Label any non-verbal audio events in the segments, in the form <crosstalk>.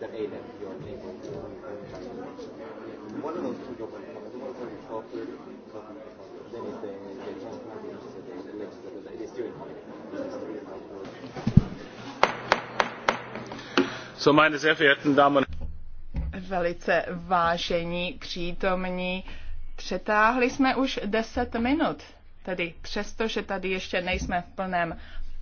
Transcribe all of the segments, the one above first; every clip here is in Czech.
the A-Net, your neighbor, one of those two jobs will come, one of them is 12.30, then it's the, the transplant, the legislative, it is during holiday. So, meine sehr verehrten Damen Velice vážení přítomní, přetáhli jsme už 10 minut. Tedy přesto, že tady ještě nejsme v plném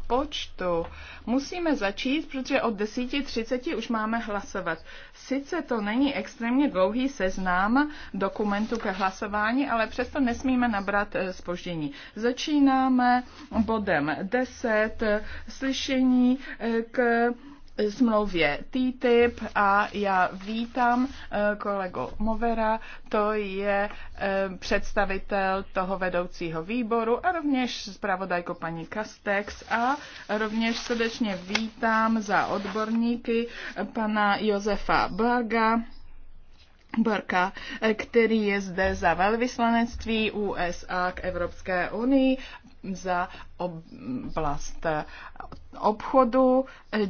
počtu. Musíme začít, protože od 10.30 už máme hlasovat. Sice to není extrémně dlouhý seznám dokumentů ke hlasování, ale přesto nesmíme nabrat spoždění. Eh, Začínáme bodem 10, slyšení eh, k smlouvě TTIP a já vítám eh, kolego Movera, to je eh, představitel toho vedoucího výboru a rovněž zpravodajko paní Kastex a rovněž srdečně vítám za odborníky eh, pana Josefa Blaga, Barka, který je zde za velvyslanectví USA k Evropské unii za oblast obchodu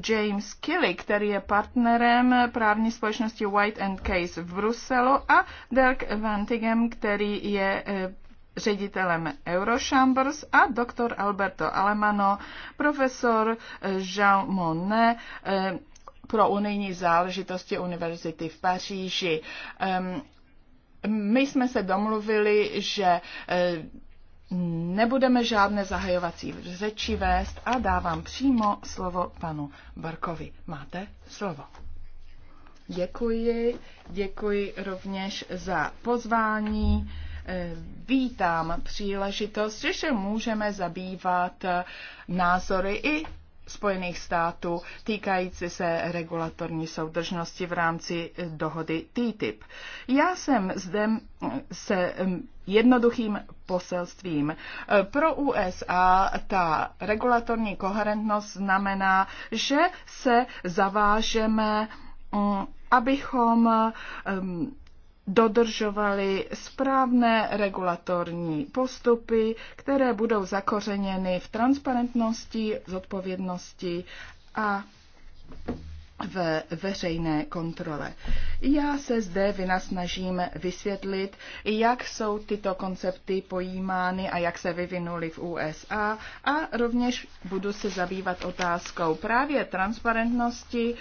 James Kelly, který je partnerem právní společnosti White and Case v Bruselu a Dirk Vantigem, který je eh, ředitelem Eurochambers a doktor Alberto Alemano, profesor eh, Jean Monnet, eh, pro unijní záležitosti univerzity v Paříži. Ehm, my jsme se domluvili, že Nebudeme žádné zahajovací řeči vést a dávám přímo slovo panu Barkovi. Máte slovo. Děkuji, děkuji rovněž za pozvání. Eh, vítám příležitost, že se můžeme zabývat eh, názory i Spojených států týkající se regulatorní soudržnosti v rámci eh, dohody TTIP. Já jsem zde mm, se mm, jednoduchým poselstvím. Pro USA ta regulatorní koherentnost znamená, že se zavážeme, mm, abychom mm, dodržovali správné regulatorní postupy, které budou zakořeněny v transparentnosti, zodpovědnosti a v veřejné kontrole. Já se zde vynasnažím vysvětlit, jak jsou tyto koncepty pojímány a jak se vyvinuly v USA a rovněž budu se zabývat otázkou právě transparentnosti,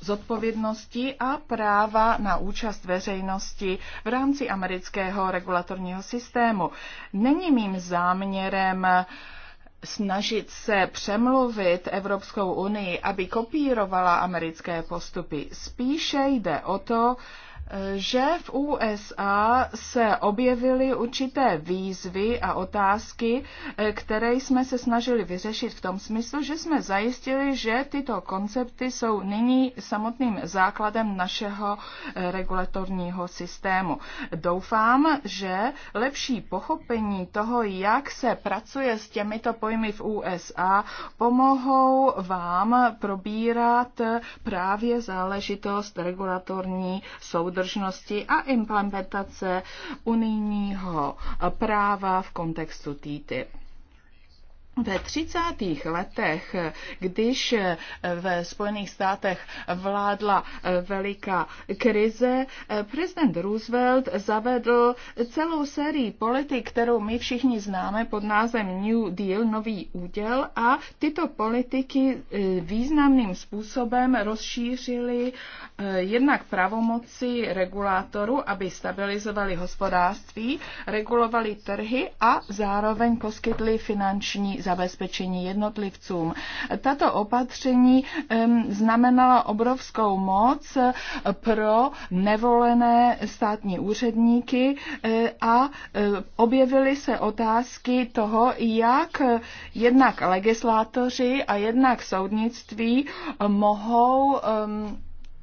zodpovědnosti a práva na účast veřejnosti v rámci amerického regulatorního systému. Není mým záměrem uh, snažit se přemluvit Evropskou unii, aby kopírovala americké postupy. Spíše jde o to, že v USA se objevily určité výzvy a otázky, které jsme se snažili vyřešit v tom smyslu, že jsme zajistili, že tyto koncepty jsou nyní samotným základem našeho eh, regulatorního systému. Doufám, že lepší pochopení toho, jak se pracuje s těmito pojmy v USA, pomohou vám probírat eh, právě záležitost regulatorní soudržnosti soudržnosti a implementace unijního práva v kontextu TTIP. Ve 30. letech, když ve Spojených státech vládla veliká krize, prezident Roosevelt zavedl celou sérii politik, kterou my všichni známe pod názvem New Deal, nový úděl a tyto politiky eh, významným způsobem rozšířily eh, jednak pravomoci regulátoru, aby stabilizovali hospodářství, regulovali trhy a zároveň poskytli finanční zabezpečení jednotlivcům. Tato opatření znamenala obrovskou moc eh, pro nevolené státní úředníky eh, a eh, objevily se otázky toho, jak jednak legislátoři a jednak soudnictví mohou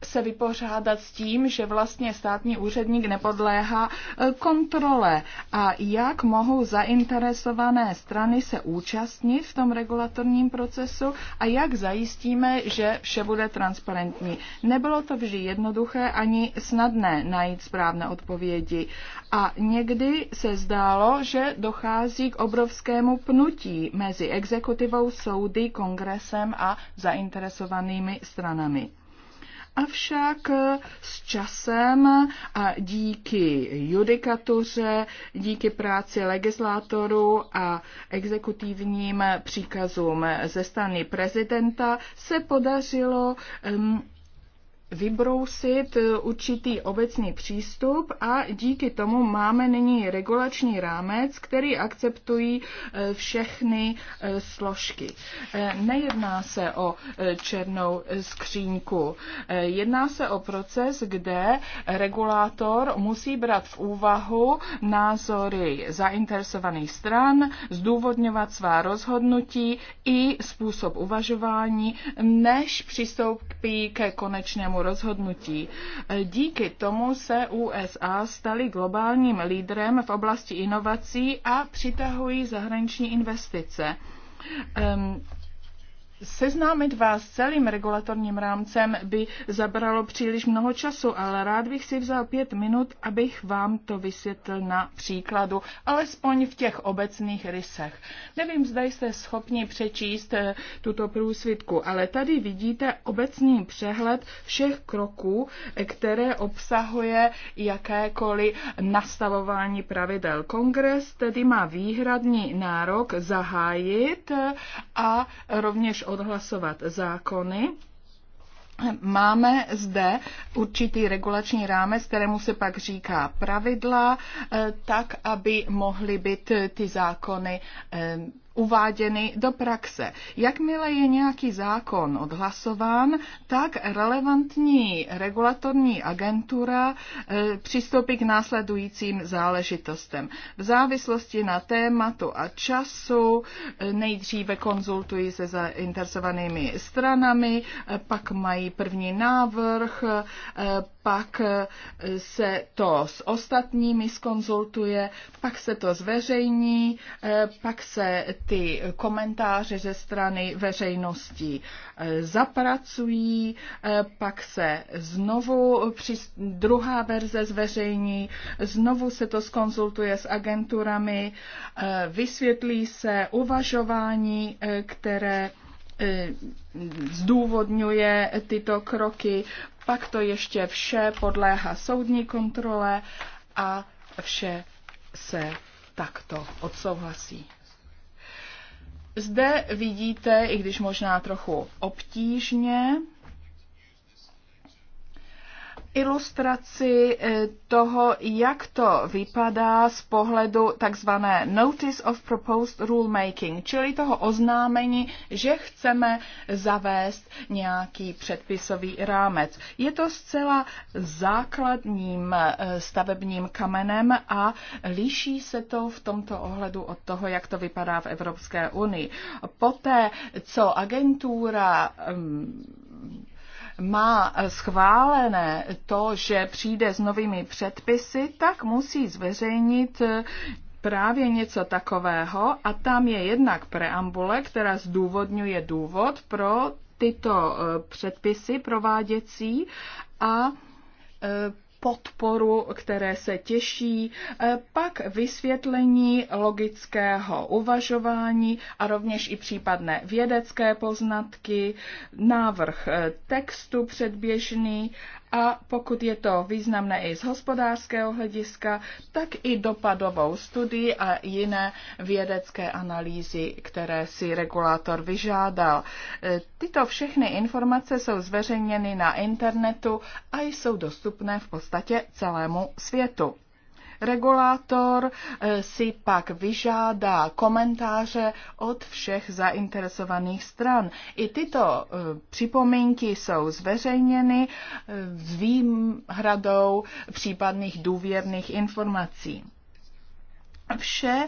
se vypořádat s tím, že vlastně státní úředník nepodléhá e, kontrole a jak mohou zainteresované strany se účastnit v tom regulatorním procesu a jak zajistíme, že vše bude transparentní. Nebylo to vždy jednoduché ani snadné najít správné odpovědi a někdy se zdálo, že dochází k obrovskému pnutí mezi exekutivou, soudy, kongresem a zainteresovanými stranami. Avšak eh, s časem a díky judikatuře, díky práci legislátorů a exekutivním příkazům ze strany prezidenta se podařilo um, vybrousit eh, určitý obecný přístup a díky tomu máme nyní regulační rámec, který akceptují eh, všechny eh, složky. Nejedná se o černou skřínku. Jedná se o proces, kde regulátor musí brát v úvahu názory zainteresovaných stran, zdůvodňovat svá rozhodnutí i způsob uvažování, než přistoupí ke konečnému tomu rozhodnutí. Díky tomu se USA staly globálním lídrem v oblasti inovací a přitahují zahraniční investice. Seznámit vás s celým regulatorním rámcem by zabralo příliš mnoho času, ale rád bych si vzal pět minut, abych vám to vysvětlil na příkladu, alespoň v těch obecných rysech. Nevím, zda jste schopni přečíst eh, tuto průsvitku, ale tady vidíte obecný přehled všech kroků, eh, které obsahuje jakékoliv nastavování pravidel. Kongres tedy má výhradní nárok zahájit eh, a rovněž odhlasovat zákony, Máme zde určitý regulační rámec, kterému se pak říká pravidla, eh, tak, aby mohly být ty zákony eh, uváděny do praxe. Jakmile je nějaký zákon odhlasován, tak relevantní regulatorní agentura eh, přistoupí k následujícím záležitostem. V závislosti na tématu a času eh, nejdříve konzultují se zainteresovanými stranami, eh, pak mají první návrh, pak eh, se to s ostatními skonzultuje, pak se to zveřejní, eh, pak se ty komentáře ze strany veřejnosti eh, zapracují, pak se znovu při druhá verze zveřejní, znovu se to skonzultuje s agenturami, vysvětlí se uvažování, které Eh, zdůvodňuje tyto kroky, pak to ještě vše podléhá soudní kontrole a vše se takto odsouhlasí. Zde vidíte, i když možná trochu obtížně, ilustraci eh, toho, jak to vypadá z pohledu takzvané Notice of Proposed Rulemaking, čili toho oznámení, že chceme zavést nějaký předpisový rámec. Je to zcela základním eh, stavebním kamenem a liší se to v tomto ohledu od toho, jak to vypadá v Evropské unii. Poté, co agentura mm, má schválené to, že přijde s novými předpisy, tak musí zveřejnit eh, právě něco takového a tam je jednak preambule, která zdůvodňuje důvod pro tyto eh, předpisy prováděcí a eh, podporu, které se těší, eh, pak vysvětlení logického uvažování a rovněž i případné vědecké poznatky, návrh eh, textu předběžný a pokud je to významné i z hospodářského hlediska, tak i dopadovou studii a jiné vědecké analýzy, které si regulátor vyžádal. E, tyto všechny informace jsou zveřejněny na internetu a jsou dostupné v podstatě celému světu. Regulátor eh, si pak vyžádá komentáře od všech zainteresovaných stran. I tyto eh, připomínky jsou zveřejněny eh, s výhradou případných důvěrných informací. Vše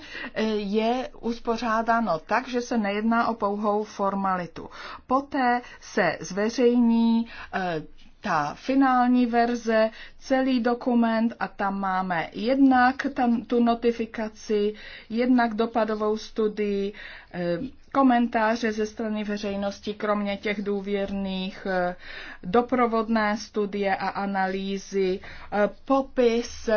je uspořádáno tak, že se nejedná o pouhou formalitu. Poté se zveřejní ta finální verze, celý dokument a tam máme jednak tam, tu notifikaci, jednak dopadovou studii, eh, komentáře ze strany veřejnosti, kromě těch důvěrných, eh, doprovodné studie a analýzy, eh, popis,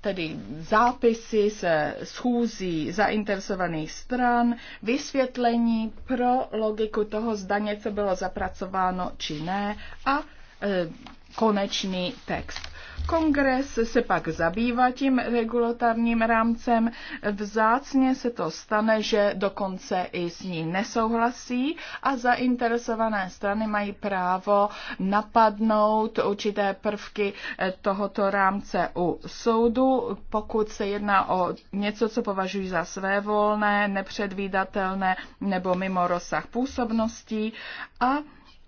tedy zápisy se schůzí zainteresovaných stran, vysvětlení pro logiku toho, zda něco bylo zapracováno či ne a Eh, konečný text. Kongres se pak zabývá tím regulatorním rámcem. Vzácně se to stane, že dokonce i s ní nesouhlasí a zainteresované strany mají právo napadnout určité prvky eh, tohoto rámce u soudu, pokud se jedná o něco, co považují za své volné, nepředvídatelné nebo mimo rozsah působností a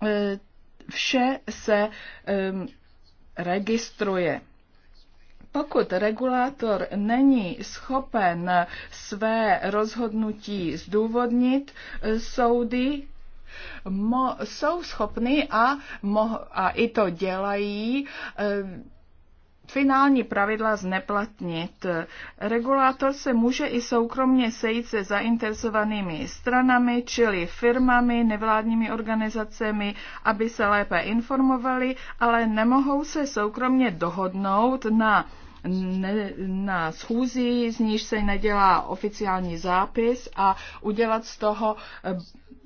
eh, vše se um, registruje pokud regulátor není schopen své rozhodnutí zdůvodnit, e, soudy mo, jsou schopny a, mo, a i to dělají finální pravidla zneplatnit. Regulátor se může i soukromně sejít se zainteresovanými stranami, čili firmami, nevládními organizacemi, aby se lépe informovali, ale nemohou se soukromně dohodnout na ne, na schůzi, z níž se nedělá oficiální zápis a udělat z toho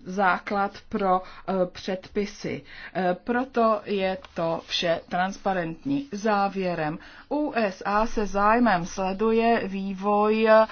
základ pro eh, předpisy. Eh, proto je to vše transparentní. Závěrem. USA se zájmem sleduje vývoj eh,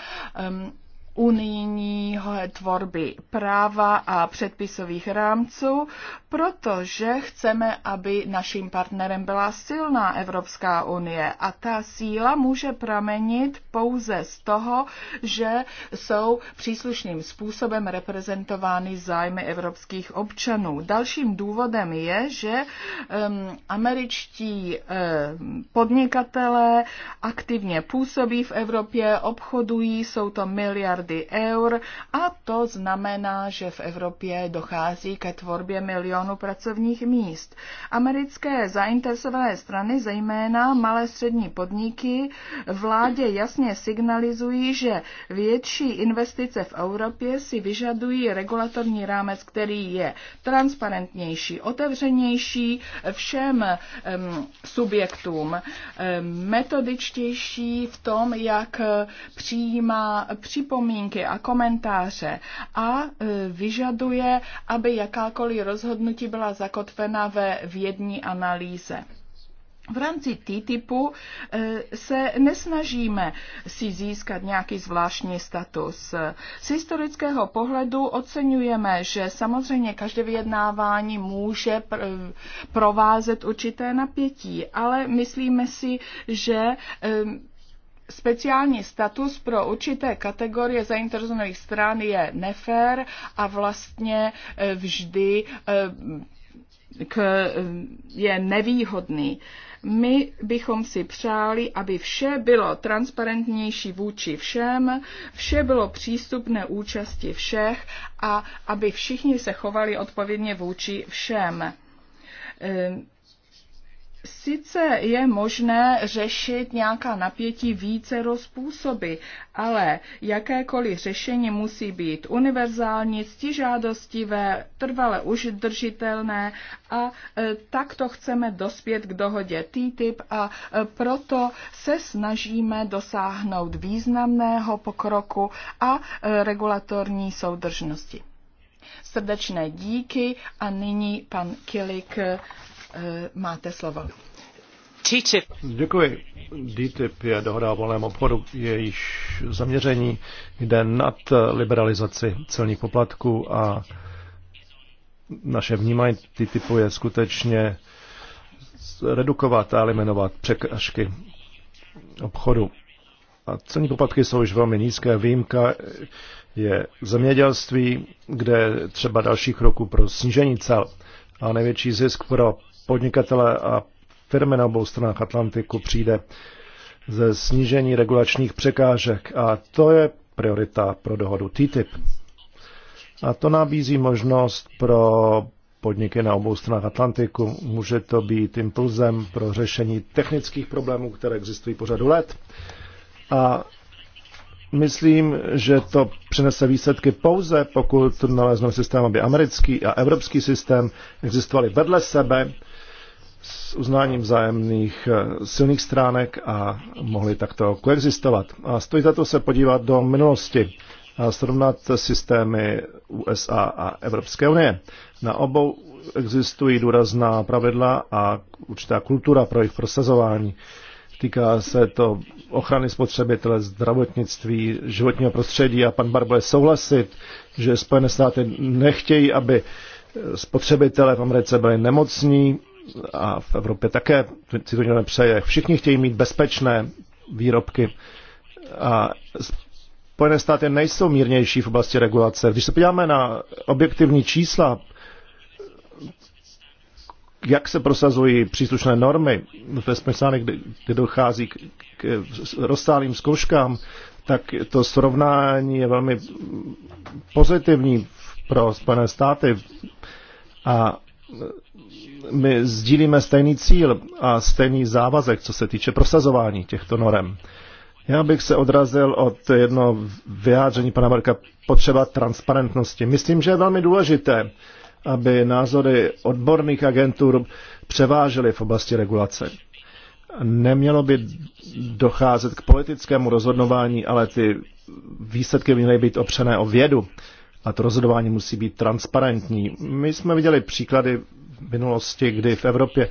unijní tvorby práva a předpisových rámců, protože chceme, aby naším partnerem byla silná Evropská unie a ta síla může pramenit pouze z toho, že jsou příslušným způsobem reprezentovány zájmy evropských občanů. Dalším důvodem je, že um, američtí um, podnikatelé aktivně působí v Evropě, obchodují, jsou to miliardy miliardy eur a to znamená, že v Evropě dochází ke tvorbě milionu pracovních míst. Americké zainteresované strany, zejména malé střední podniky, vládě jasně signalizují, že větší investice v Evropě si vyžadují regulatorní rámec, který je transparentnější, otevřenější všem um, subjektům, um, metodičtější v tom, jak přijímá připomínky připomínky a komentáře a e, vyžaduje, aby jakákoliv rozhodnutí byla zakotvena ve vědní analýze. V rámci TTIPu e, se nesnažíme si získat nějaký zvláštní status. Z historického pohledu oceňujeme, že samozřejmě každé vyjednávání může e, provázet určité napětí, ale myslíme si, že speciální status pro určité kategorie zainteresovaných stran je nefér a vlastně e, vždy e, k, e, je nevýhodný. My bychom si přáli, aby vše bylo transparentnější vůči všem, vše bylo přístupné účasti všech a aby všichni se chovali odpovědně vůči všem Sice je možné řešit nějaká napětí více rozpůsoby, ale jakékoliv řešení musí být univerzální, stižádostivé, trvale udržitelné a e, takto chceme dospět k dohodě TTIP a e, proto se snažíme dosáhnout významného pokroku a e, regulatorní soudržnosti. Srdečné díky a nyní pan Kilik Eh, máte slovo. Děkuji. DTIP je dohoda o volném obchodu, jejíž zaměření jde nad liberalizaci celních poplatků a naše vnímání TTIPu je skutečně redukovat a eliminovat překážky obchodu. A celní poplatky jsou již velmi nízké. Výjimka je zemědělství, kde třeba další kroku pro snížení cel a největší zisk pro podnikatele a firmy na obou stranách Atlantiku přijde ze snížení regulačních překážek a to je priorita pro dohodu TTIP. A to nabízí možnost pro podniky na obou stranách Atlantiku. Může to být impulzem pro řešení technických problémů, které existují po řadu let. A myslím, že to přinese výsledky pouze, pokud nalezneme systém, aby americký a evropský systém existovaly vedle sebe s uznáním vzájemných eh, silných stránek a mohli takto koexistovat. A stojí za to se podívat do minulosti a srovnat systémy USA a Evropské unie. Na obou existují důrazná pravidla a určitá kultura pro jejich prosazování. Týká se to ochrany spotřebitele, zdravotnictví, životního prostředí a pan Barbo je souhlasit, že Spojené státy nechtějí, aby spotřebitelé v Americe byli nemocní, a v Evropě také si to někdo přeje. Všichni chtějí mít bezpečné výrobky a Spojené státy nejsou mírnější v oblasti regulace. Když se podíváme na objektivní čísla, jak se prosazují příslušné normy ve kdy, kdy dochází k, k rozsáhlým zkouškám, tak to srovnání je velmi pozitivní pro Spojené státy. A my sdílíme stejný cíl a stejný závazek, co se týče prosazování těchto norem. Já bych se odrazil od jedno vyjádření pana Marka potřeba transparentnosti. Myslím, že je velmi důležité, aby názory odborných agentur převážely v oblasti regulace. Nemělo by docházet k politickému rozhodování, ale ty výsledky měly být opřené o vědu a to rozhodování musí být transparentní. My jsme viděli příklady minulosti, kdy v Evropě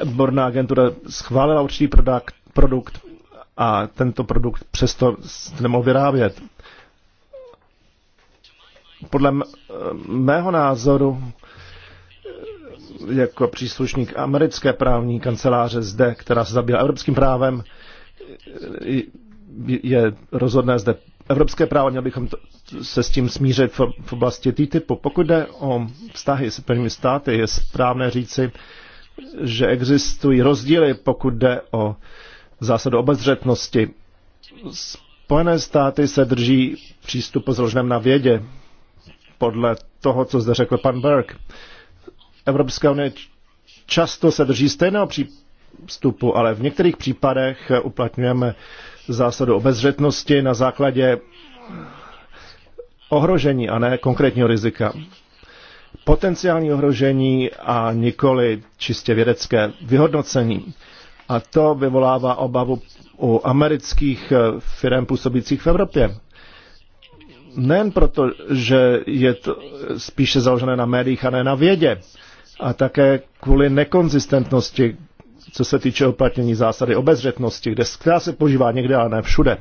odborná agentura schválila určitý produkt a tento produkt přesto nemohl vyrábět. Podle mého názoru, jako příslušník americké právní kanceláře zde, která se zabývá evropským právem, je rozhodné zde evropské právo, měli bychom se s tím smířit v oblasti TTIPu. Pokud jde o vztahy s prvními státy, je správné říci, že existují rozdíly, pokud jde o zásadu obezřetnosti. Spojené státy se drží přístupu založeném na vědě, podle toho, co zde řekl pan Berg. Evropská unie často se drží stejného přístupu, ale v některých případech uplatňujeme uh, zásadu obezřetnosti na základě ohrožení a ne konkrétního rizika. Potenciální ohrožení a nikoli čistě vědecké vyhodnocení. A to vyvolává obavu u amerických eh, firm působících v Evropě. Nejen proto, že je to spíše založené na médiích a ne na vědě, a také kvůli nekonzistentnosti co se týče uplatnění zásady obezřetnosti, kde, která se požívá někde, ale ne všude.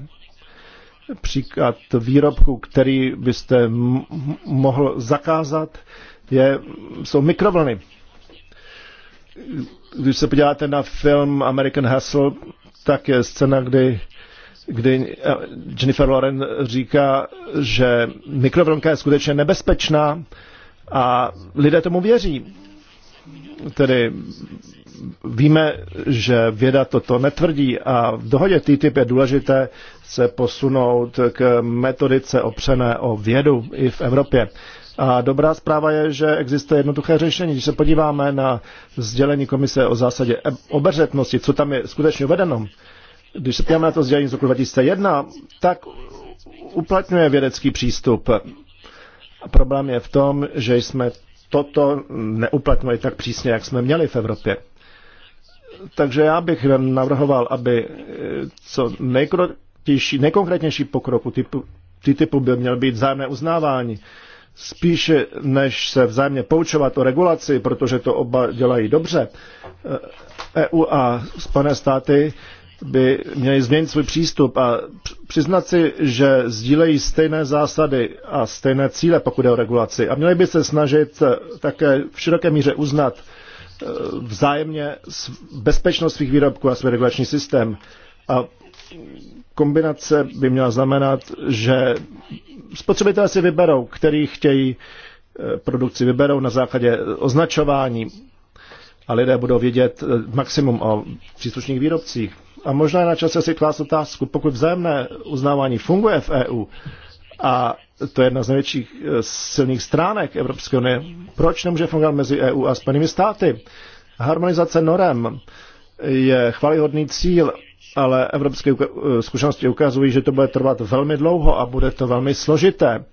Příklad výrobku, který byste mohl zakázat, je, jsou mikrovlny. Když se podíváte na film American Hustle, tak je scéna, kdy, kdy eh, Jennifer Lauren říká, že mikrovlnka je skutečně nebezpečná a lidé tomu věří. Tedy víme, že věda toto netvrdí a v dohodě TTIP je důležité se posunout k metodice opřené o vědu i v Evropě. A dobrá zpráva je, že existuje jednoduché řešení. Když se podíváme na sdělení komise o zásadě e- obeřetnosti, co tam je skutečně uvedeno, když se podíváme na to sdělení z roku 2001, tak uplatňuje vědecký přístup. A problém je v tom, že jsme toto neuplatňovali tak přísně, jak jsme měli v Evropě. Takže já bych navrhoval, aby e, co nejkrotější, nejkonkrétnější pokroku typu, ty typu by měl být vzájemné uznávání. Spíše než se vzájemně poučovat o regulaci, protože to oba dělají dobře, EU e a Spojené státy by měli změnit svůj přístup a přiznat si, že sdílejí stejné zásady a stejné cíle, pokud je o regulaci. A měli by se snažit také v široké míře uznat Eh, vzájemně bezpečnost svých výrobků a svůj regulační systém. A kombinace by měla znamenat, že spotřebitelé si vyberou, který chtějí eh, produkci vyberou na základě označování a lidé budou vědět eh, maximum o příslušných výrobcích. A možná je na čase si klást otázku, pokud vzájemné uznávání funguje v EU a to je jedna z největších eh, silných stránek Evropské unie. Proč nemůže fungovat mezi EU a Spojenými státy? Harmonizace norem je chvalihodný cíl, ale evropské eh, zkušenosti ukazují, že to bude trvat velmi dlouho a bude to velmi složité.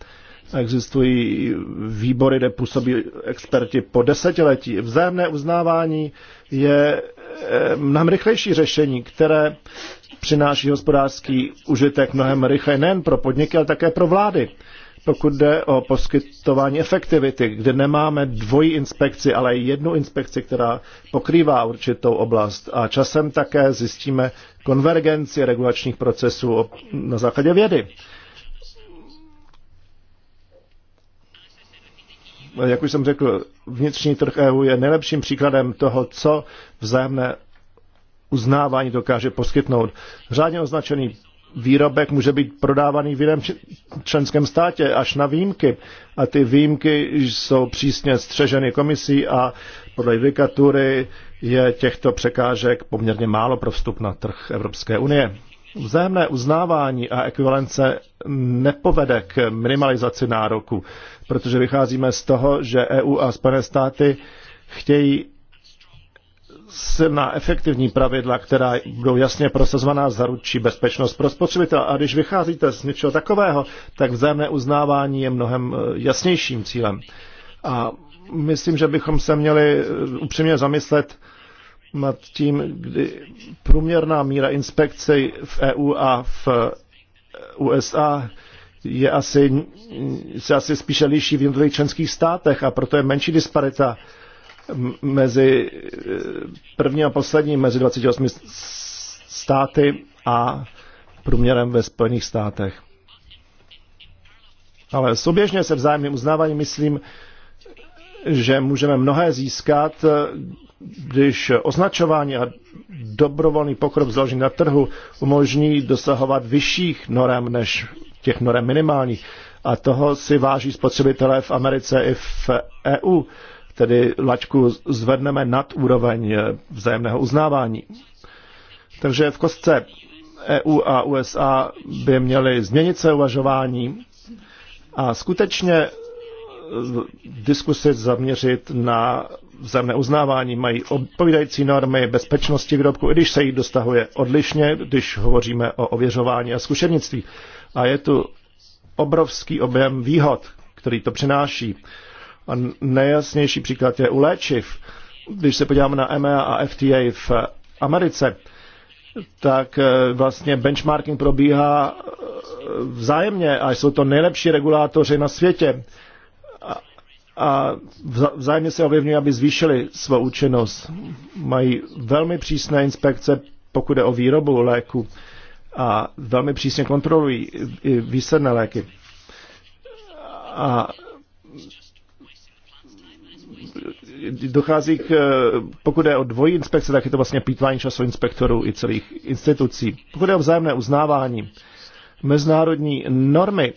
Existují výbory, kde působí experti po desetiletí. Vzájemné uznávání je eh, mnohem rychlejší řešení, které přináší hospodářský užitek mnohem rychleji nejen pro podniky, ale také pro vlády pokud jde o poskytování efektivity, kde nemáme dvojí inspekci, ale jednu inspekci, která pokrývá určitou oblast. A časem také zjistíme konvergenci regulačních procesů na základě vědy. Jak už jsem řekl, vnitřní trh EU je nejlepším příkladem toho, co vzájemné uznávání dokáže poskytnout. Řádně označený výrobek může být prodávaný v jiném členském státě, až na výjimky. A ty výjimky jsou přísně střeženy komisí a podle judikatury je těchto překážek poměrně málo pro vstup na trh Evropské unie. Vzájemné uznávání a ekvivalence nepovede k minimalizaci nároku, protože vycházíme z toho, že EU a Spojené státy chtějí silná efektivní pravidla, která budou jasně prosazovaná, zaručí bezpečnost pro spotřebitele. A když vycházíte z něčeho takového, tak vzájemné uznávání je mnohem eh, jasnějším cílem. A myslím, že bychom se měli eh, upřímně zamyslet nad tím, kdy průměrná míra inspekce v EU a v eh, USA je asi, se asi spíše liší v jednotlivých členských státech a proto je menší disparita mezi eh, první a poslední, mezi 28 státy a průměrem ve Spojených státech. Ale souběžně se vzájemným uznávání myslím, že můžeme mnohé získat, když označování a dobrovolný pokrok založený na trhu umožní dosahovat vyšších norem než těch norem minimálních. A toho si váží spotřebitelé v Americe i v EU tedy lačku zvedneme nad úroveň eh, vzájemného uznávání. Takže v kostce EU a USA by měly změnit své uvažování a skutečně eh, diskusy zaměřit na vzájemné uznávání. Mají odpovídající normy bezpečnosti výrobku, i když se jich dostahuje odlišně, když hovoříme o ověřování a zkušenictví. A je tu obrovský objem výhod, který to přináší. A nejasnější příklad je u léčiv. Když se podíváme na EMA e a FTA v Americe, tak eh, vlastně benchmarking probíhá eh, vzájemně a jsou to nejlepší regulátoři na světě. A, vzájemně se ovlivňují, aby zvýšili svou účinnost. Mají velmi přísné inspekce, pokud je o výrobu léku a velmi přísně kontrolují i výsledné léky. A dochází k, eh, pokud je o dvojí inspekce, tak je to vlastně pítvání času inspektorů i celých institucí. Pokud je o vzájemné uznávání, mezinárodní normy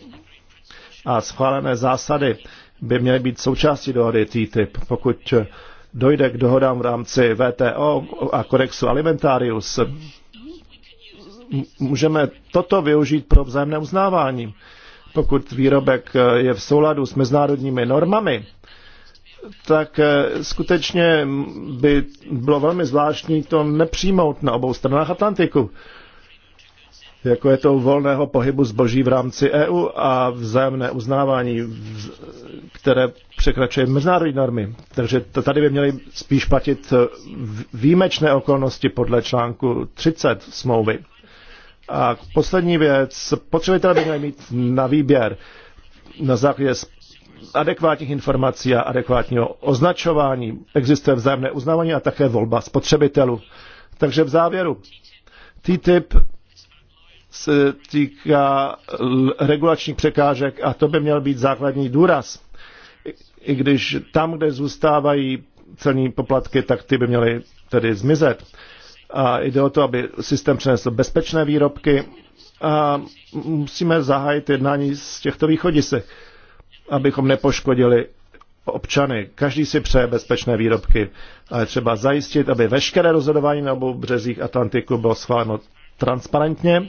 a schválené zásady by měly být součástí dohody TTIP. Pokud dojde k dohodám v rámci VTO a kodexu alimentarius, můžeme toto využít pro vzájemné uznávání. Pokud výrobek eh, je v souladu s mezinárodními normami, tak eh, skutečně by bylo velmi zvláštní to nepřijmout na obou stranách Atlantiku. Jako je to volného pohybu zboží v rámci EU a vzájemné uznávání, které překračuje mezinárodní normy. Takže tady by měly spíš platit eh, výjimečné okolnosti podle článku 30 smlouvy. A poslední věc, potřebitelé by měli mít na výběr na základě adekvátních informací a adekvátního označování. Existuje vzájemné uznávání a také volba spotřebitelů. Takže v závěru, TTIP se týká regulačních překážek a to by měl být základní důraz. I když tam, kde zůstávají celní poplatky, tak ty by měly tedy zmizet. A jde o to, aby systém přinesl bezpečné výrobky a musíme zahájit jednání z těchto východisek abychom nepoškodili občany. Každý si přeje bezpečné výrobky, ale třeba zajistit, aby veškeré rozhodování na obou březích Atlantiku bylo schváleno transparentně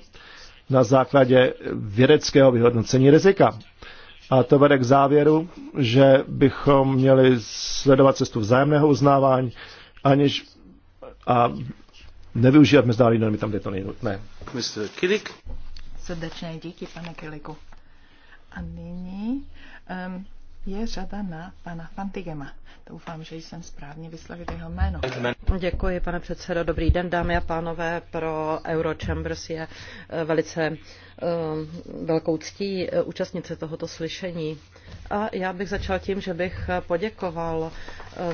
na základě vědeckého vyhodnocení rizika. A to vede k závěru, že bychom měli sledovat cestu vzájemného uznávání, aniž a nevyužívat mezinárodní normy tam, kde to není nutné. Mr. Kilik. Srdečné díky, pane Kiliku. A nyní je řada na pana Fantigema. Doufám, že jsem správně vyslovil jeho jméno. Děkuji, pane předsedo. Dobrý den, dámy a pánové. Pro Eurochambers je eh, velice eh, velkou ctí eh, účastnice tohoto slyšení. A já bych začal tím, že bych poděkoval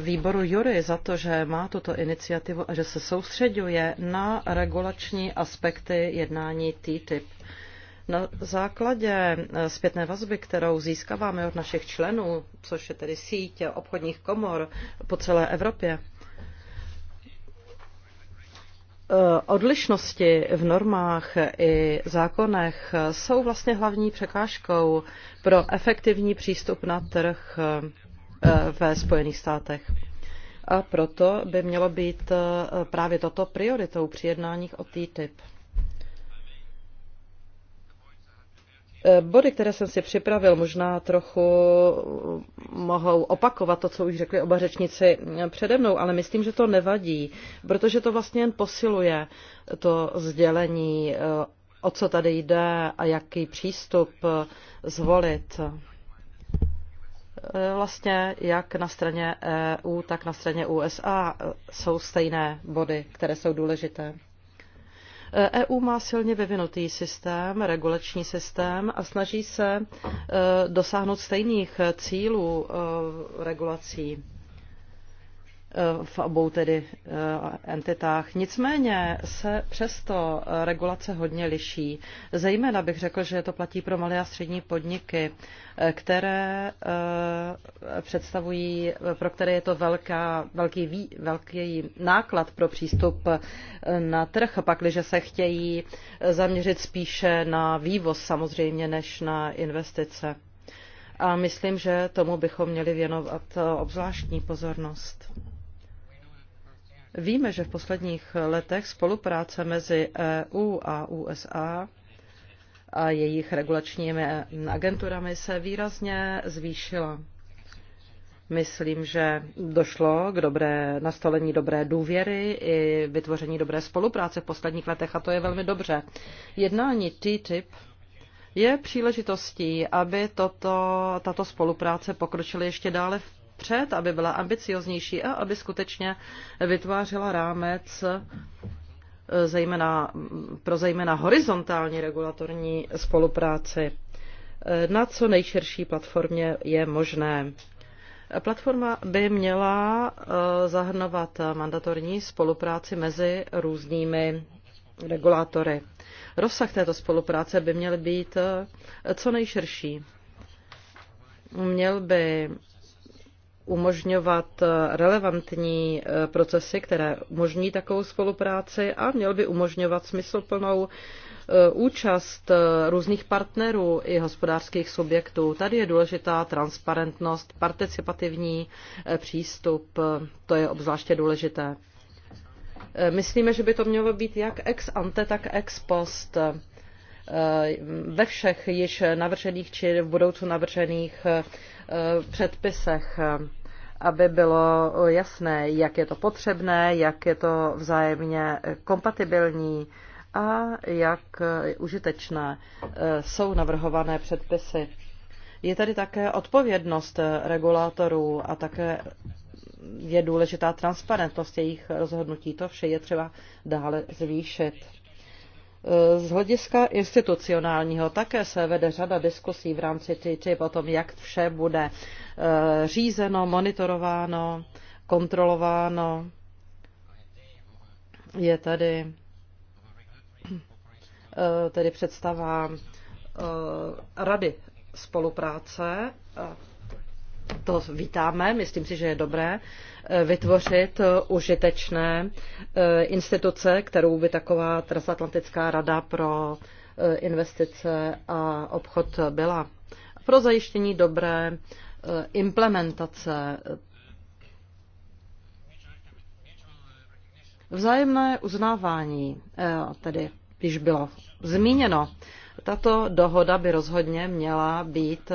výboru Jury za to, že má tuto iniciativu a že se soustředuje na regulační aspekty jednání TTIP. Na základě eh, zpětné vazby, kterou získáváme od našich členů, což je tedy síť obchodních komor po celé Evropě, eh, Odlišnosti v normách i zákonech jsou vlastně hlavní překážkou pro efektivní přístup na trh eh, ve Spojených státech. A proto by mělo být právě toto prioritou při jednáních o TTIP. Eh, body, které jsem si připravil, možná trochu eh, mohou opakovat to, co už řekli oba řečnici eh, přede mnou, ale myslím, že to nevadí, protože to vlastně jen posiluje to sdělení, o co tady jde a jaký přístup zvolit. Vlastně jak na straně EU, tak na straně USA jsou stejné body, které jsou důležité. EU eh, e má silně vyvinutý systém, regulační systém a snaží se eh, dosáhnout stejných cílů eh, regulací Eh, v obou tedy eh, entitách. Nicméně se přesto regulace hodně liší. Zejména bych řekl, že to platí pro malé a střední podniky, eh, které představují, pro které je to velká, velký, velký náklad pro přístup na trh, pakliže se chtějí zaměřit spíše na vývoz samozřejmě, než na investice. A myslím, že tomu bychom měli věnovat obzvláštní pozornost. Víme, že v posledních letech spolupráce mezi EU a USA a jejich regulačními agenturami se výrazně zvýšila. Myslím, že došlo k dobré nastolení dobré důvěry i vytvoření dobré spolupráce v posledních letech a to je velmi dobře. Jednání TTIP je příležitostí, aby toto, tato spolupráce pokročila ještě dále v vpřed, aby byla ambicioznější a aby skutečně vytvářela rámec eh, zejména, mm, pro zejména horizontální regulatorní spolupráci eh, na co nejširší platformě je možné. Platforma by měla eh, zahrnovat mandatorní spolupráci mezi různými regulátory. Rozsah této spolupráce by měl být co nejširší. Měl by umožňovat eh, relevantní eh, procesy, které umožní takovou spolupráci a měl by umožňovat smysluplnou eh, účast různých partnerů i hospodářských subjektů. Tady je důležitá transparentnost, participativní přístup, to je obzvláště důležité. Myslíme, že by to mělo být jak ex ante, tak ex post ve všech již navržených či v budoucnu navržených Eh, předpisech, eh, aby bylo jasné, jak je to potřebné, jak je to vzájemně kompatibilní a jak užitečné eh, jsou navrhované předpisy. Je tady také odpovědnost regulátorů a také je důležitá transparentnost jejich rozhodnutí. To vše je třeba dále zvýšit. Z hlediska institucionálního také se vede řada diskusí v rámci TTIP o tom, jak vše bude eh, řízeno, monitorováno, kontrolováno. Je tady eh, tedy představa eh, Rady spolupráce. To vítáme, myslím si, že je dobré. Eh, vytvořit eh, užitečné eh, instituce, kterou by taková transatlantická rada pro investice a obchod byla. Pro zajištění dobré implementace Vzájemné uznávání, tedy když bylo zmíněno, tato dohoda by rozhodně měla být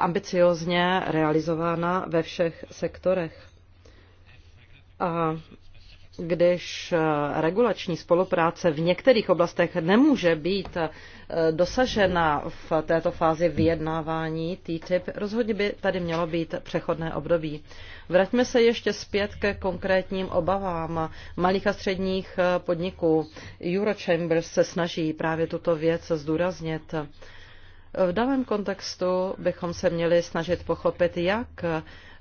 ambiciozně realizována ve všech sektorech. A když eh, regulační spolupráce v některých oblastech nemůže být eh, dosažena v této fázi vyjednávání TTIP, rozhodně by tady mělo být přechodné období. Vraťme se ještě zpět ke konkrétním obavám malých a středních eh, podniků. Eurochambers se snaží právě tuto věc zdůraznit. V daném kontextu bychom se měli snažit pochopit, jak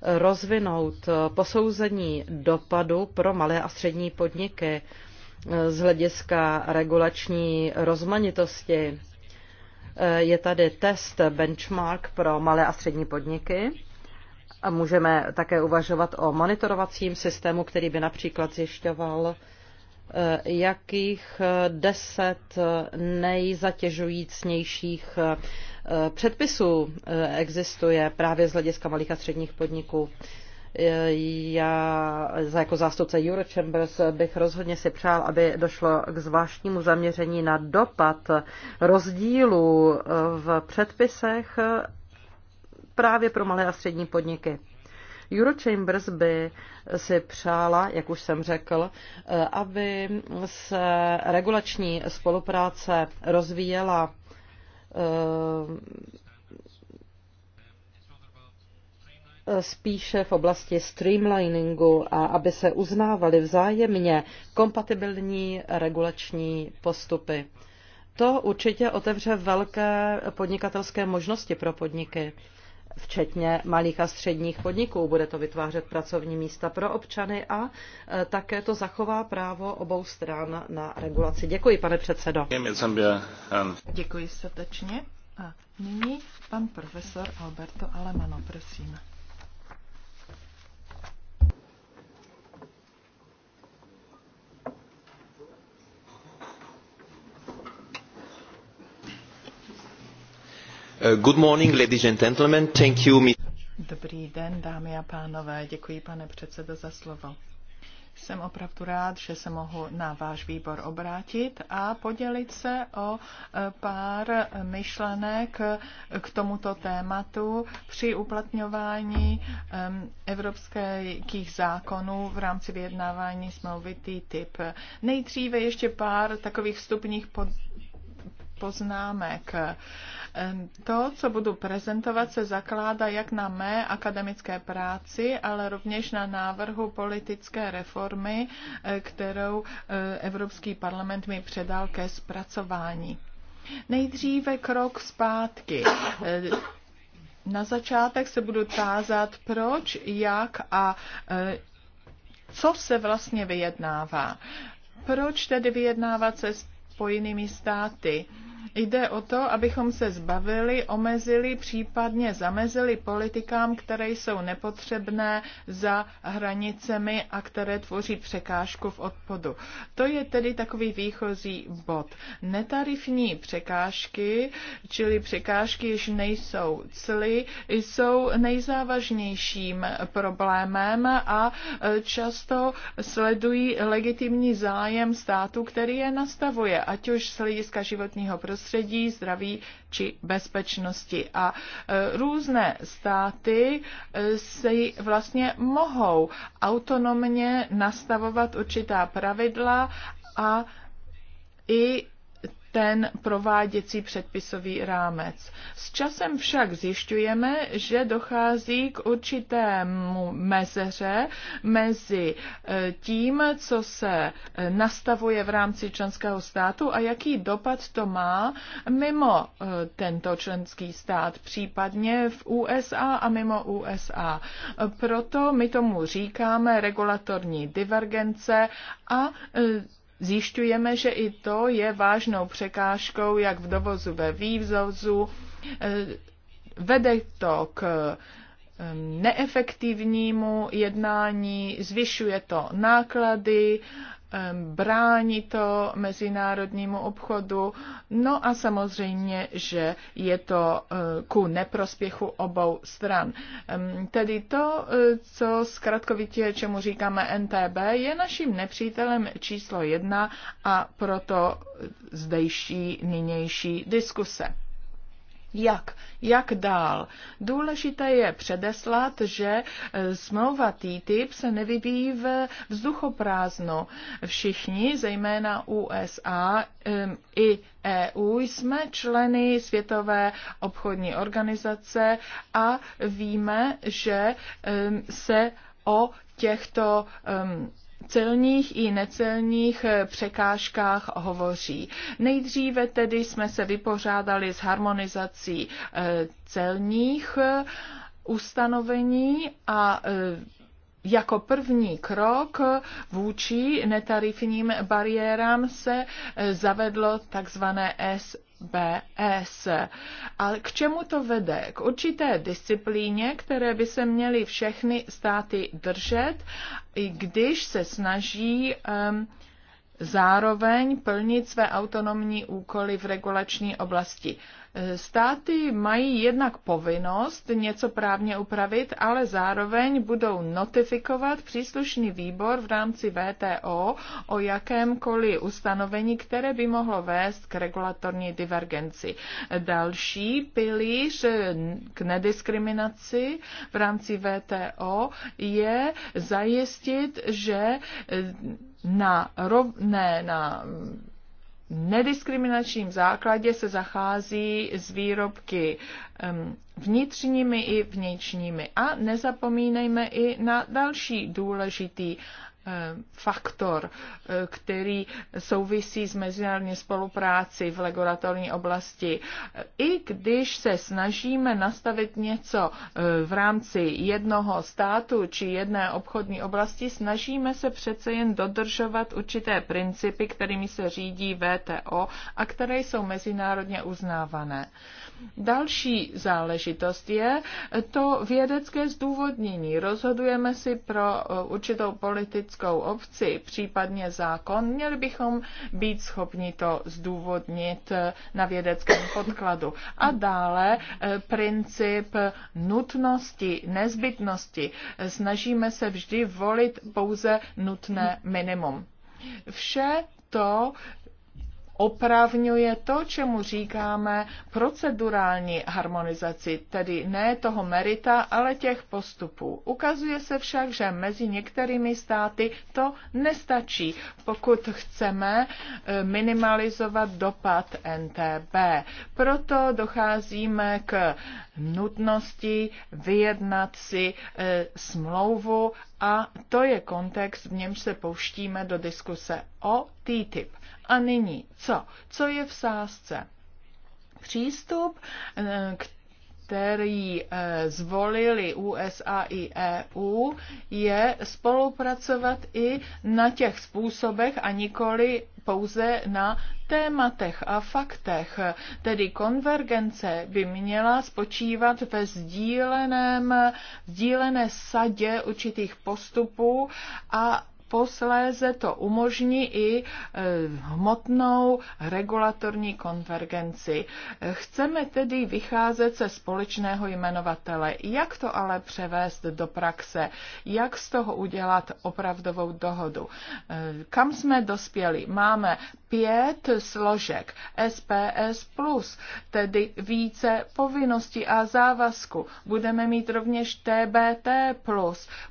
rozvinout posouzení dopadu pro malé a střední podniky z hlediska regulační rozmanitosti. Je tady test benchmark pro malé a střední podniky. Můžeme také uvažovat o monitorovacím systému, který by například zjišťoval, Eh, jakých eh, deset eh, nejzatěžujícnějších předpisů existuje právě z hlediska malých a středních podniků. Já jako zástupce Eurochambers bych rozhodně si přál, aby došlo k zvláštnímu zaměření na dopad rozdílů v předpisech právě pro malé a střední podniky. Chambers by si přála, jak už jsem řekl, eh, aby se regulační spolupráce rozvíjela eh, spíše v oblasti streamliningu a aby se uznávaly vzájemně kompatibilní regulační postupy. To určitě otevře velké podnikatelské možnosti pro podniky včetně malých a středních podniků. Bude to vytvářet pracovní místa pro občany a e, také to zachová právo obou stran na regulaci. Děkuji, pane předsedo. Děkuji srdečně. A nyní pan profesor Alberto Alemano, prosím. Eh, Dobrý den, dámy a pánové. Děkuji, pane předsedo, za slovo. Jsem opravdu rád, že se mohu na váš výbor obrátit a podělit se o eh, pár myšlenek eh, k tomuto tématu při uplatňování ehm, evropských zákonů v rámci vyjednávání smlouvy TTIP. Nejdříve ještě pár takových vstupních pod poznámek. To, co budu prezentovat, se zakládá jak na mé akademické práci, ale rovněž na návrhu politické reformy, eh, kterou eh, Evropský parlament mi předal ke zpracování. Nejdříve krok zpátky. Eh, na začátek se budu tázat, proč, jak a co se vlastně vyjednává. Proč tedy vyjednávat se Spojenými státy? Jde o to, abychom se zbavili, omezili, případně zamezili politikám, které jsou nepotřebné za hranicemi a které tvoří překážku v odpodu. To je tedy takový výchozí bod. Netarifní překážky, čili překážky, již nejsou cly, jsou nejzávažnějším problémem a e, často sledují legitimní zájem státu, který je nastavuje, ať už z hlediska životního prostředí, prostředí, zdraví či bezpečnosti. A e, různé státy e, si vlastně mohou autonomně nastavovat určitá pravidla a i ten prováděcí předpisový rámec. S časem však zjišťujeme, že dochází k určitému mezeře mezi e, tím, co se e, nastavuje v rámci členského státu a jaký dopad to má mimo e, tento členský stát, případně v USA a mimo USA. Proto my tomu říkáme regulatorní divergence a zjišťujeme, že i to je vážnou překážkou jak v dovozu ve vývozu. Eh, vede to k eh, neefektivnímu jednání, zvyšuje to náklady brání to mezinárodnímu obchodu. No a samozřejmě, že je to eh, ku neprospěchu obou stran. Tedy to, eh, co zkratkovitě, čemu říkáme NTB, je naším nepřítelem číslo jedna a proto zdejší nynější diskuse. Jak? Jak dál? Důležité je předeslat, že e, smlouva TTIP se nevyvíjí v vzduchoprázdno. Všichni, zejména USA e, i EU, jsme členy Světové obchodní organizace a víme, že e, se o těchto celních i necelních eh, překážkách hovoří. Nejdříve tedy jsme se vypořádali s harmonizací eh, celních eh, ustanovení a jako první krok vůči netarifním bariérám se eh, zavedlo takzvané S BS. Ale k čemu to vede? K určité disciplíně, které by se měly všechny státy držet, i když se snaží um, zároveň plnit své autonomní úkoly v regulační oblasti. Státy mají jednak povinnost něco právně upravit, ale zároveň budou notifikovat příslušný výbor v rámci VTO o jakémkoliv ustanovení, které by mohlo vést k regulatorní divergenci. Další pilíř k nediskriminaci v rámci VTO je zajistit, že na rovné, na nediskriminačním základě se zachází s výrobky vnitřními i vnějšími. A nezapomínejme i na další důležitý Eh, faktor, eh, který souvisí s mezinárodní spolupráci v laboratorní oblasti. I když se snažíme nastavit něco eh, v rámci jednoho státu či jedné obchodní oblasti, snažíme se přece jen dodržovat určité principy, kterými se řídí VTO a které jsou mezinárodně uznávané. Další záležitost je to vědecké zdůvodnění. Rozhodujeme si pro eh, určitou politickou obci, případně zákon, měli bychom být schopni to zdůvodnit eh, na vědeckém podkladu. A dále eh, princip nutnosti, nezbytnosti. Snažíme se vždy volit pouze nutné minimum. Vše to opravňuje to, čemu říkáme procedurální harmonizaci, tedy ne toho merita, ale těch postupů. Ukazuje se však, že mezi některými státy to nestačí, pokud chceme eh, minimalizovat dopad NTB. Proto docházíme k nutnosti vyjednat si eh, smlouvu a to je kontext, v němž se pouštíme do diskuse o TTIP a nyní co? Co je v sázce? Přístup, eh, který eh, zvolili USA i EU, je spolupracovat i na těch způsobech a nikoli pouze na tématech a faktech. Tedy konvergence by měla spočívat ve sdíleném, sdílené sadě určitých postupů a posléze to umožní i e, hmotnou regulatorní konvergenci. Chceme tedy vycházet ze společného jmenovatele. Jak to ale převést do praxe? Jak z toho udělat opravdovou dohodu? E, kam jsme dospěli? Máme pět složek SPS+, tedy více povinností a závazku. Budeme mít rovněž TBT+,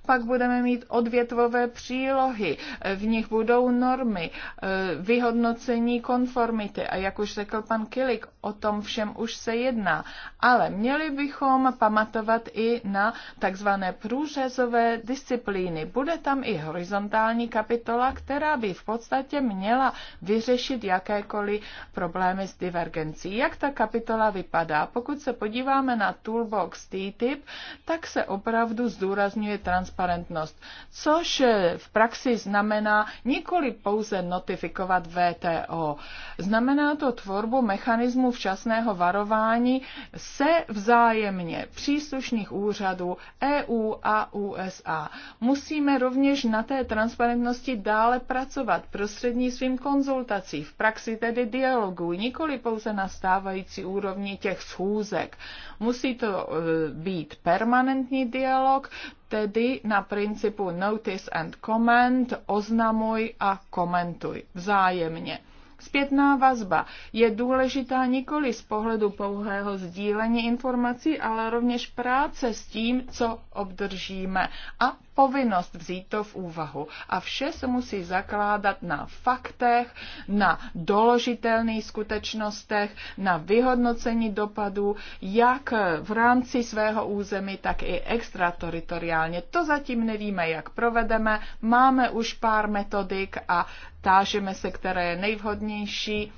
pak budeme mít odvětvové přílohy, úlohy, v nich budou normy, eh, vyhodnocení konformity a jak už řekl pan Kilik, o tom všem už se jedná. Ale měli bychom pamatovat i na takzvané průřezové disciplíny. Bude tam i horizontální kapitola, která by v podstatě měla vyřešit jakékoliv problémy s divergencí. Jak ta kapitola vypadá? Pokud se podíváme na toolbox TTIP, tak se opravdu zdůrazňuje transparentnost, což v praxi praxi znamená nikoli pouze notifikovat VTO. Znamená to tvorbu mechanismu včasného varování se vzájemně příslušných úřadů EU a USA. Musíme rovněž na té transparentnosti dále pracovat prostřednictvím konzultací, v praxi tedy dialogu. nikoli pouze na stávající úrovni těch schůzek. Musí to e, být permanentní dialog, tedy na principu notice and comment, oznamuj a komentuj vzájemně. Zpětná vazba je důležitá nikoli z pohledu pouhého sdílení informací, ale rovněž práce s tím, co obdržíme a povinnost vzít to v úvahu. A vše se musí zakládat na faktech, na doložitelných skutečnostech, na vyhodnocení dopadů, jak v rámci svého území, tak i extrateritoriálně. To zatím nevíme, jak provedeme. Máme už pár metodik a tážeme se, které je nejvhodnější.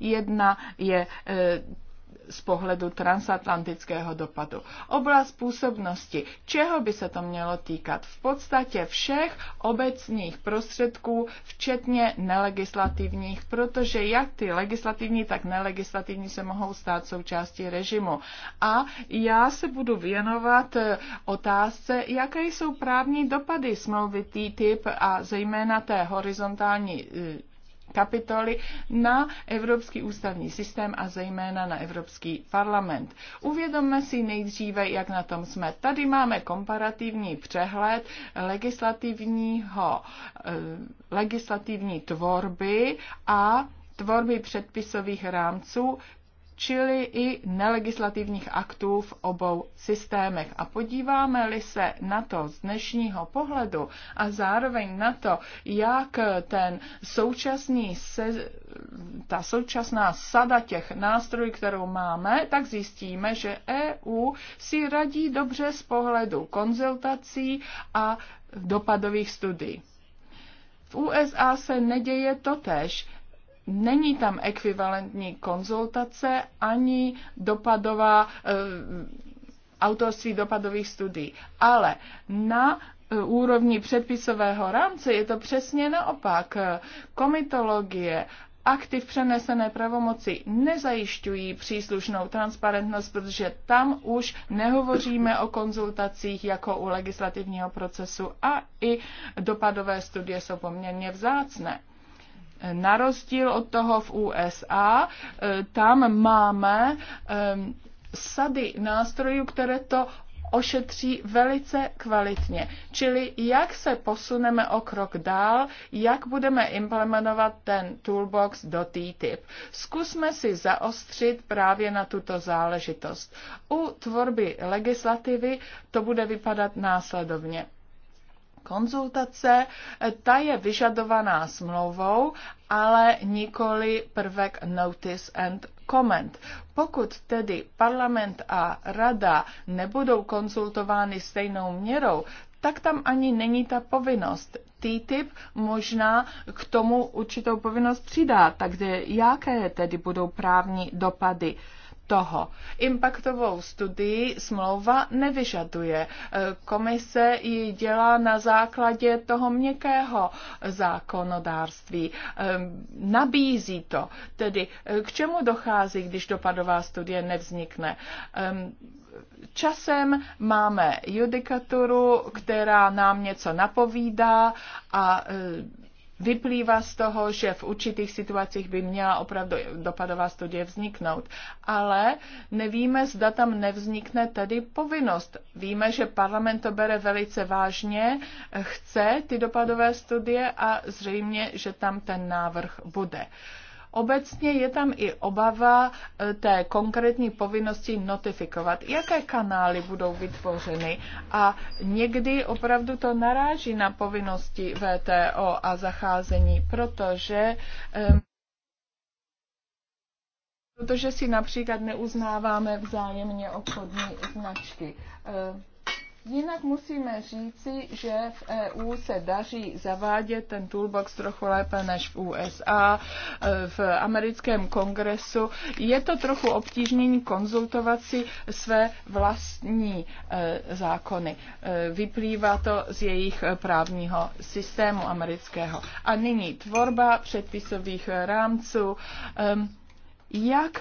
Jedna je eh, z pohledu transatlantického dopadu. Oblast působnosti. Čeho by se to mělo týkat? V podstatě všech obecních prostředků, včetně nelegislativních, protože jak ty legislativní, tak nelegislativní se mohou stát součástí režimu. A já se budu věnovat eh, otázce, jaké jsou právní dopady smlouvy TTIP a zejména té horizontální eh, kapitoly na Evropský ústavní systém a zejména na Evropský parlament. Uvědomme si nejdříve, jak na tom jsme. Tady máme komparativní přehled legislativního, eh, legislativní tvorby a tvorby předpisových rámců čili i nelegislativních aktů v obou systémech. A podíváme-li se na to z dnešního pohledu a zároveň na to, jak ten současný se, ta současná sada těch nástrojů, kterou máme, tak zjistíme, že EU si radí dobře z pohledu konzultací a dopadových studií. V USA se neděje totéž, Není tam ekvivalentní konzultace ani dopadová eh, autorství dopadových studií. Ale na eh, úrovni předpisového rámce je to přesně naopak. Komitologie, aktiv přenesené pravomoci nezajišťují příslušnou transparentnost, protože tam už nehovoříme o konzultacích jako u legislativního procesu a i dopadové studie jsou poměrně vzácné. Na rozdíl od toho v USA, eh, tam máme ehm, sady nástrojů, které to ošetří velice kvalitně. Čili jak se posuneme o krok dál, jak budeme implementovat ten toolbox do TTIP. Zkusme si zaostřit právě na tuto záležitost. U tvorby legislativy to bude vypadat následovně konzultace, ta je vyžadovaná smlouvou, ale nikoli prvek notice and comment. Pokud tedy parlament a rada nebudou konzultovány stejnou měrou, tak tam ani není ta povinnost. TTIP možná k tomu určitou povinnost přidá. Takže jaké tedy budou právní dopady? toho. Impaktovou studii smlouva nevyžaduje. E, komise ji dělá na základě toho měkkého zákonodárství. E, nabízí to. Tedy e, k čemu dochází, když dopadová studie nevznikne? Časem máme judikaturu, která nám něco napovídá a Vyplývá z toho, že v určitých situacích by měla opravdu dopadová studie vzniknout, ale nevíme, zda tam nevznikne tedy povinnost. Víme, že parlament to bere velice vážně, chce ty dopadové studie a zřejmě, že tam ten návrh bude. Uh, Obecně je tam i obava e, té konkrétní povinnosti notifikovat, jaké kanály budou vytvořeny. A někdy opravdu to naráží na povinnosti VTO a zacházení, protože. Protože si například neuznáváme vzájemně obchodní značky. E, Jinak musíme říci, že v EU se daří zavádět ten toolbox trochu lépe než v USA, e, v americkém kongresu. Je to trochu obtížné konzultovat si své vlastní e, zákony. E, vyplývá to z jejich právního systému amerického. A nyní tvorba předpisových rámců. Jak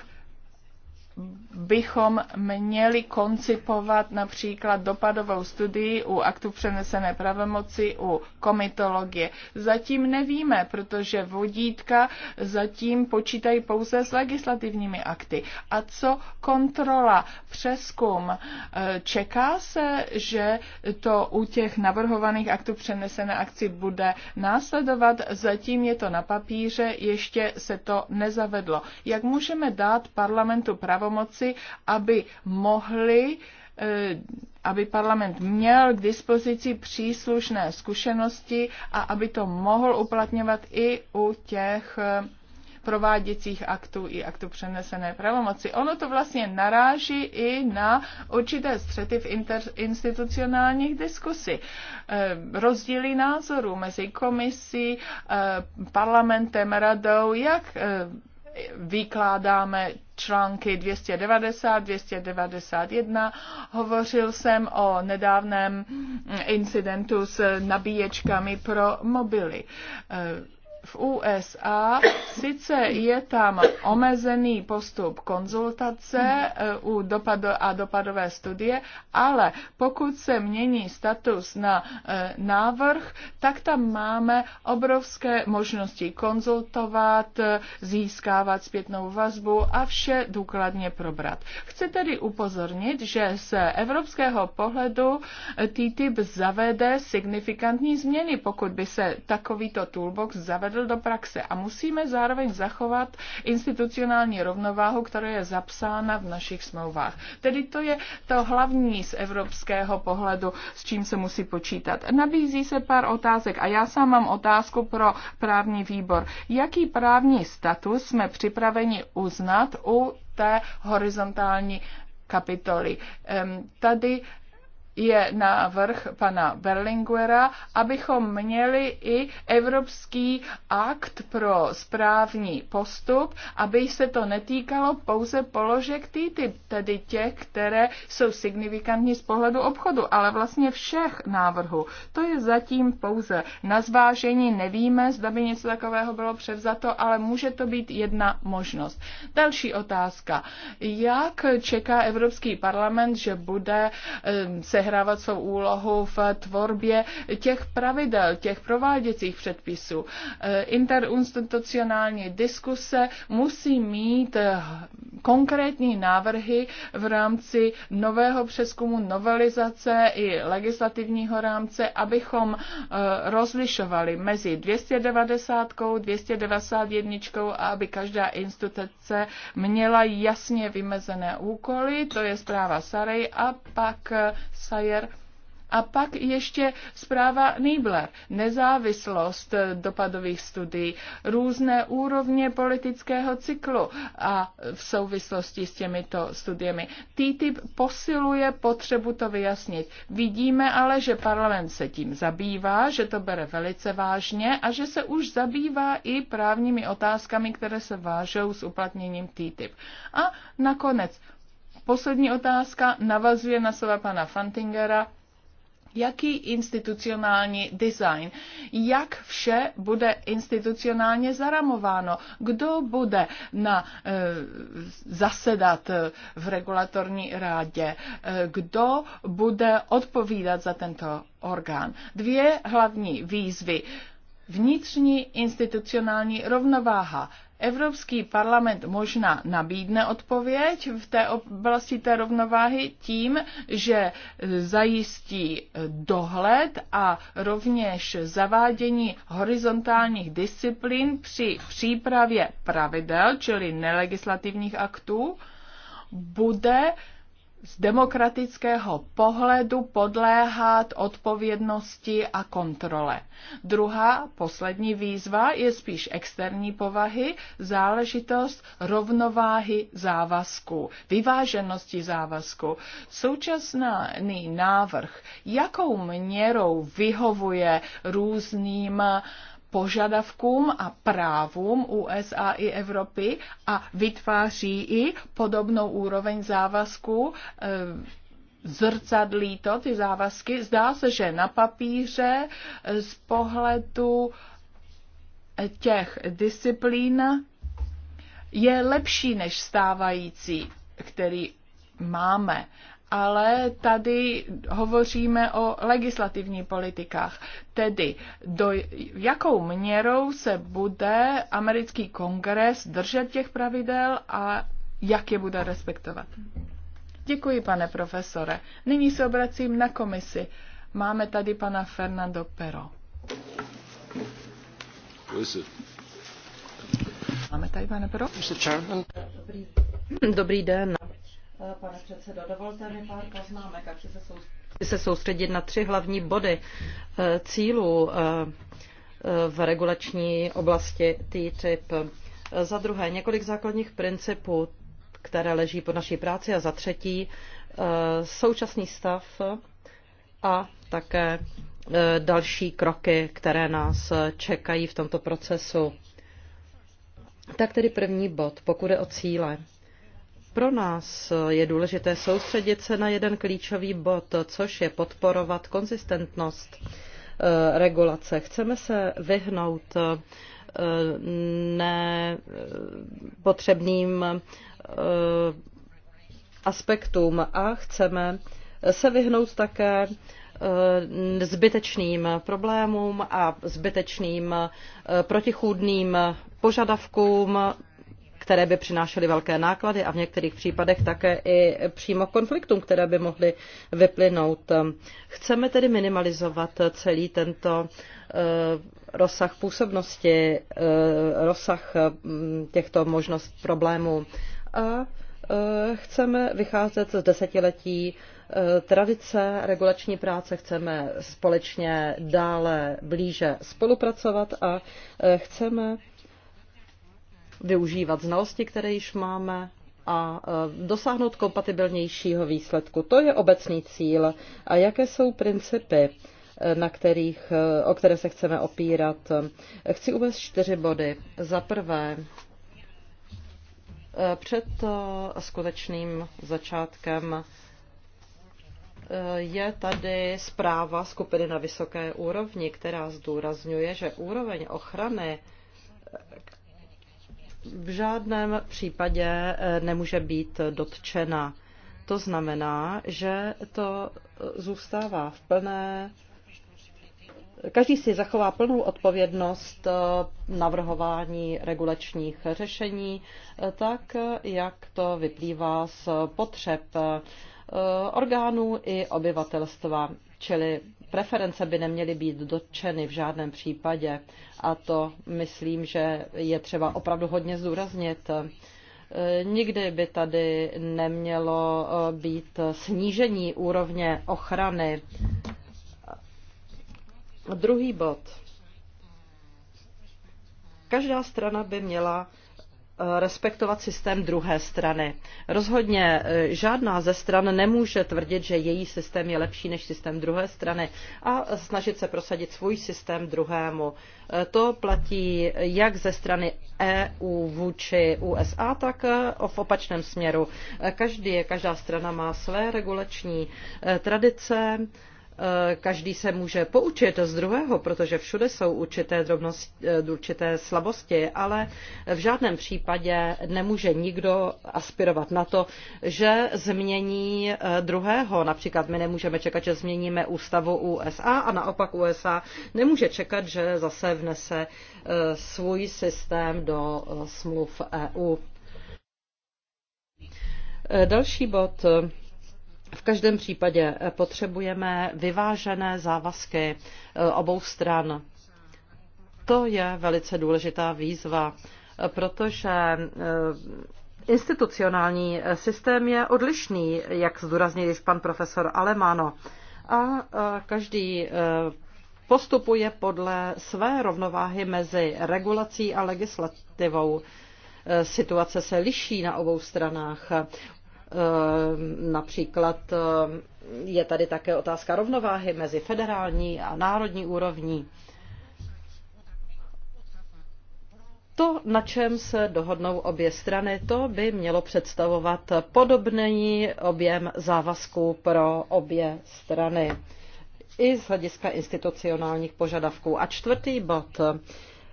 bychom měli koncipovat například dopadovou studii u aktu přenesené pravomoci, u komitologie. Zatím nevíme, protože vodítka zatím počítají pouze s legislativními akty. A co kontrola, přeskum? E, čeká se, že to u těch navrhovaných aktů přenesené akci bude následovat? Zatím je to na papíře, ještě se to nezavedlo. Jak můžeme dát parlamentu pravomoci pomoci, aby mohli eh, aby parlament měl k dispozici příslušné zkušenosti a aby to mohl uplatňovat i u těch eh, prováděcích aktů i aktů přenesené pravomoci. Ono to vlastně naráží i na určité střety v institucionálních diskusi, eh, Rozdíly názorů mezi komisí, parlamentem, radou, jak vykládáme články 290, 291. Hovořil jsem o nedávném incidentu s nabíječkami pro mobily. Eh, v USA sice je tam omezený postup konzultace eh, u dopado a dopadové studie, ale pokud se mění status na eh, návrh, tak tam máme obrovské možnosti konzultovat, eh, získávat zpětnou vazbu a vše důkladně probrat. Chci tedy upozornit, že z evropského pohledu TTIP zavede signifikantní změny, pokud by se takovýto toolbox zavedl uvedl do praxe. A musíme zároveň zachovat institucionální rovnováhu, která je zapsána v našich smlouvách. Tedy to je to hlavní z evropského pohledu, s čím se musí počítat. Nabízí se pár otázek a já sám mám otázku pro právní výbor. Jaký právní status jsme připraveni uznat u té horizontální kapitoly. Tady je návrh pana Berlinguera, abychom měli i Evropský akt pro správní postup, aby se to netýkalo pouze položek TTIP, tedy těch, které jsou signifikantní z pohledu obchodu, ale vlastně všech návrhů. To je zatím pouze na zvážení, nevíme, zda by něco takového bylo převzato, ale může to být jedna možnost. Další otázka. Jak čeká Evropský parlament, že bude eh, se sehrávat svou úlohu v tvorbě těch pravidel, těch prováděcích předpisů. Eh, interinstitucionální diskuse musí mít eh, konkrétní návrhy v rámci nového přeskumu, novelizace i legislativního rámce, abychom eh, rozlišovali mezi 290, 291 a aby každá instituce měla jasně vymezené úkoly, to je zpráva Sarej a pak Sarej Sayer. A pak ještě zpráva Niebler, nezávislost dopadových studií, různé úrovně politického cyklu a v souvislosti s těmito studiemi. TTIP posiluje potřebu to vyjasnit. Vidíme ale, že parlament se tím zabývá, že to bere velice vážně a že se už zabývá i právními otázkami, které se vážou s uplatněním TTIP. A nakonec Poslední otázka navazuje na slova pana Fantingera. Jaký institucionální design? Jak vše bude institucionálně zaramováno? Kdo bude na e, zasedat eh, v regulatorní rádě? E, kdo bude odpovídat za tento orgán? Dvě hlavní výzvy. Vnitřní institucionální rovnováha Evropský parlament možná nabídne odpověď v té oblasti té rovnováhy tím, že zajistí dohled a rovněž zavádění horizontálních disciplín při přípravě pravidel, čili nelegislativních aktů, bude z demokratického pohledu podléhat odpovědnosti a kontrole. Druhá, poslední výzva je spíš externí povahy, záležitost rovnováhy závazku, vyváženosti závazku. Současný návrh, jakou měrou vyhovuje různým uh, požadavkům a právům USA i Evropy a vytváří i podobnou úroveň závazků eh, zrcadlí to ty závazky. Zdá se, že na papíře eh, z pohledu eh, těch disciplín je lepší než stávající, který máme ale tady hovoříme o legislativní politikách. Tedy do jakou měrou se bude americký kongres držet těch pravidel a jak je bude respektovat. Děkuji, pane profesore. Nyní se obracím na komisi. Máme tady pana Fernando Pero. Máme tady pane Pero? Dobrý den. Eh, pane předsedo, dovolte mi pár poznámek, jak se soustředit se soustředit na tři hlavní body eh, cílů eh, v regulační oblasti TTIP. Za druhé několik základních principů, které leží pod naší práci a za třetí současný stav a také další kroky, které nás čekají v tomto procesu. Tak tedy první bod, pokud je o cíle. Pro nás je důležité soustředit se na jeden klíčový bod, což je podporovat konzistentnost eh, regulace. Chceme se vyhnout eh, nepotřebným eh, aspektům a chceme se vyhnout také zbytečným problémům a zbytečným protichůdným požadavkům které by přinášely velké náklady a v některých případech také i přímo konfliktům, které by mohly vyplynout. Chceme tedy minimalizovat celý tento eh, rozsah působnosti, eh, rozsah hm, těchto možnost problémů a eh, chceme vycházet z desetiletí tradice regulační práce, chceme společně dále blíže spolupracovat a chceme využívat znalosti, které již máme a e, dosáhnout kompatibilnějšího výsledku. To je obecný cíl. A jaké jsou principy, e, na kterých, e, o které se chceme opírat? Chci uvést čtyři body. Za prvé, před skutečným začátkem je tady zpráva skupiny na vysoké úrovni, která zdůrazňuje, že úroveň ochrany v žádném případě eh, nemůže být dotčena. To znamená, že to eh, zůstává v plné. Každý si zachová plnou odpovědnost eh, navrhování regulačních řešení, tak jak to vyplývá z potřeb orgánů i obyvatelstva. Čili preference by neměly být dotčeny v žádném případě a to myslím, že je třeba opravdu hodně zdůraznit. E, nikdy by tady nemělo e, být snížení úrovně ochrany. Druhý bod. Každá strana by měla Eh, respektovat systém druhé strany. Rozhodně eh, žádná ze stran nemůže tvrdit, že její systém je lepší než systém druhé strany a snažit se prosadit svůj systém druhému. Eh, to platí jak ze strany EU vůči USA, tak v opačném směru. Každý, každá strana má své regulační tradice, Eh, každý se může poučit z druhého, protože všude jsou určité, drobnosti, eh, určité slabosti, ale v žádném případě nemůže nikdo aspirovat na to, že změní eh, druhého. Například my nemůžeme čekat, že změníme ústavu USA a naopak USA nemůže čekat, že zase vnese svůj systém do smluv EU. Další bod v každém případě eh, potřebujeme vyvážené závazky eh, obou stran. To je velice důležitá výzva, eh, protože institucionální systém je odlišný, jak zdůraznil již pan profesor Alemano. A každý postupuje podle své rovnováhy mezi regulací a legislativou. Situace se liší na obou stranách. Ehm, například ehm, je tady také otázka rovnováhy mezi federální a národní úrovní. To, na čem se dohodnou obě strany, to by mělo představovat podobný objem závazků pro obě strany i z hlediska institucionálních požadavků. A čtvrtý bod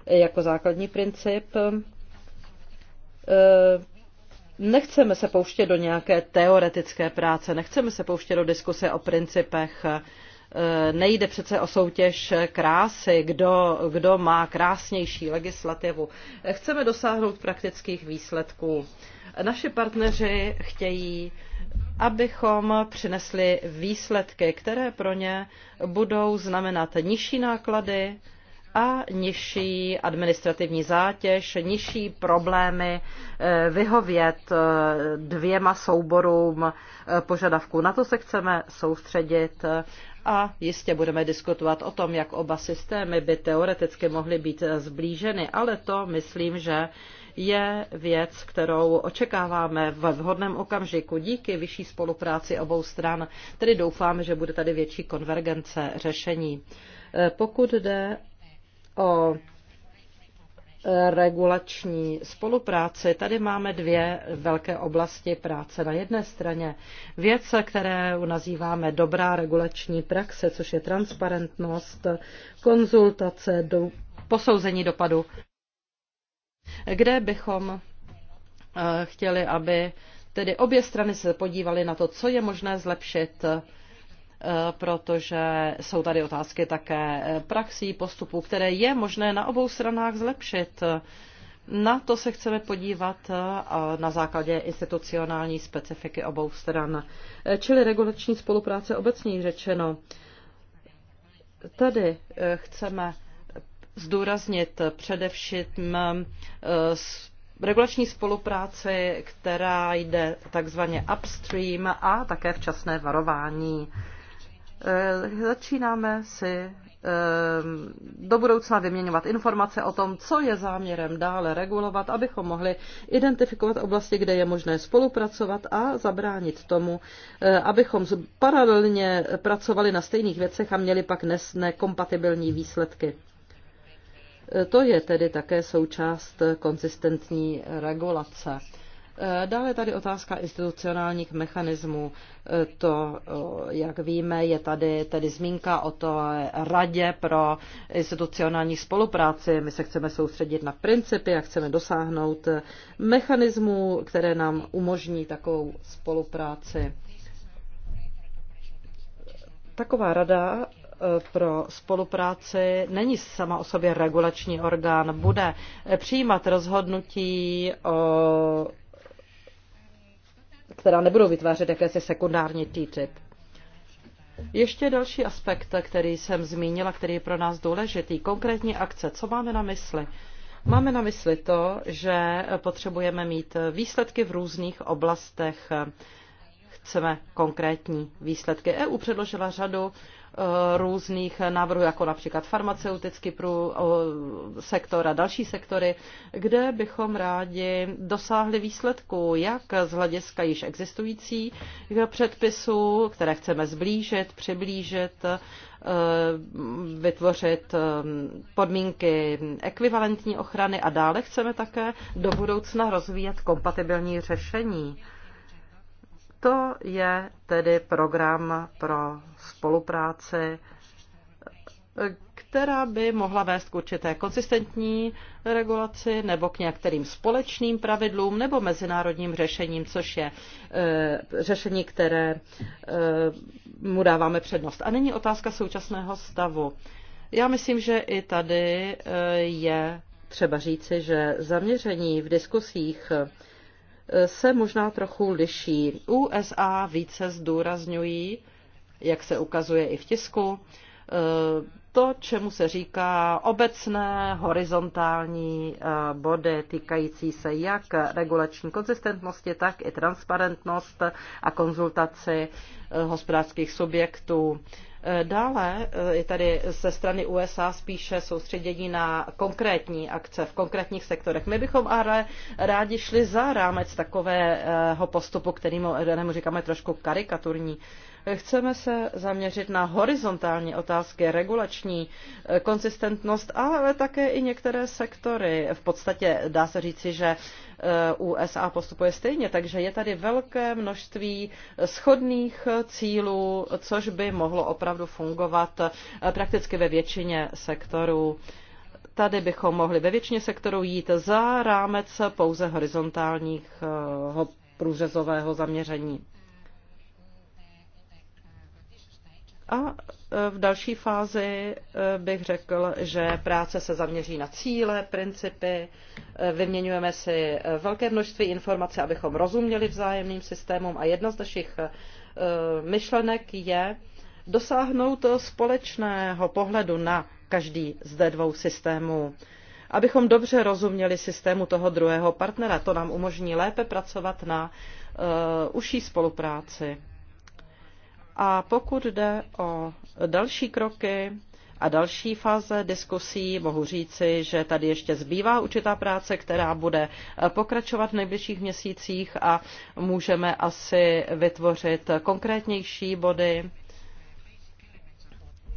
jako základní princip ehm, Nechceme se pouštět do nějaké teoretické práce, nechceme se pouštět do diskuse o principech. E, nejde přece o soutěž krásy, kdo, kdo má krásnější legislativu. Chceme dosáhnout praktických výsledků. Naši partneři chtějí, abychom přinesli výsledky, které pro ně budou znamenat nižší náklady, a nižší administrativní zátěž, nižší problémy eh, vyhovět eh, dvěma souborům eh, požadavků. Na to se chceme soustředit a jistě budeme diskutovat o tom, jak oba systémy by teoreticky mohly být zblíženy, ale to myslím, že je věc, kterou očekáváme ve vhodném okamžiku díky vyšší spolupráci obou stran. Tedy doufáme, že bude tady větší konvergence řešení. Pokud jde o eh, regulační spolupráci, tady máme dvě velké oblasti práce. Na jedné straně věc, které nazýváme dobrá regulační praxe, což je transparentnost, konzultace, do, posouzení dopadu, kde bychom eh, chtěli, aby tedy obě strany se podívaly na to, co je možné zlepšit Eh, protože jsou tady otázky také eh, praxí, postupů, které je možné na obou stranách zlepšit. Na to se chceme podívat eh, na základě institucionální specifiky obou stran, čili regulační spolupráce obecně řečeno. Tady chceme zdůraznit především regulační spolupráci, která jde takzvaně upstream a také včasné varování. Eh, začínáme si eh, do budoucna vyměňovat informace o tom, co je záměrem dále regulovat, abychom mohli identifikovat oblasti, kde je možné spolupracovat a zabránit tomu, eh, abychom paralelně pracovali na stejných věcech a měli pak nekompatibilní výsledky. To je tedy také součást konzistentní regulace. Eh, dále tady otázka institucionálních mechanismů. Eh, to, eh, jak víme, je tady tedy zmínka o to radě pro institucionální spolupráci. My se chceme soustředit na principy a chceme dosáhnout mechanismů, které nám umožní takovou spolupráci. Taková rada pro spolupráci není sama o sobě regulační orgán, bude přijímat rozhodnutí o která nebudou vytvářet jakési sekundární TTIP. Ještě další aspekt, který jsem zmínila, který je pro nás důležitý, konkrétní akce. Co máme na mysli? Máme na mysli to, že potřebujeme mít výsledky v různých oblastech. Chceme konkrétní výsledky. EU předložila řadu Eh, různých návrhů, jako například farmaceutický eh, sektor a další sektory, kde bychom rádi dosáhli výsledku, jak z hlediska již existujících předpisů, které chceme zblížit, přiblížit, eh, vytvořit podmínky ekvivalentní ochrany a dále chceme také do budoucna rozvíjet kompatibilní řešení to je tedy program pro spolupráci, která by mohla vést k určité konsistentní regulaci nebo k některým společným pravidlům nebo mezinárodním řešením, což je e, řešení, které e, mu dáváme přednost. A není otázka současného stavu. Já myslím, že i tady e, je třeba říci, že zaměření v diskusích e, se možná trochu liší. USA více zdůrazňují, jak se ukazuje i v tisku, e, to, čemu se říká obecné horizontální e, body týkající se jak regulační konzistentnosti, tak i transparentnost a konzultaci e, hospodářských subjektů Dále eh, je tady ze strany USA spíše soustředění na konkrétní akce v konkrétních sektorech. My bychom ale rádi šli za rámec takového postupu, kterému říkáme trošku karikaturní Chceme se zaměřit na horizontální otázky, regulační eh, konsistentnost, ale také i některé sektory. V podstatě dá se říci, že eh, USA postupuje stejně, takže je tady velké množství schodných cílů, což by mohlo opravdu fungovat eh, prakticky ve většině sektorů tady bychom mohli ve většině sektorů jít za rámec pouze horizontálního průřezového zaměření. A e, v další fázi e, bych řekl, že práce se zaměří na cíle, principy, e, vyměňujeme si velké množství informací, abychom rozuměli vzájemným systémům a jedna z našich myšlenek je dosáhnout společného pohledu na každý z dvou systémů. Abychom dobře rozuměli systému toho druhého partnera, to nám umožní lépe pracovat na uh, užší spolupráci. A pokud jde o další kroky a další fáze diskusí, mohu říci, že tady ještě zbývá určitá práce, která bude pokračovat v nejbližších měsících a můžeme asi vytvořit konkrétnější body.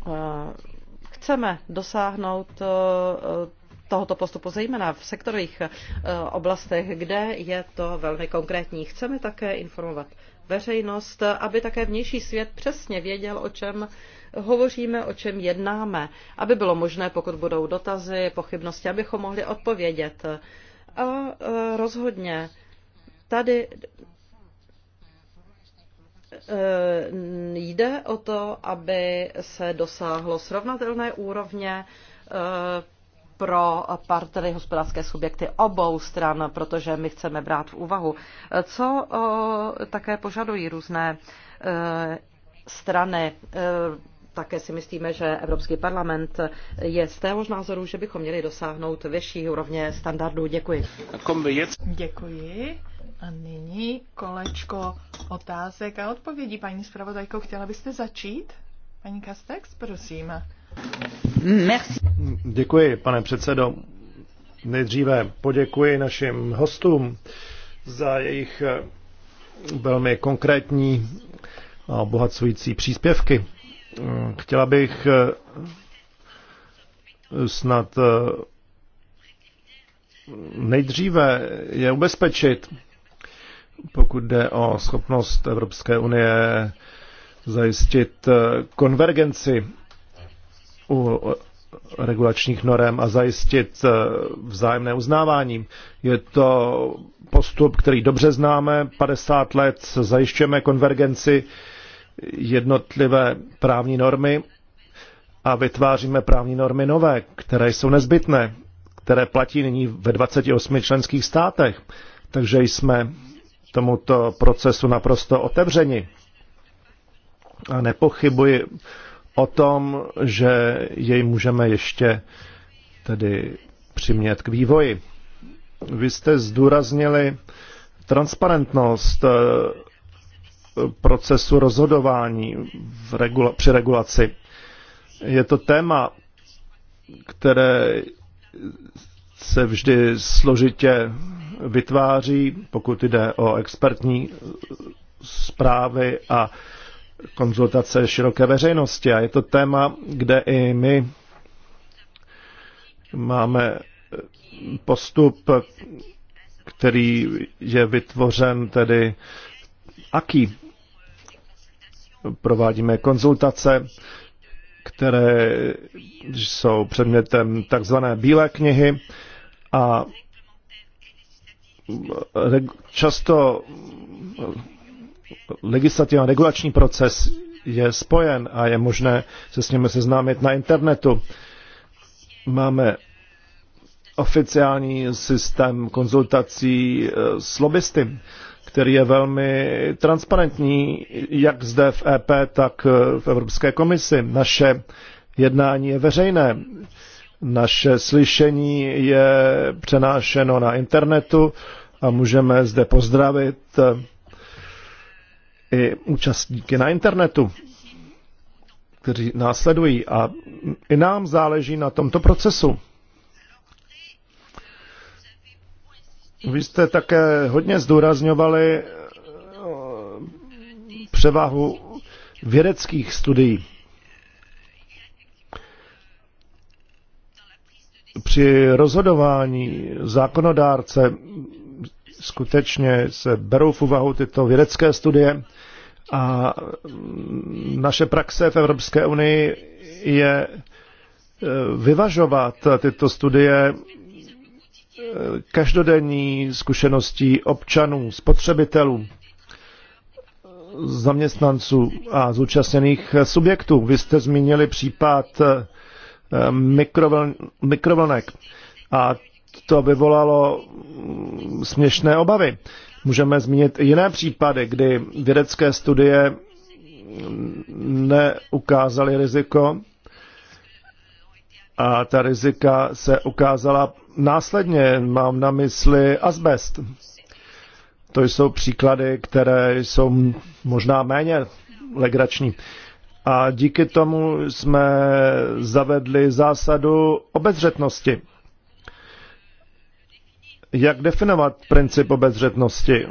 Eh, chceme dosáhnout eh, tohoto postupu, zejména v sektorových eh, oblastech, kde je to velmi konkrétní. Chceme také informovat veřejnost, aby také vnější svět přesně věděl, o čem hovoříme, o čem jednáme, aby bylo možné, pokud budou dotazy, pochybnosti, abychom mohli odpovědět. A e, rozhodně tady e, jde o to, aby se dosáhlo srovnatelné úrovně e, pro partnery hospodářské subjekty obou stran, protože my chceme brát v úvahu, co také požadují různé e, strany. E, také si myslíme, že Evropský parlament je z téhož názoru, že bychom měli dosáhnout vyšší úrovně standardů. Děkuji. Děkuji. A nyní kolečko otázek a odpovědí. Paní zpravodajko, chtěla byste začít? Paní Kastex, prosím. Děkuji, pane předsedo. Nejdříve poděkuji našim hostům za jejich eh, velmi konkrétní a obohacující příspěvky. Eh, chtěla bych eh, snad nejdříve je ubezpečit, pokud jde o schopnost Evropské unie zajistit konvergenci u regulačních norem a zajistit eh, vzájemné uznávání. Je to postup, který dobře známe, 50 let zajišťujeme konvergenci jednotlivé právní normy a vytváříme právní normy nové, které jsou nezbytné, které platí nyní ve 28 členských státech. Takže jsme tomuto procesu naprosto otevřeni. A nepochybuji o tom, že jej můžeme ještě tedy přimět k vývoji. Vy jste zdůraznili transparentnost eh, procesu rozhodování v regula- při regulaci. Je to téma, které se vždy složitě vytváří, pokud jde o expertní eh, zprávy a konzultace široké veřejnosti. A je to téma, kde i my máme postup, který je vytvořen tedy aký. Provádíme konzultace, které jsou předmětem takzvané bílé knihy a často legislativní a regulační proces je spojen a je možné se s nimi seznámit na internetu. Máme oficiální systém konzultací eh, s lobbysty, který je velmi transparentní, jak zde v EP, tak eh, v Evropské komisi. Naše jednání je veřejné. Naše slyšení je přenášeno na internetu a můžeme zde pozdravit eh, i účastníky na internetu, kteří následují. A i nám záleží na tomto procesu. Vy jste také hodně zdůrazňovali eh, převahu vědeckých studií. Při rozhodování zákonodárce skutečně se berou v úvahu tyto vědecké studie a mm, naše praxe v Evropské unii je e, vyvažovat tyto studie e, každodenní zkušeností občanů, spotřebitelů, zaměstnanců a zúčastněných subjektů. Vy jste zmínili případ e, mikrovlnek a to vyvolalo mm, směšné obavy. Můžeme zmínit jiné případy, kdy vědecké studie neukázaly riziko a ta rizika se ukázala následně. Mám na mysli asbest. To jsou příklady, které jsou možná méně legrační. A díky tomu jsme zavedli zásadu obezřetnosti jak definovat princip obezřetnosti.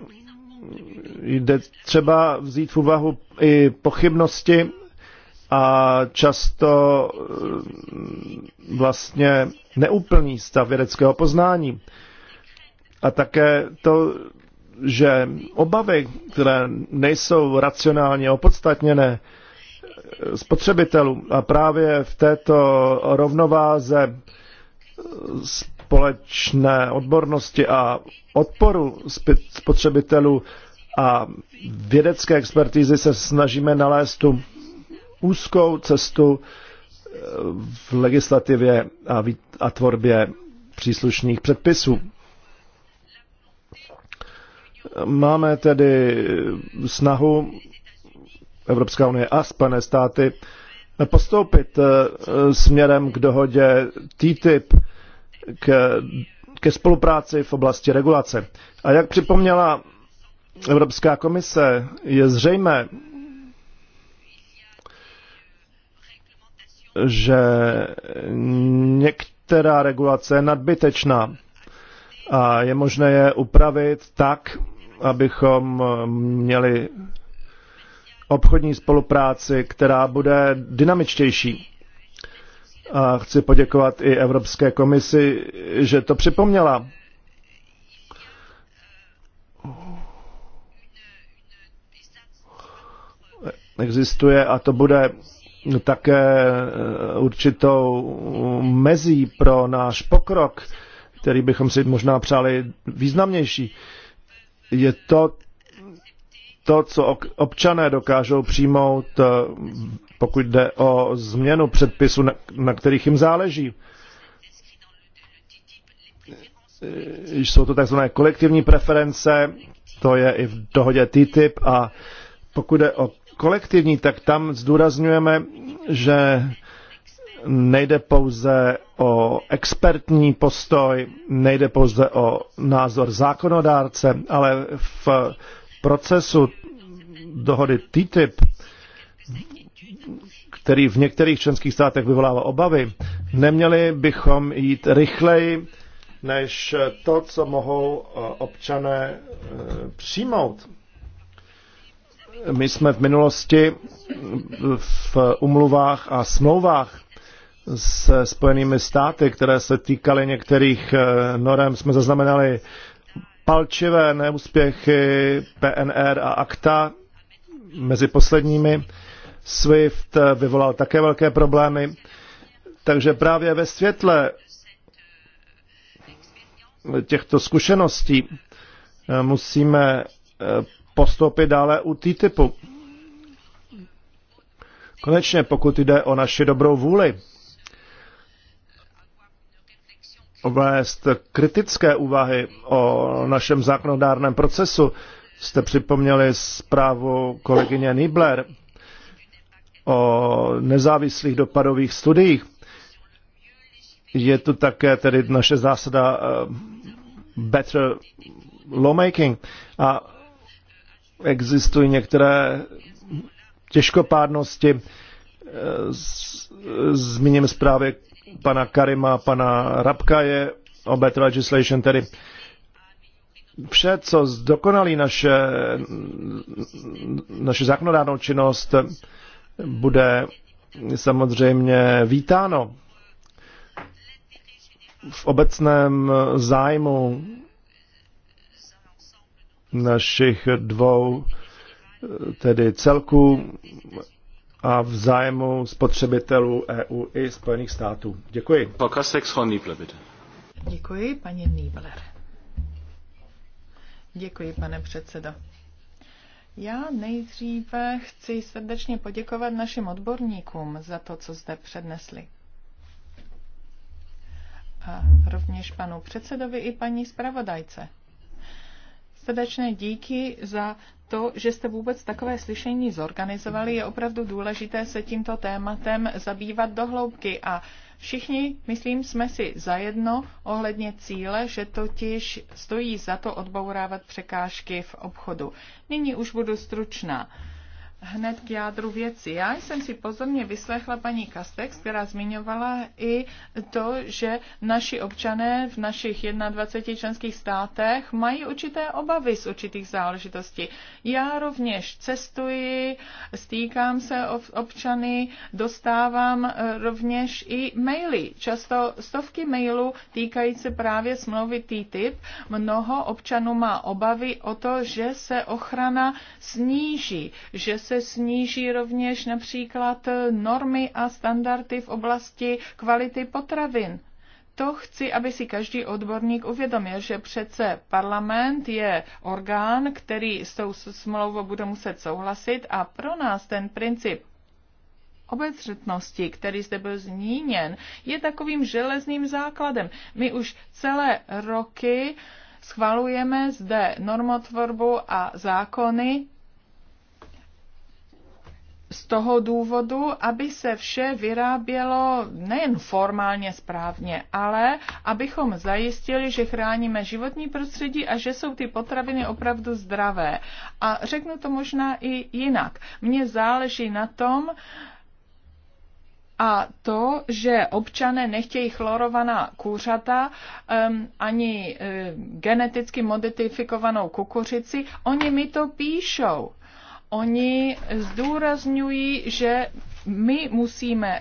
Jde třeba vzít v úvahu i pochybnosti a často mm, vlastně neúplný stav vědeckého poznání. A také to, že obavy, které nejsou racionálně opodstatněné eh, spotřebitelů a právě v této rovnováze společné odbornosti a odporu spotřebitelů a vědecké expertízy se snažíme nalézt tu úzkou cestu eh, v legislativě a, a tvorbě příslušných předpisů. Máme tedy snahu Evropská unie a Spojené státy postoupit eh, směrem k dohodě TTIP k, ke spolupráci v oblasti regulace. A jak připomněla Evropská komise, je zřejmé, že některá regulace je nadbytečná a je možné je upravit tak, abychom měli obchodní spolupráci, která bude dynamičtější. A chci poděkovat i Evropské komisi, že to připomněla. Existuje a to bude také eh, určitou mezí pro náš pokrok, který bychom si možná přáli významnější. Je to, to, co občané dokážou přijmout, eh, pokud jde o změnu předpisu, na kterých jim záleží. Eh, jsou to takzvané kolektivní preference, to je i v dohodě TTIP a pokud jde o kolektivní, tak tam zdůrazňujeme, že nejde pouze o expertní postoj, nejde pouze o názor zákonodárce, ale v procesu dohody TTIP, který v některých členských státech vyvolává obavy, neměli bychom jít rychleji než to, co mohou eh, občané eh, přijmout. My jsme v minulosti v umluvách a smlouvách se Spojenými státy, které se týkaly některých eh, norem, jsme zaznamenali palčivé neúspěchy PNR a akta mezi posledními. SWIFT eh, vyvolal také velké problémy. Takže právě ve světle těchto zkušeností eh, musíme eh, postoupit dále u TTIPu. Konečně, pokud jde o naši dobrou vůli, vést kritické úvahy o našem zákonodárném procesu. Jste připomněli zprávu kolegyně Nibler o nezávislých dopadových studiích. Je tu také tedy naše zásada eh, better lawmaking a existují některé těžkopádnosti. Eh, zmíním zprávě pana Karima pana Rabka je o better legislation, tedy vše, co zdokonalí naše, naše zákonodárnou činnost, bude samozřejmě vítáno v obecném zájmu našich dvou tedy celků a v zájmu spotřebitelů EU i Spojených států. Děkuji. Děkuji, paní Niebler. Děkuji, pane předsedo. Já nejdříve chci srdečně poděkovat našim odborníkům za to, co zde přednesli. A rovněž panu předsedovi i paní zpravodajce. Srdečné díky za to, že jste vůbec takové slyšení zorganizovali, je opravdu důležité se tímto tématem zabývat do hloubky a Všichni, myslím, jsme si zajedno ohledně cíle, že totiž stojí za to odbourávat překážky v obchodu. Nyní už budu stručná hned k jádru věci. Já jsem si pozorně vyslechla paní Kastex, která zmiňovala i to, že naši občané v našich 21 členských státech mají určité obavy z určitých záležitostí. Já rovněž cestuji, stýkám se občany, dostávám eh, rovněž i maily. Často stovky mailů týkající se právě smlouvy TTIP. Mnoho občanů má obavy o to, že se ochrana sníží, že se se sníží rovněž například normy a standardy v oblasti kvality potravin. To chci, aby si každý odborník uvědomil, že přece parlament je orgán, který s tou smlouvou bude muset souhlasit a pro nás ten princip obezřetnosti, který zde byl zmíněn, je takovým železným základem. My už celé roky schvalujeme zde normotvorbu a zákony z toho důvodu, aby se vše vyrábělo nejen formálně správně, ale abychom zajistili, že chráníme životní prostředí a že jsou ty potraviny opravdu zdravé. A řeknu to možná i jinak. Mně záleží na tom, a to, že občané nechtějí chlorovaná kůřata um, ani um, geneticky modifikovanou kukuřici, oni mi to píšou. Oni zdůrazňují, že my musíme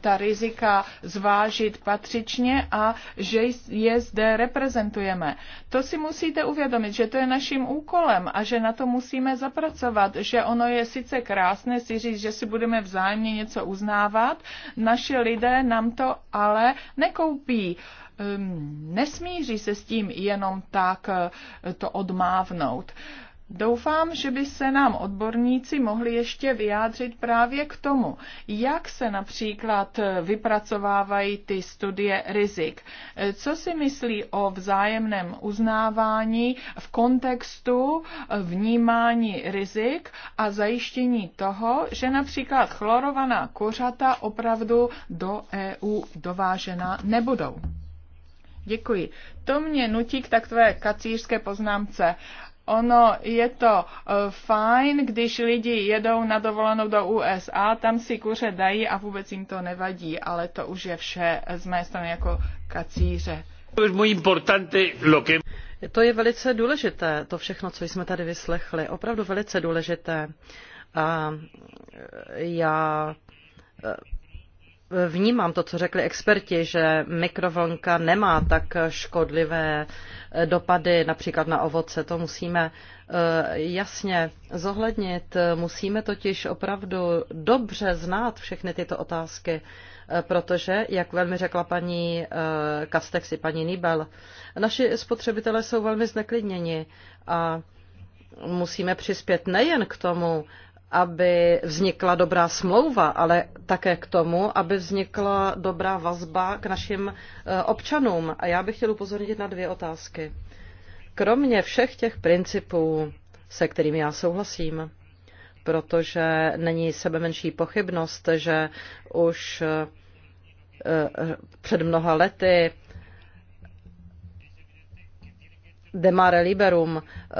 ta rizika zvážit patřičně a že je zde reprezentujeme. To si musíte uvědomit, že to je naším úkolem a že na to musíme zapracovat, že ono je sice krásné si říct, že si budeme vzájemně něco uznávat, naše lidé nám to ale nekoupí. Ehm, nesmíří se s tím jenom tak eh, to odmávnout. Doufám, že by se nám odborníci mohli ještě vyjádřit právě k tomu, jak se například vypracovávají ty studie rizik. Co si myslí o vzájemném uznávání v kontextu vnímání rizik a zajištění toho, že například chlorovaná kořata opravdu do EU dovážena nebudou? Děkuji. To mě nutí k takové kacířské poznámce. Ono je to eh, fajn, když lidi jedou na dovolenou do USA, tam si kuře dají a vůbec jim to nevadí, ale to už je vše z mé strany jako kacíře. To je velice důležité, to všechno, co jsme tady vyslechli, opravdu velice důležité. A já eh, vnímám to, co řekli experti, že mikrovlnka nemá tak škodlivé eh, dopady například na ovoce. To musíme eh, jasně zohlednit. Musíme totiž opravdu dobře znát všechny tyto otázky, eh, protože, jak velmi řekla paní i paní Nibel, naši spotřebitelé jsou velmi zneklidněni a musíme přispět nejen k tomu, aby vznikla dobrá smlouva, ale také k tomu, aby vznikla dobrá vazba k našim eh, občanům. A já bych chtěl upozornit na dvě otázky. Kromě všech těch principů, se kterými já souhlasím, protože není sebe menší pochybnost, že už eh, před mnoha lety demare liberum eh,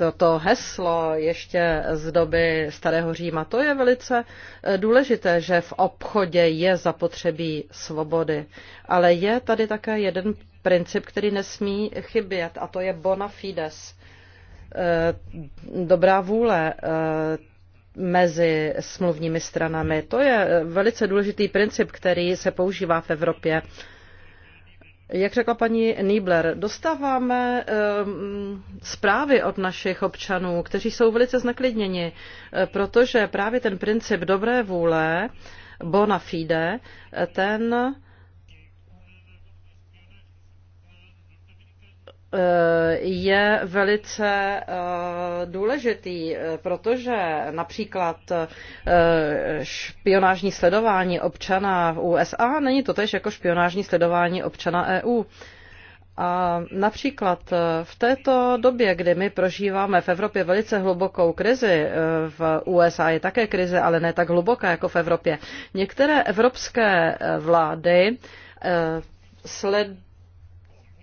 toto heslo ještě z doby Starého Říma, to je velice eh, důležité, že v obchodě je zapotřebí svobody. Ale je tady také jeden princip, který nesmí chybět, a to je bona fides. Eh, dobrá vůle eh, mezi smluvními stranami. To je velice důležitý princip, který se používá v Evropě. Jak řekla paní Niebler, dostáváme um, zprávy od našich občanů, kteří jsou velice zneklidněni, eh, protože právě ten princip dobré vůle, bona fide, eh, ten uh, je velice eh, důležitý, protože například eh, špionážní sledování občana v USA není to tež jako špionážní sledování občana EU. A například eh, v této době, kdy my prožíváme v Evropě velice hlubokou krizi, v USA je také krize, ale ne tak hluboká jako v Evropě, některé evropské vlády sledují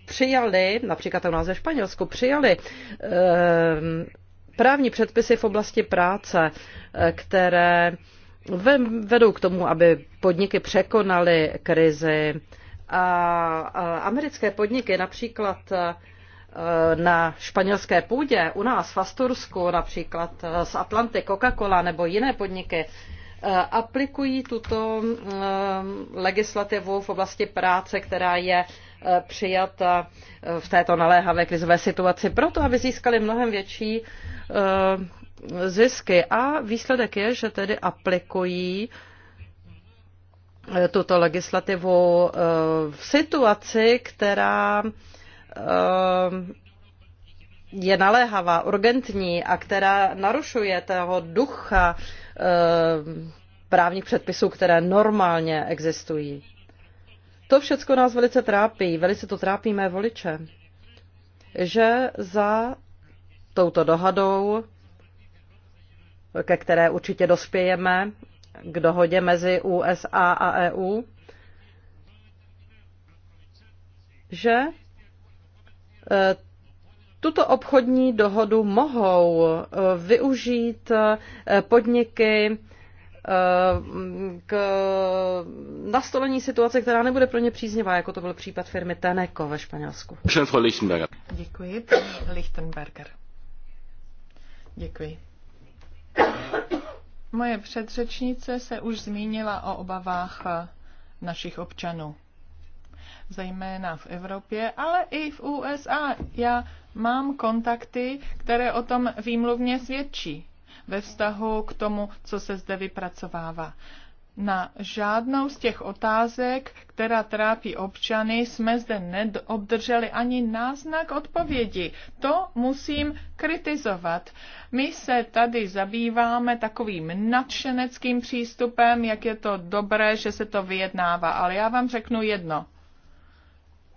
přijali, například u nás ve Španělsku, přijali ehm, právní předpisy v oblasti práce, eh, které vedou k tomu, aby podniky překonaly krizi. A americké podniky například eh, na španělské půdě, u nás v Astursku například eh, z Atlanty, Coca-Cola nebo jiné podniky Eh, aplikují tuto eh, legislativu v oblasti práce, která je eh, přijata v této naléhavé krizové situaci, proto aby získali mnohem větší zisky. A výsledek je, že tedy aplikují tuto legislativu v situaci, která je naléhavá, urgentní a která narušuje toho ducha Eh, právních předpisů, které normálně existují. To všechno nás velice trápí, velice to trápí mé voliče, že za touto dohadou, ke které určitě dospějeme, k dohodě mezi USA a EU, že eh, tuto obchodní dohodu mohou eh, využít eh, podniky eh, k nastolení situace, která nebude pro ně příznivá, jako to byl případ firmy Teneco ve Španělsku. Děkuji, paní Lichtenberger. Děkuji. Moje předřečnice se už zmínila o obavách našich občanů zejména v Evropě, ale i v USA. Já mám kontakty, které o tom výmluvně svědčí ve vztahu k tomu, co se zde vypracovává. Na žádnou z těch otázek, která trápí občany, jsme zde neobdrželi ani náznak odpovědi. To musím kritizovat. My se tady zabýváme takovým nadšeneckým přístupem, jak je to dobré, že se to vyjednává. Ale já vám řeknu jedno.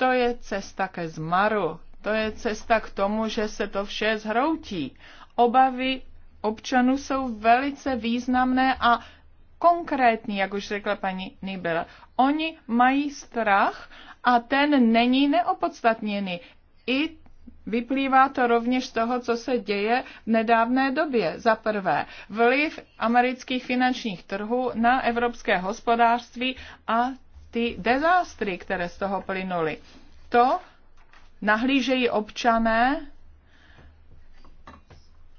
To je cesta ke zmaru, to je cesta k tomu, že se to vše zhroutí. Obavy občanů jsou velice významné a konkrétní, jak už řekla paní Nibel. Oni mají strach a ten není neopodstatněný. I Vyplývá to rovněž z toho, co se děje v nedávné době. Za prvé, vliv amerických finančních trhů na evropské hospodářství a ty dezástry, které z toho plynuly. To nahlížejí občané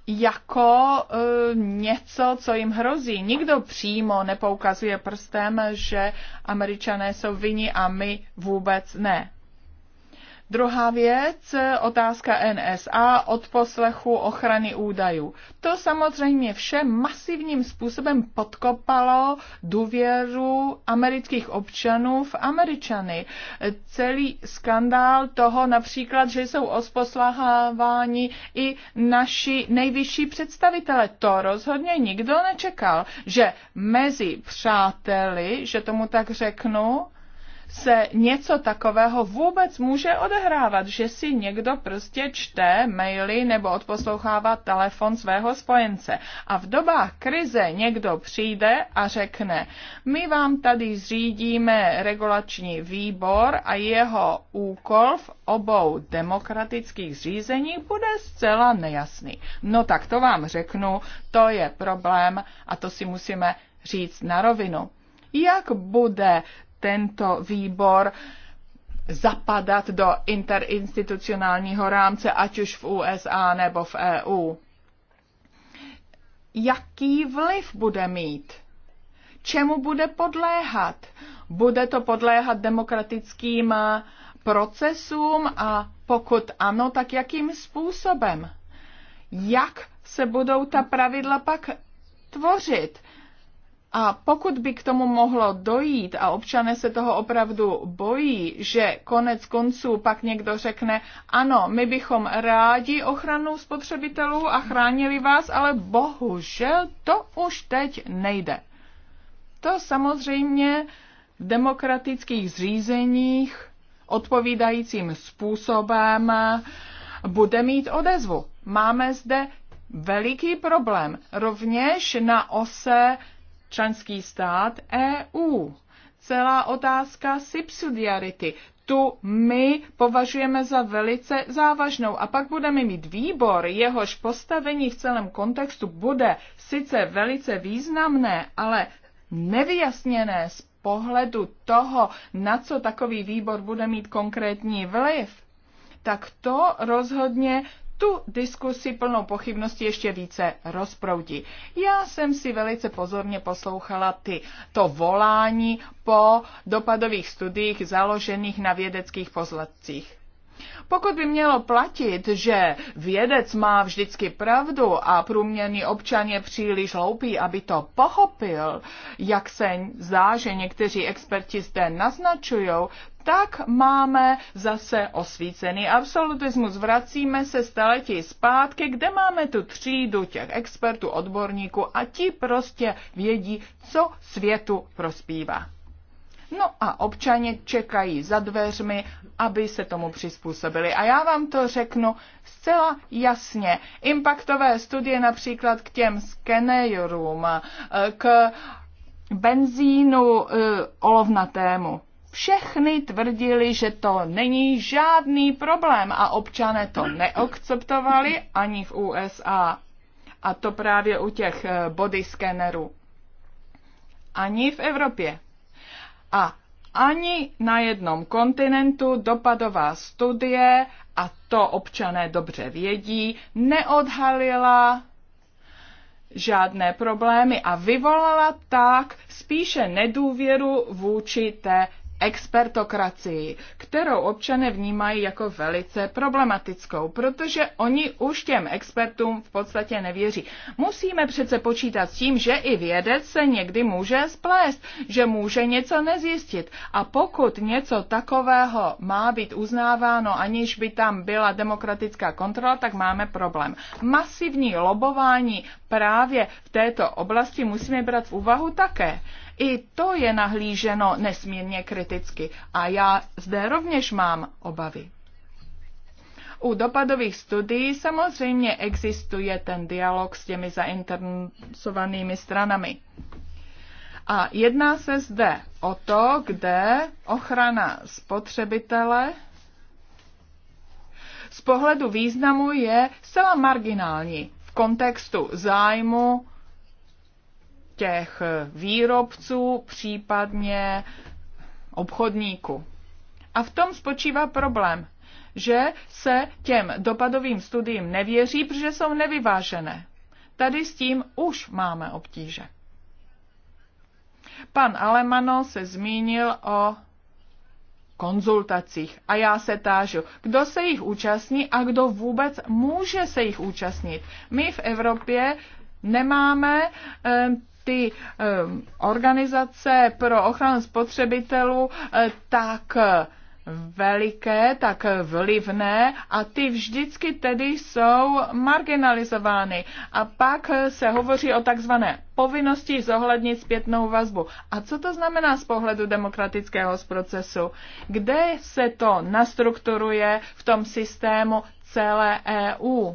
jako e, něco, co jim hrozí. Nikdo přímo nepoukazuje prstem, že američané jsou vyni a my vůbec ne. Druhá věc, otázka NSA, odposlechu ochrany údajů. To samozřejmě vše masivním způsobem podkopalo důvěru amerických občanů v Američany. Celý skandál toho například, že jsou osposláháváni i naši nejvyšší představitele. To rozhodně nikdo nečekal, že mezi přáteli, že tomu tak řeknu, se něco takového vůbec může odehrávat, že si někdo prostě čte maily nebo odposlouchává telefon svého spojence. A v dobách krize někdo přijde a řekne, my vám tady zřídíme regulační výbor a jeho úkol v obou demokratických zřízeních bude zcela nejasný. No tak to vám řeknu, to je problém a to si musíme říct na rovinu jak bude tento výbor zapadat do interinstitucionálního rámce, ať už v USA nebo v EU. Jaký vliv bude mít? Čemu bude podléhat? Bude to podléhat demokratickým eh, procesům a pokud ano, tak jakým způsobem? Jak se budou ta pravidla pak tvořit? A pokud by k tomu mohlo dojít a občané se toho opravdu bojí, že konec konců pak někdo řekne, ano, my bychom rádi ochranu spotřebitelů a chránili vás, ale bohužel to už teď nejde. To samozřejmě v demokratických zřízeních odpovídajícím způsobem bude mít odezvu. Máme zde veliký problém. Rovněž na ose členský stát EU. Celá otázka subsidiarity. Tu my považujeme za velice závažnou. A pak budeme mít výbor, jehož postavení v celém kontextu bude sice velice významné, ale nevyjasněné z pohledu toho, na co takový výbor bude mít konkrétní vliv tak to rozhodně tu diskusi plnou pochybností ještě více rozproudí. Já jsem si velice pozorně poslouchala ty, to volání po dopadových studiích založených na vědeckých pozlatcích. Pokud by mělo platit, že vědec má vždycky pravdu a průměrný občan je příliš hloupý, aby to pochopil, jak se zdá, že někteří experti zde naznačují, tak máme zase osvícený absolutismus. Vracíme se staletí zpátky, kde máme tu třídu těch expertů, odborníků a ti prostě vědí, co světu prospívá. No a občaně čekají za dveřmi, aby se tomu přizpůsobili. A já vám to řeknu zcela jasně. Impaktové studie například k těm skenerům, k benzínu eh, olovnatému všechny tvrdili, že to není žádný problém a občané to neakceptovali ani v USA. A to právě u těch eh, body skenerů. Ani v Evropě. A ani na jednom kontinentu dopadová studie, a to občané dobře vědí, neodhalila žádné problémy a vyvolala tak spíše nedůvěru vůči té expertokracii, kterou občané vnímají jako velice problematickou, protože oni už těm expertům v podstatě nevěří. Musíme přece počítat s tím, že i vědec se někdy může splést, že může něco nezjistit. A pokud něco takového má být uznáváno, aniž by tam byla demokratická kontrola, tak máme problém. Masivní lobování právě v této oblasti musíme brát v úvahu také. I to je nahlíženo nesmírně kriticky a já zde rovněž mám obavy. U dopadových studií samozřejmě existuje ten dialog s těmi zainteresovanými stranami. A jedná se zde o to, kde ochrana spotřebitele z pohledu významu je zcela marginální v kontextu zájmu těch výrobců, případně obchodníků. A v tom spočívá problém, že se těm dopadovým studiím nevěří, protože jsou nevyvážené. Tady s tím už máme obtíže. Pan Alemano se zmínil o konzultacích a já se tážu, kdo se jich účastní a kdo vůbec může se jich účastnit. My v Evropě nemáme eh, ty ehm, organizace pro ochranu spotřebitelů eh, tak eh, veliké, tak eh, vlivné a ty vždycky tedy jsou marginalizovány. A pak se hovoří o takzvané povinnosti zohlednit zpětnou vazbu. A co to znamená z pohledu demokratického procesu? Kde se to nastrukturuje v tom systému celé EU?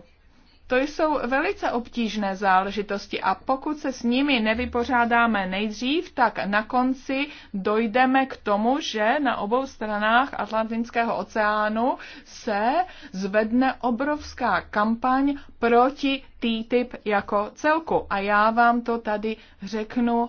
To jsou velice obtížné záležitosti a pokud se s nimi nevypořádáme nejdřív, tak na konci dojdeme k tomu, že na obou stranách Atlantického oceánu se zvedne obrovská kampaň proti TTIP jako celku. A já vám to tady řeknu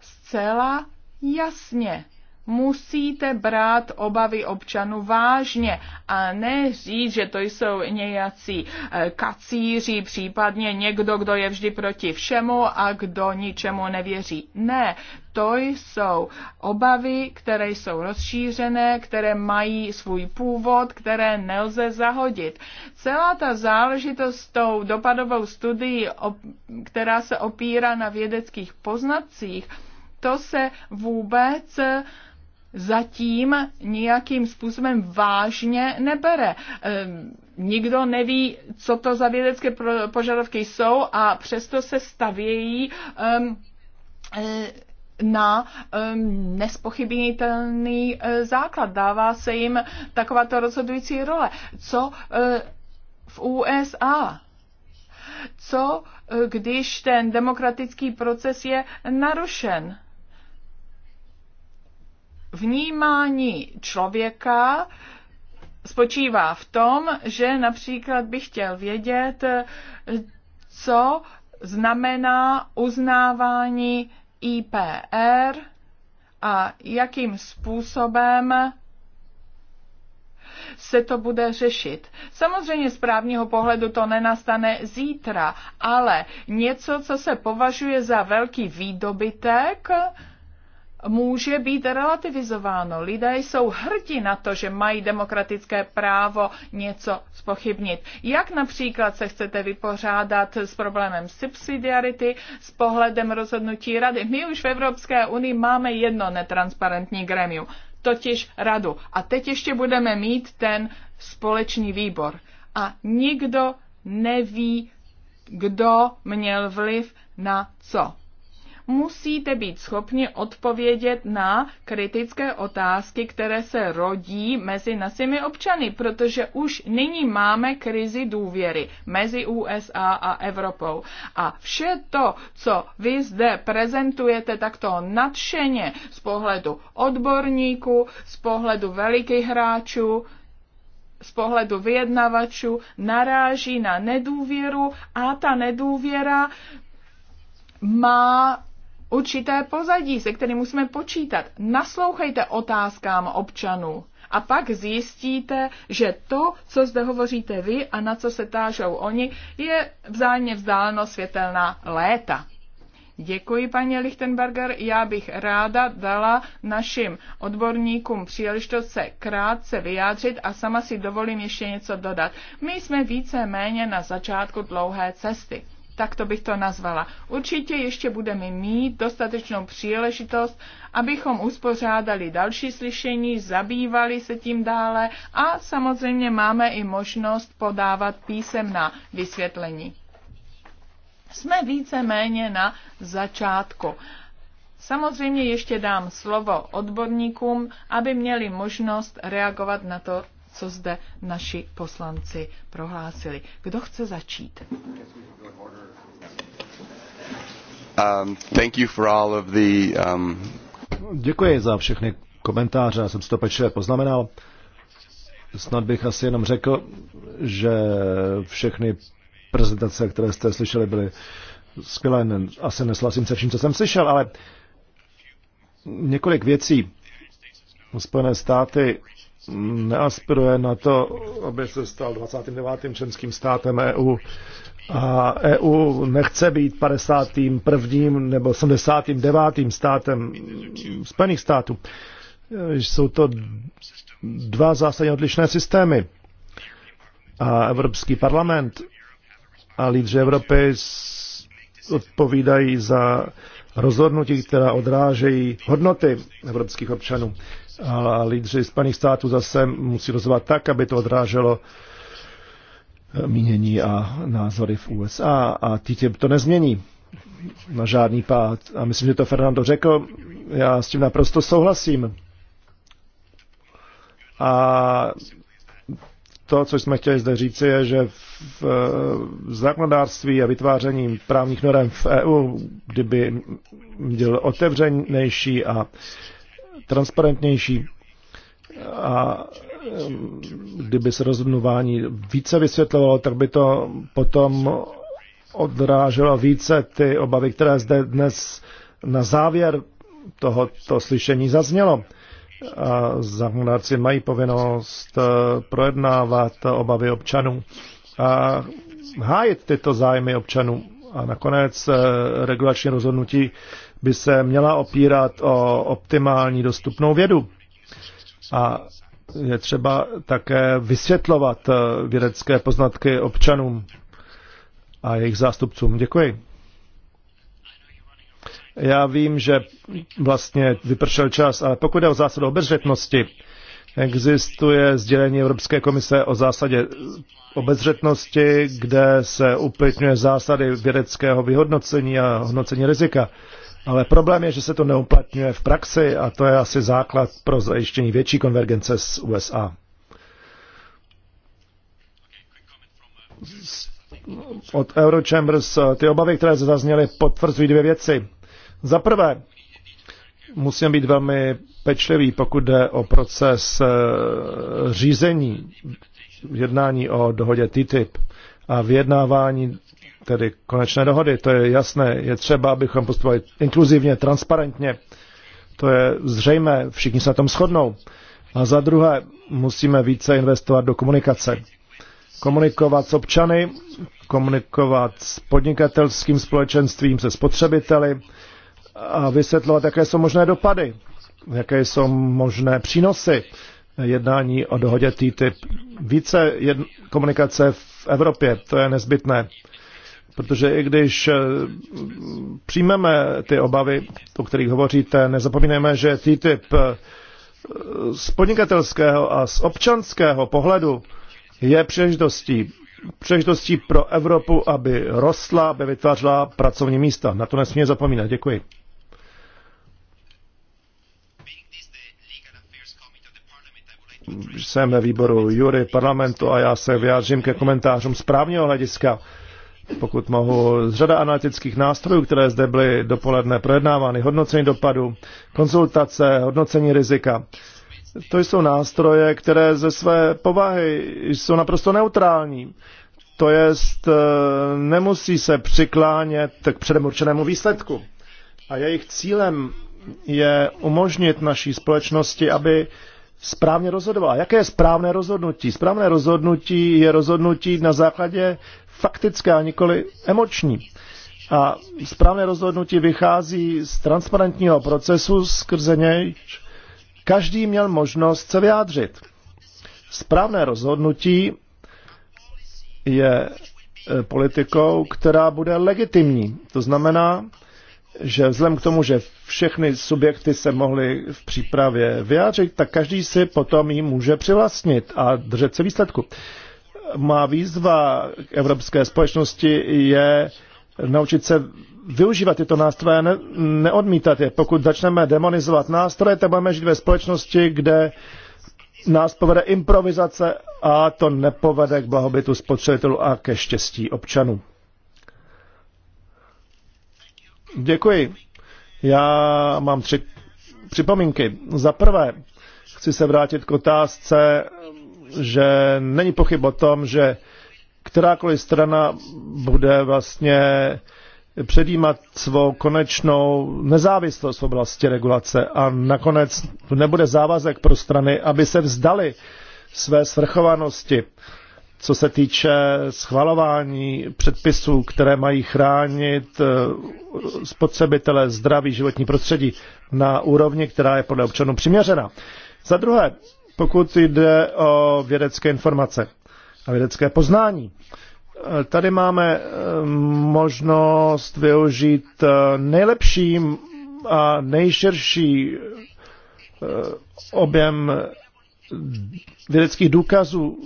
zcela jasně musíte brát obavy občanů vážně a ne říct, že to jsou nějací eh, kacíři, případně někdo, kdo je vždy proti všemu a kdo ničemu nevěří. Ne, to jsou obavy, které jsou rozšířené, které mají svůj původ, které nelze zahodit. Celá ta záležitost s tou dopadovou studií, která se opírá na vědeckých poznacích, to se vůbec uh, zatím nějakým způsobem vážně nebere. Ehm, nikdo neví, co to za vědecké požadavky jsou a přesto se stavějí ehm, e, na ehm, nespochybnitelný e, základ. Dává se jim takováto rozhodující role. Co e, v USA? Co, když ten demokratický proces je narušen? vnímání člověka spočívá v tom, že například bych chtěl vědět, co znamená uznávání IPR a jakým způsobem se to bude řešit. Samozřejmě z právního pohledu to nenastane zítra, ale něco, co se považuje za velký výdobytek, může být relativizováno. Lidé jsou hrdí na to, že mají demokratické právo něco spochybnit. Jak například se chcete vypořádat s problémem subsidiarity s pohledem rozhodnutí rady? My už v Evropské unii máme jedno netransparentní gremium, totiž radu. A teď ještě budeme mít ten společný výbor. A nikdo neví, kdo měl vliv na co musíte být schopni odpovědět na kritické otázky, které se rodí mezi našimi občany, protože už nyní máme krizi důvěry mezi USA a Evropou. A vše to, co vy zde prezentujete takto nadšeně z pohledu odborníků, z pohledu velikých hráčů, z pohledu vyjednavačů naráží na nedůvěru a ta nedůvěra má určité pozadí, se kterým musíme počítat. Naslouchejte otázkám občanů a pak zjistíte, že to, co zde hovoříte vy a na co se tážou oni, je vzájemně vzdáleno světelná léta. Děkuji, paní Lichtenberger. Já bych ráda dala našim odborníkům příležitost se krátce vyjádřit a sama si dovolím ještě něco dodat. My jsme více méně na začátku dlouhé cesty tak to bych to nazvala. Určitě ještě budeme mít dostatečnou příležitost, abychom uspořádali další slyšení, zabývali se tím dále a samozřejmě máme i možnost podávat písemná vysvětlení. Jsme více-méně na začátku. Samozřejmě ještě dám slovo odborníkům, aby měli možnost reagovat na to, co zde naši poslanci prohlásili. Kdo chce začít? Um, thank you for all of the, um... Děkuji za všechny komentáře, já jsem si to pečlivě poznamenal. Snad bych asi jenom řekl, že všechny prezentace, které jste slyšeli, byly skvělé. Asi neslasím se vším, co jsem slyšel, ale několik věcí. Spojené státy neaspiruje na to, aby se stal 29. členským státem EU. A EU nechce být 51. nebo 79. státem Spojených států. Jsou to dva zásadně odlišné systémy. A Evropský parlament a lídři Evropy odpovídají za rozhodnutí, která odrážejí hodnoty evropských občanů. A lídři Spojených států zase musí rozhodovat tak, aby to odráželo eh, mínění a názory v USA a ty tě to nezmění na žádný pád. A myslím, že to Fernando řekl, já s tím naprosto souhlasím. A to, co jsme chtěli zde říci, je, že v, v zákonodárství a vytváření právních norm v EU, kdyby byl otevřenější a transparentnější a kdyby se rozhodnování více vysvětlovalo, tak by to potom odráželo více ty obavy, které zde dnes na závěr tohoto slyšení zaznělo. A zákonodárci mají povinnost eh, projednávat obavy občanů a hájit tyto zájmy občanů. A nakonec eh, regulační rozhodnutí by se měla opírat o optimální dostupnou vědu. A je třeba také vysvětlovat eh, vědecké poznatky občanům a jejich zástupcům. Děkuji. Já vím, že vlastně vypršel čas, ale pokud je o zásadu obezřetnosti, existuje sdělení Evropské komise o zásadě obezřetnosti, kde se uplitňuje zásady vědeckého vyhodnocení a hodnocení rizika. Ale problém je, že se to neuplatňuje v praxi a to je asi základ pro zajištění větší konvergence s USA. Od Eurochambers ty obavy, které se zazněly, potvrzují dvě věci. Za prvé, musíme být velmi pečlivý, pokud jde o proces eh, řízení jednání o dohodě TTIP a vyjednávání tedy konečné dohody. To je jasné. Je třeba, abychom postupovali inkluzivně, transparentně. To je zřejmé, všichni se na tom shodnou. A za druhé, musíme více investovat do komunikace. Komunikovat s občany, komunikovat s podnikatelským společenstvím, se spotřebiteli a vysvětlovat, jaké jsou možné dopady, jaké jsou možné přínosy jednání o dohodě TTIP. Více jedn- komunikace v Evropě, to je nezbytné protože i když eh, přijmeme ty obavy, o kterých hovoříte, nezapomínáme, že TTIP eh, z podnikatelského a z občanského pohledu je příležitostí. Příležitostí pro Evropu, aby rostla, aby vytvářela pracovní místa. Na to nesmíme zapomínat. Děkuji. Jsem ve výboru Jury parlamentu a já se vyjádřím ke komentářům správního hlediska pokud mohu, z řada analytických nástrojů, které zde byly dopoledne projednávány, hodnocení dopadu, konzultace, hodnocení rizika. To jsou nástroje, které ze své povahy jsou naprosto neutrální. To jest, eh, nemusí se přiklánět k předem určenému výsledku. A jejich cílem je umožnit naší společnosti, aby správně rozhodovala. Jaké je správné rozhodnutí? Správné rozhodnutí je rozhodnutí na základě faktické a nikoli emoční. A správné rozhodnutí vychází z transparentního procesu, skrze něj každý měl možnost se vyjádřit. Správné rozhodnutí je e, politikou, která bude legitimní. To znamená, že vzhledem k tomu, že všechny subjekty se mohly v přípravě vyjádřit, tak každý si potom ji může přivlastnit a držet se výsledku má výzva k evropské společnosti je naučit se využívat tyto nástroje, ne, neodmítat je. Pokud začneme demonizovat nástroje, tak budeme žít ve společnosti, kde nás povede improvizace a to nepovede k blahobytu spotřebitelů a ke štěstí občanů. Děkuji. Já mám tři připomínky. Za prvé, chci se vrátit k otázce že není pochyb o tom, že kterákoliv strana bude vlastně předjímat svou konečnou nezávislost v oblasti regulace a nakonec nebude závazek pro strany, aby se vzdali své svrchovanosti, co se týče schvalování předpisů, které mají chránit eh, spotřebitele zdraví životní prostředí na úrovni, která je podle občanů přiměřena. Za druhé, pokud jde o vědecké informace a vědecké poznání. Tady máme eh, možnost využít eh, nejlepší a nejširší eh, objem vědeckých důkazů,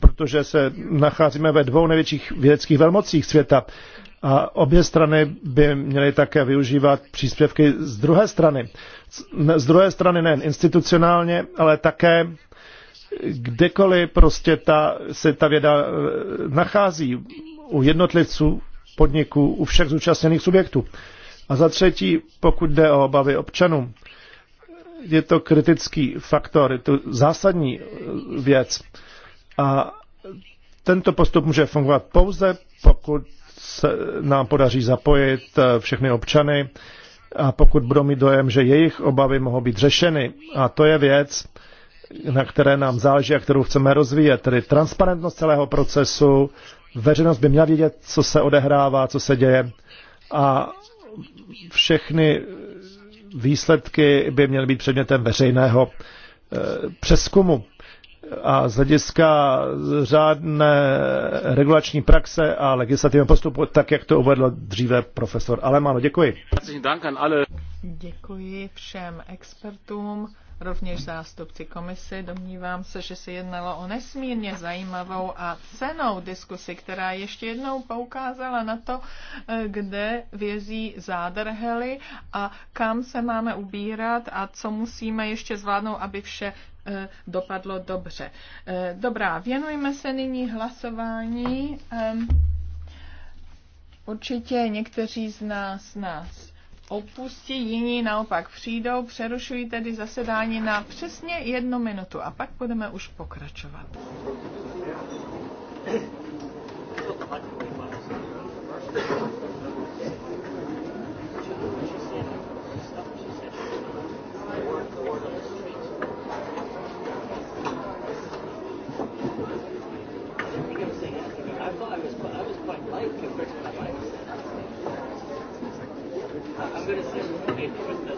protože se nacházíme ve dvou největších vědeckých velmocích světa. A obě strany by měly také využívat příspěvky z druhé strany. Z druhé strany nejen institucionálně, ale také kdekoliv prostě ta, se ta věda eh, nachází u jednotlivců, podniků, u všech zúčastněných subjektů. A za třetí, pokud jde o obavy občanů, je to kritický faktor, je to zásadní eh, věc. A tento postup může fungovat pouze, pokud se nám podaří zapojit eh, všechny občany a pokud budou mít dojem, že jejich obavy mohou být řešeny, a to je věc, na které nám záleží a kterou chceme rozvíjet, tedy transparentnost celého procesu, veřejnost by měla vědět, co se odehrává, co se děje a všechny výsledky by měly být předmětem veřejného eh, přeskumu a z hlediska řádné regulační praxe a legislativního postupu, tak jak to uvedl dříve profesor Alemano. Děkuji. Děkuji všem expertům, rovněž zástupci komise. Domnívám se, že se jednalo o nesmírně zajímavou a cenou diskusi, která ještě jednou poukázala na to, eh, kde vězí zádrhely a kam se máme ubírat a co musíme ještě zvládnout, aby vše Eh, dopadlo dobře. Eh, dobrá, věnujeme se nyní hlasování. Určitě někteří z nás nás opustí, jiní naopak přijdou. Přerušují tedy zasedání na přesně jednu minutu a pak budeme už pokračovat. Thank <laughs> you. interest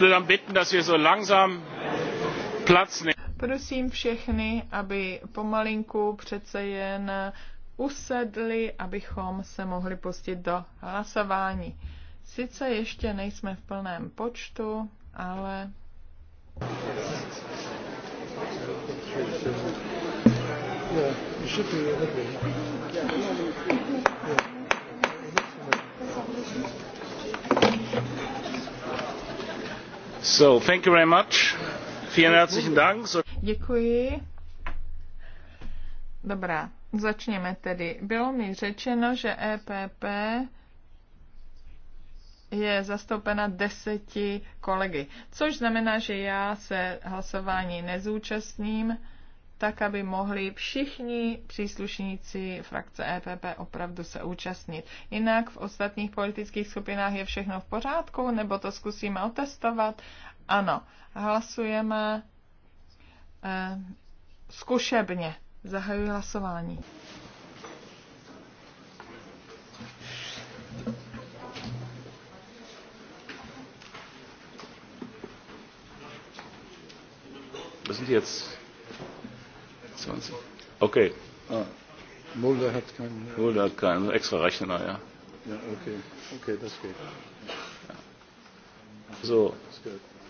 würde dann bitten, dass wir so langsam Platz nehmen. Prosím všechny, aby pomalinku přece jen usedli, abychom se mohli pustit do hlasování. Sice ještě nejsme v plném počtu, ale... Yeah, So, thank you very much. Vielen herzlichen Dank. Děkuji. Dobrá, začněme tedy. Bylo mi řečeno, že EPP je zastoupena deseti kolegy, což znamená, že já se hlasování nezúčastním tak aby mohli všichni příslušníci frakce EPP opravdu se účastnit. Jinak v ostatních politických skupinách je všechno v pořádku, nebo to zkusíme otestovat. Ano, hlasujeme eh, zkušebně. Zahajuji hlasování. Das sind jetzt 20. Okay. Ah, Mulder hat keinen. Mulder hat keinen extra Rechner, ja. Ja, okay. Okay, das geht. Ja. So.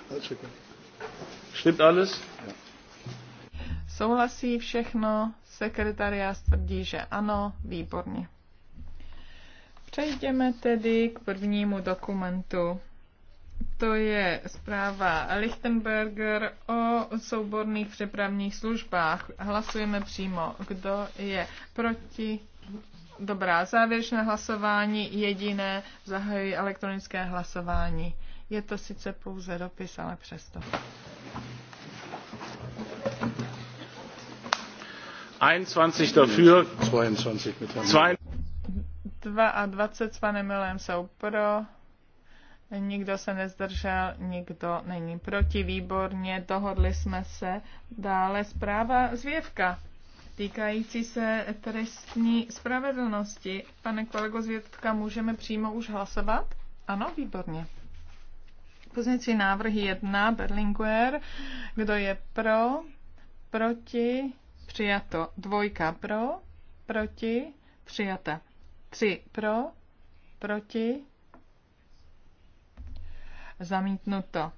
Das geht. Stimmt alles? Ja. Souhlasí všechno, sekretariát tvrdí, že ano, výborně. Přejdeme tedy k prvnímu dokumentu to je zpráva Lichtenberger o souborných přepravních službách. Hlasujeme přímo, kdo je proti. Dobrá, závěrečné hlasování jediné, zahajuji elektronické hlasování. Je to sice pouze dopis, ale přesto. 21 dafür, 22 mit Herrn 22 s panem Milem jsou pro. Nikdo se nezdržel, nikdo není proti. Výborně, dohodli jsme se. Dále zpráva Zvěvka týkající se trestní spravedlnosti. Pane kolego Zvěvka, můžeme přímo už hlasovat? Ano, výborně. Pozměňující návrh 1, Berlinguer. Kdo je pro? Proti? Přijato. Dvojka pro? Proti? Přijata. Tři pro? Proti? Zamítnuto.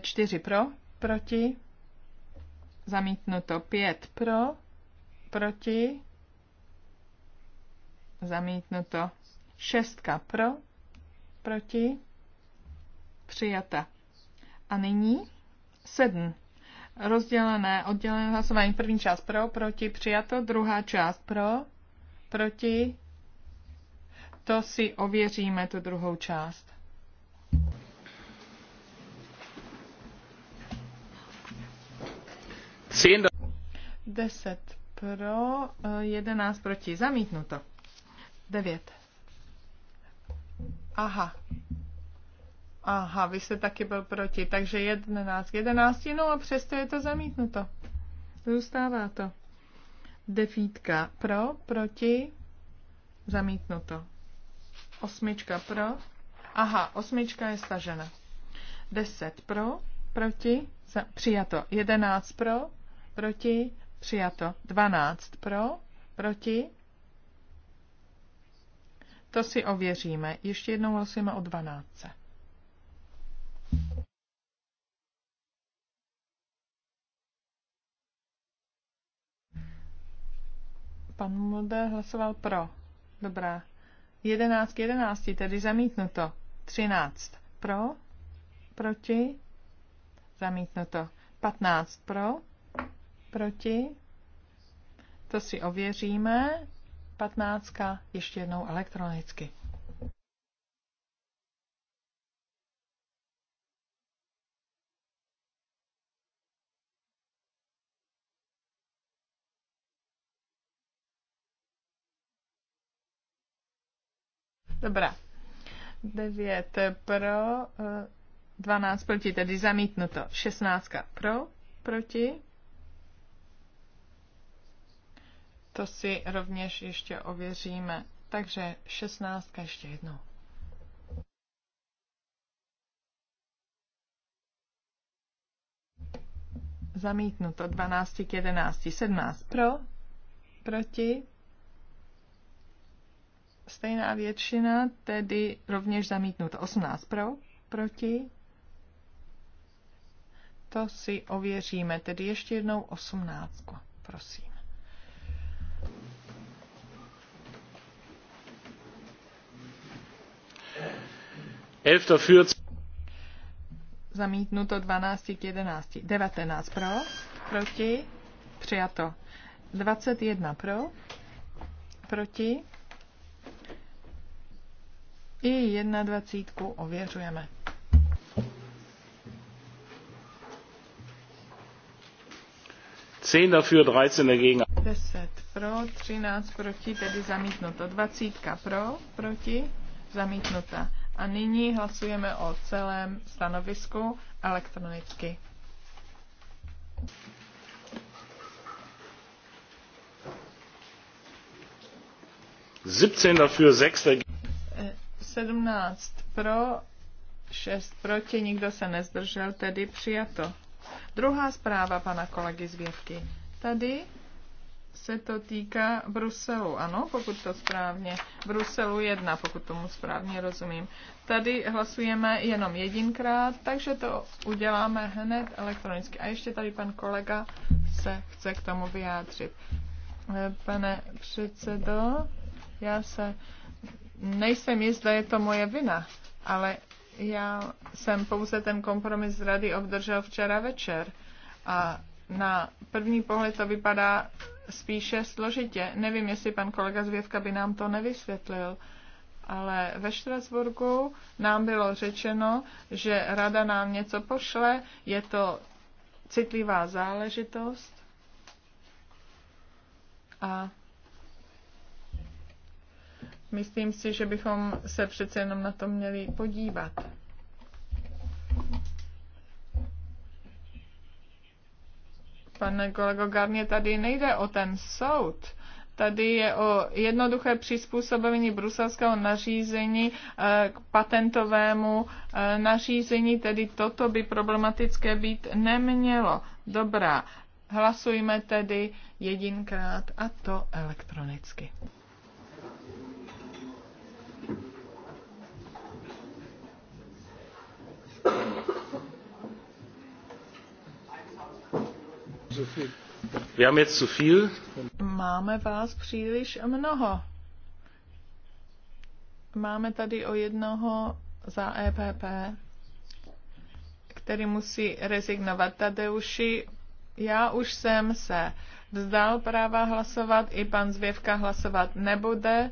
4 e, pro, proti. Zamítnuto. 5 pro, proti. Zamítnuto. 6 pro, proti. Přijata. A nyní 7 rozdělené, oddělené hlasování. První část pro, proti, přijato, druhá část pro, proti. To si ověříme, tu druhou část. 10 pro, 11 eh, proti. Zamítnuto. 9. Aha. Aha, vy jste taky byl proti, takže 11 11, no a přesto je to zamítnuto. Zůstává to. Defítka pro, proti, zamítnuto. Osmička pro, aha, osmička je stažena. 10 pro, proti, za, přijato. 11 pro, proti, přijato. 12 pro, proti. To si ověříme. Ještě jednou hlasujeme o 12. Pan Mulder hlasoval pro. Dobrá. 11 k 11, tedy zamítnuto. 13 pro, proti, zamítnuto. 15 pro, proti. To si ověříme. 15. ještě jednou elektronicky. Dobrá. 9 pro, 12 eh, proti, tedy zamítnuto. 16 pro, proti. To si rovněž ještě ověříme. Takže šestnáctka ještě jednou. Zamítnuto 12 k 11, 17 pro, proti, stejná většina, tedy rovněž zamítnuto 18 pro, proti, to si ověříme, tedy ještě jednou 18, prosím. 11 dafür. Zamítnuto 12 k 11. 19 pro, proti, přijato. 21 pro, proti. I 21 ověřujeme. Zehn dafür, 13 dagegen. 10 pro, 13 proti, tedy zamítnuto. 20 pro, proti, zamítnuta. A nyní hlasujeme o celém stanovisku elektronicky. Dafür, 6 17 eh, pro, 6 proti, nikdo se nezdržel, tedy přijato. Druhá zpráva pana kolegy z Věvky. Tady se to týká Bruselu, ano, pokud to správně. Bruselu 1, pokud tomu správně rozumím. Tady hlasujeme jenom jedinkrát, takže to uděláme hned elektronicky. A ještě tady pan kolega se chce k tomu vyjádřit. Eh, pane předsedo, já se nejsem jistá, je to moje vina, ale já jsem pouze ten kompromis z rady obdržel včera večer. A na první pohled to vypadá spíše složitě. Nevím, jestli pan kolega zvědka by nám to nevysvětlil, ale ve Štrasburgu nám bylo řečeno, že rada nám něco pošle, je to citlivá záležitost a myslím si, že bychom se přece jenom na to měli podívat. Pane kolego Garně, tady nejde o ten soud. Tady je o jednoduché přizpůsobení bruselského nařízení eh, k patentovému eh, nařízení, tedy toto by problematické být nemělo. Dobrá, hlasujme tedy jedinkrát a to elektronicky. Thank you. Máme vás příliš mnoho. Máme tady o jednoho za EPP, který musí rezignovat. Tadeuši, já už jsem se vzdal práva hlasovat, i pan Zvěvka hlasovat nebude,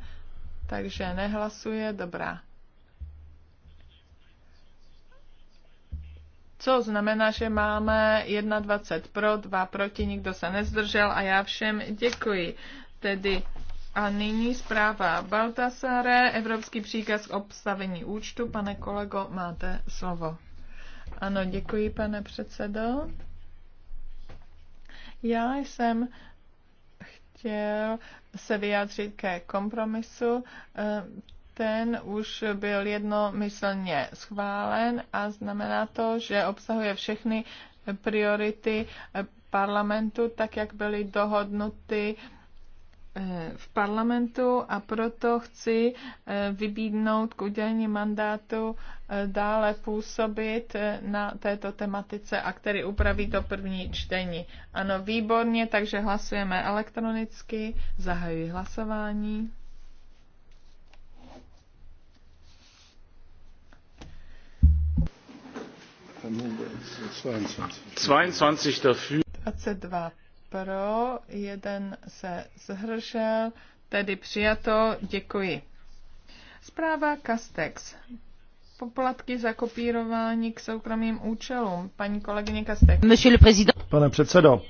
takže nehlasuje, dobrá. Co znamená, že máme 21 pro, 2 proti, nikdo se nezdržel a já všem děkuji. Tedy a nyní zpráva Baltasare, Evropský příkaz k obstavení účtu. Pane kolego, máte slovo. Ano, děkuji, pane předsedo. Já jsem chtěl se vyjádřit ke kompromisu, eh, ten už byl jednomyslně schválen a znamená to, že obsahuje všechny priority eh, parlamentu, tak jak byly dohodnuty eh, v parlamentu a proto chci eh, vybídnout k udělení mandátu dále působit na této tematice a který upraví to první čtení. Ano, výborně, takže hlasujeme elektronicky. Zahajuji hlasování. 22 dafür. 22 pro, jeden se zhršel, tedy přijato, děkuji. Zpráva Castex. Poplatky za kopírování k soukromým účelům. Paní kolegyně Castex. Pane předsedo,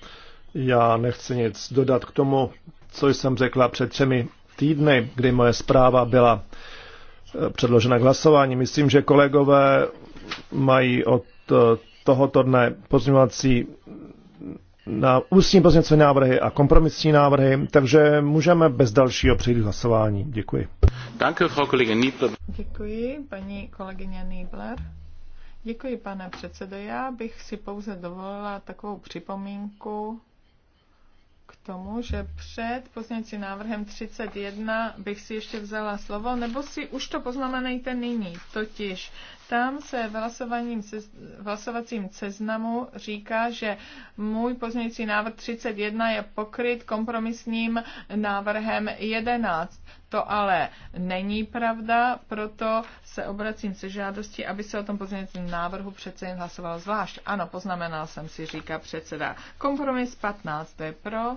já nechci nic dodat k tomu, co jsem řekla před třemi týdny, kdy moje zpráva byla eh, předložena k hlasování. Myslím, že kolegové mají o Eh, tohoto dne pozměňovací na ústní pozměňovací návrhy a kompromisní návrhy, takže můžeme bez dalšího přejít k hlasování. Děkuji. Děkuji, paní kolegyně Niebler. Děkuji, pane předsedo. Já bych si pouze dovolila takovou připomínku k tomu, že před pozměňovacím návrhem 31 bych si ještě vzala slovo, nebo si už to poznamenejte nyní. Totiž tam se v, hlasovacím seznamu říká, že můj pozměňující návrh 31 je pokryt kompromisním návrhem 11. To ale není pravda, proto se obracím se žádostí, aby se o tom pozměňovacím návrhu přece jen hlasovalo zvlášť. Ano, poznamenal jsem si, říká předseda. Kompromis 15, to je pro.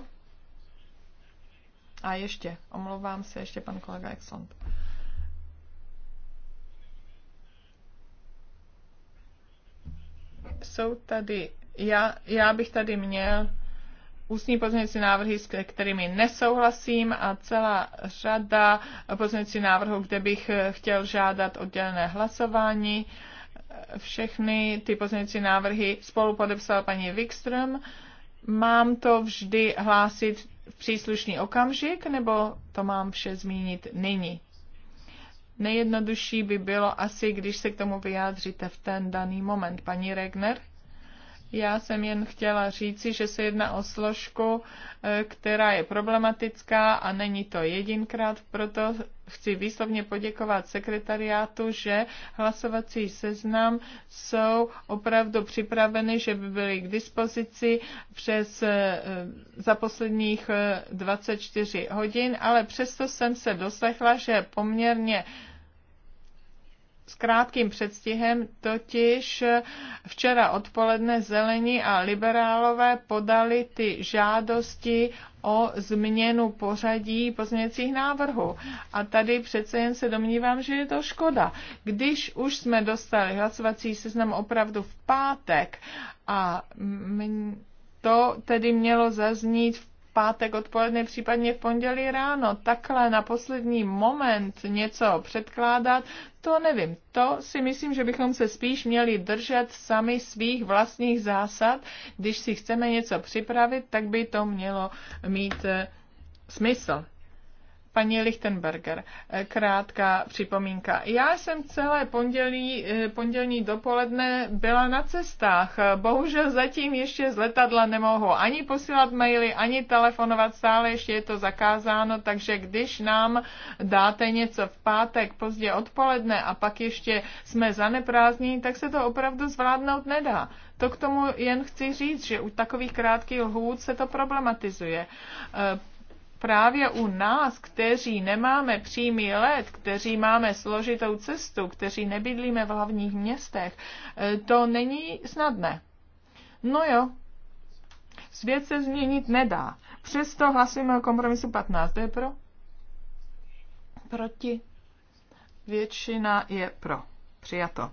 A ještě, omlouvám se, ještě pan kolega Exond. Jsou tady, já, já bych tady měl ústní pozměňující návrhy, s kterými nesouhlasím a celá řada pozměňující návrhů, kde bych eh, chtěl žádat oddělené hlasování. Všechny ty pozměňující návrhy spolu podepsala paní Wikström. Mám to vždy hlásit v příslušný okamžik, nebo to mám vše zmínit nyní? Nejjednodušší by bylo asi, když se k tomu vyjádříte v ten daný moment. Paní Regner? Já jsem jen chtěla říci, že se jedná o složku, e, která je problematická a není to jedinkrát, proto chci výslovně poděkovat sekretariátu, že hlasovací seznam jsou opravdu připraveny, že by byly k dispozici přes e, za posledních 24 e, hodin, ale přesto jsem se doslechla, že poměrně s krátkým předstihem, totiž včera odpoledne zelení a liberálové podali ty žádosti o změnu pořadí pozměňovacích návrhů. A tady přece jen se domnívám, že je to škoda. Když už jsme dostali hlasovací seznam opravdu v pátek a to tedy mělo zaznít v pátek odpoledne, případně v pondělí ráno. Takhle na poslední moment něco předkládat, to nevím. To si myslím, že bychom se spíš měli držet sami svých vlastních zásad. Když si chceme něco připravit, tak by to mělo mít eh, smysl. Paní Lichtenberger, eh, krátká připomínka. Já jsem celé pondělí, eh, pondělní dopoledne byla na cestách. Bohužel zatím ještě z letadla nemohu ani posílat maily, ani telefonovat. Stále ještě je to zakázáno, takže když nám dáte něco v pátek pozdě odpoledne a pak ještě jsme zaneprázdní, tak se to opravdu zvládnout nedá. To k tomu jen chci říct, že u takových krátkých lhůt se to problematizuje. Eh, právě u nás, kteří nemáme přímý let, kteří máme složitou cestu, kteří nebydlíme v hlavních městech, eh, to není snadné. No jo, svět se změnit nedá. Přesto hlasujeme o kompromisu 15. To je pro? Proti? Většina je pro. Přijato.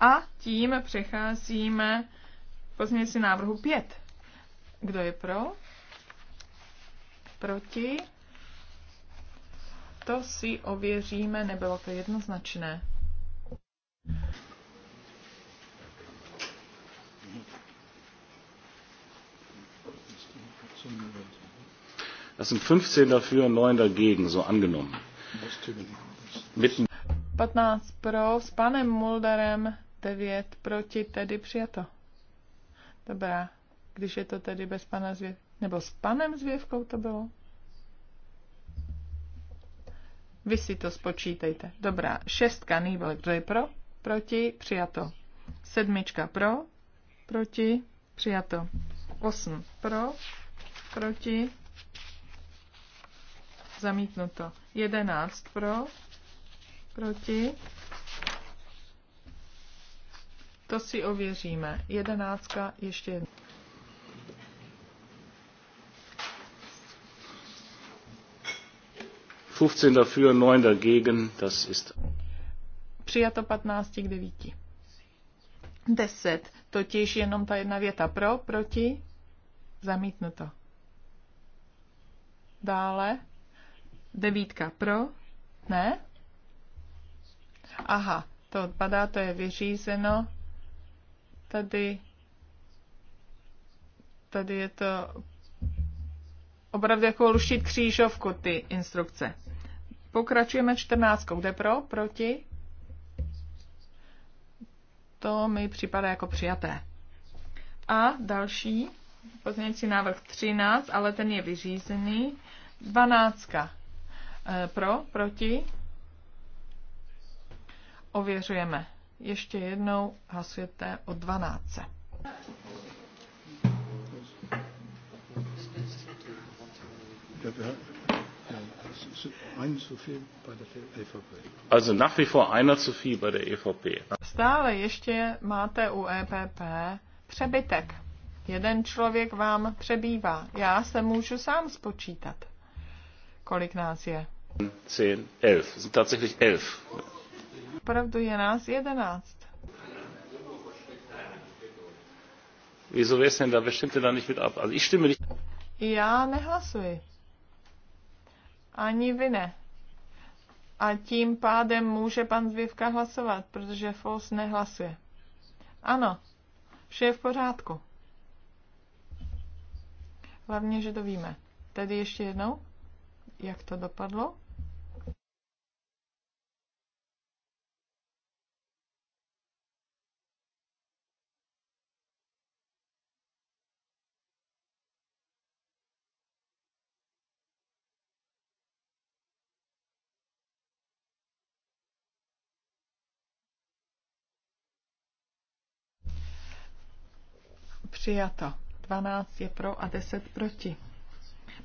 A tím přecházíme k pozměnici návrhu 5. Kdo je pro? proti. To si ověříme, nebylo to jednoznačné. Das sind 15 dafür, 9 dagegen, so angenommen. Mit 15 pro, s panem Mulderem 9 proti, tedy přijato. Dobrá, když je to tedy bez pana nebo s panem Zvěvkou to bylo? Vy si to spočítejte. Dobrá, šestka Nýbel, kdo je pro? Proti, přijato. Sedmička pro, proti, přijato. Osm pro, proti, zamítnuto. Jedenáct pro, proti. To si ověříme. Jedenáctka ještě jedna. 15 dafür, 9 dagegen, das ist. Přijato 15 k 9. 10, totiž jenom ta jedna věta pro, proti, zamítnuto. Dále, devítka pro, ne? Aha, to odpadá, to je vyřízeno. Tady, tady je to opravdu jako luštit křížovku ty instrukce. Pokračujeme 14. Kde pro? Proti? To mi připadá jako přijaté. A další pozměňující návrh 13, ale ten je vyřízený. 12. E, pro? Proti? Ověřujeme. Ještě jednou hlasujete o 12. Děkujeme. E also nach wie vor einer zu viel bei der EVP. Stále ještě máte u EPP přebytek. Jeden člověk vám přebývá. Já se můžu sám spočítat, kolik nás je. 10, 11. Sind 11. Opravdu je nás 11. Wieso wäre es denn da? Wer stimmt denn da nicht mit ab? Also ich stimme nicht. Já nehlasuji. Ani vy ne. A tím pádem může pan Zvěvka hlasovat, protože Fos nehlasuje. Ano, vše je v pořádku. Hlavně, že to víme. Tedy ještě jednou, jak to dopadlo? Přijato. 12 je pro a 10 proti.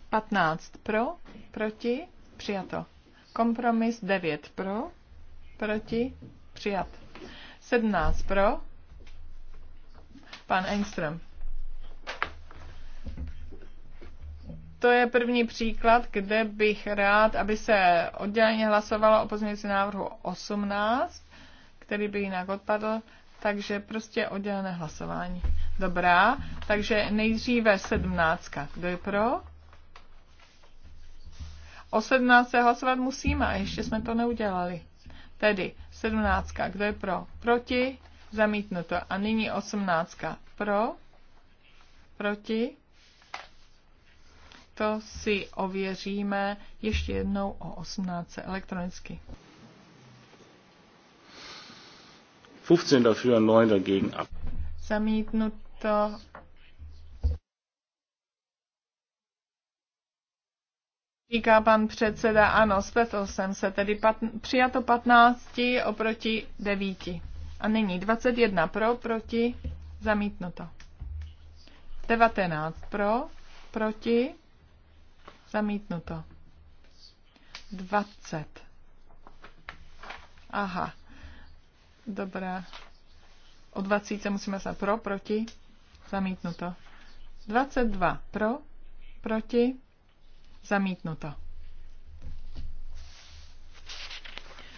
15 pro, proti, přijato. Kompromis 9 pro, proti, přijat. 17 pro, pan Engström. To je první příklad, kde bych rád, aby se odděleně hlasovalo o pozměnici návrhu 18, který by jinak odpadl, takže prostě oddělené hlasování. Dobrá, takže nejdříve sedmnáctka. Kdo je pro? O sedmnáctce hlasovat musíme a ještě jsme to neudělali. Tedy sedmnáctka. Kdo je pro? Proti? Zamítnuto. A nyní osmnáctka. Pro? Proti? To si ověříme ještě jednou o 18 elektronicky. 15 dafür, 9 dagegen ab. Zamítnut to Říká pan předseda, ano, spletl jsem se, tedy pat, přijato 15 oproti 9. A nyní 21 pro, proti, zamítnuto. 19 pro, proti, zamítnuto. 20. Aha, dobrá. O 20 musíme se pro, proti, Zamítnuto. 22 pro, proti, zamítnuto.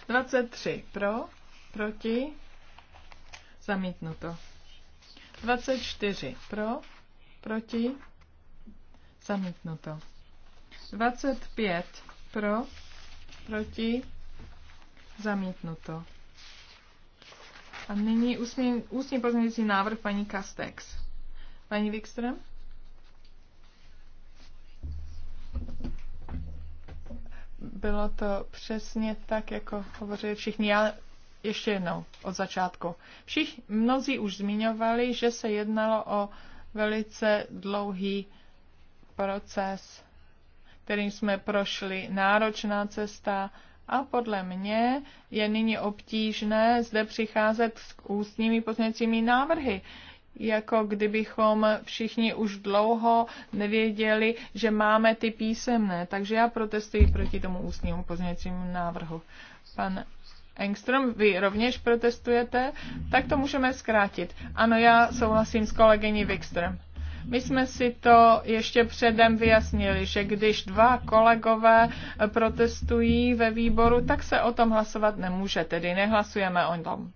23 pro, proti, zamítnuto. 24 pro, proti, zamítnuto. 25 pro, proti, zamítnuto. A nyní ústní, ústní pozměňující návrh paní Kastex. Paní Wikström? Bylo to přesně tak, jako hovořili všichni. Já ještě jednou od začátku. Všichni, mnozí už zmiňovali, že se jednalo o velice dlouhý proces, kterým jsme prošli, náročná cesta a podle mě je nyní obtížné zde přicházet s ústními pozměňovacími návrhy jako kdybychom všichni už dlouho nevěděli, že máme ty písemné. Takže já protestuji proti tomu ústnímu pozměňovacímu návrhu. Pan Engström, vy rovněž protestujete, tak to můžeme zkrátit. Ano, já souhlasím s kolegyní Wikström. My jsme si to ještě předem vyjasnili, že když dva kolegové protestují ve výboru, tak se o tom hlasovat nemůže, tedy nehlasujeme o tom.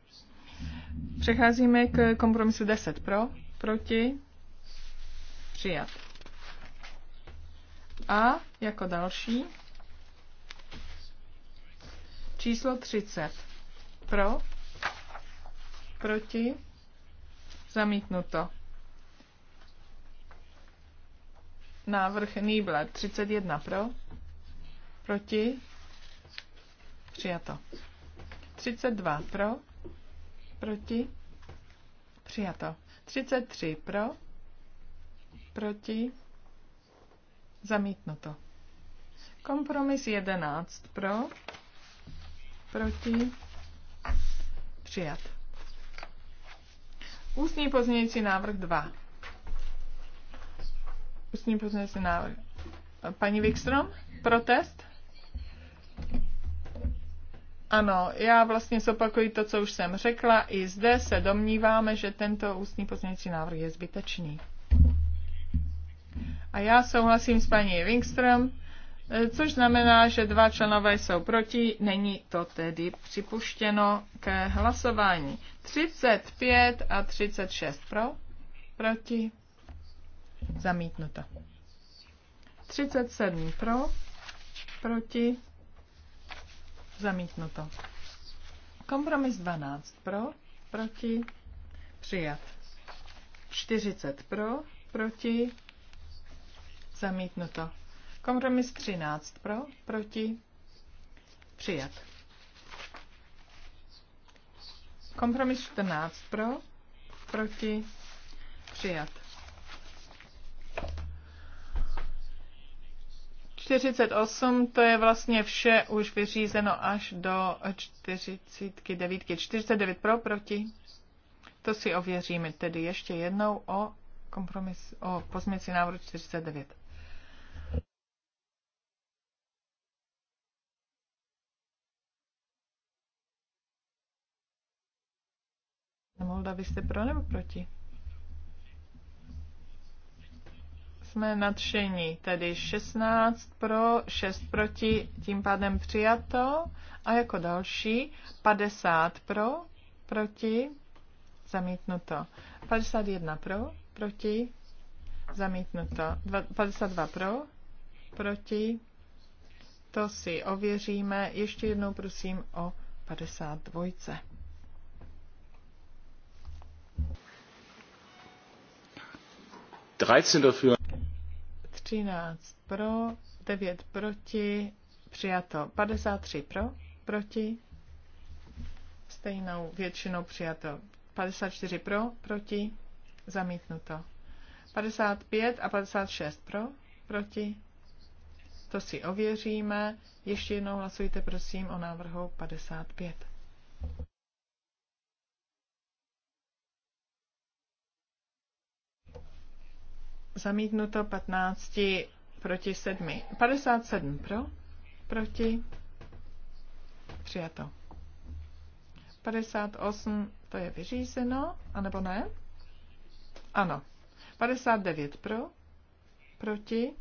Přecházíme k kompromisu 10 pro, proti, přijat. A jako další číslo 30 pro, proti, zamítnuto. Návrh Nýble 31 pro, proti, přijato. 32 pro, Proti? Přijato. 33 pro? Proti? Zamítnuto. Kompromis 11 pro? Proti? Přijat. Ústní pozměňující návrh 2. Ústní pozměňující návrh. Paní Wikström, protest? Ano, já vlastně zopakuji to, co už jsem řekla. I zde se domníváme, že tento ústní pozměňující návrh je zbytečný. A já souhlasím s paní Wingström, což znamená, že dva členové jsou proti, není to tedy připuštěno ke hlasování. 35 a 36 pro, proti, zamítnuto. 37 pro, proti, Zamítnuto. Kompromis 12 pro, proti, přijat. 40 pro, proti, zamítnuto. Kompromis 13 pro, proti, přijat. Kompromis 14 pro, proti, přijat. 48, to je vlastně vše už vyřízeno až do 49. 49 pro, proti. To si ověříme tedy ještě jednou o kompromis, o pozměci návrhu 49. Molda, vy jste pro nebo proti? jsme nadšení, tedy 16 pro, 6 proti, tím pádem přijato. A jako další 50 pro, proti, zamítnuto. 51 pro, proti, zamítnuto. 52 pro, proti, to si ověříme. Ještě jednou prosím o 52. dreizehn dafür. 13 pro, 9 proti, přijato 53 pro, proti, stejnou většinou přijato 54 pro, proti, zamítnuto. 55 a 56 pro, proti, to si ověříme. Ještě jednou hlasujte prosím o návrhu 55. Zamítnuto 15 proti 7. 57 pro, proti, přijato. 58 to je vyřízeno, anebo ne? Ano. 59 pro, proti,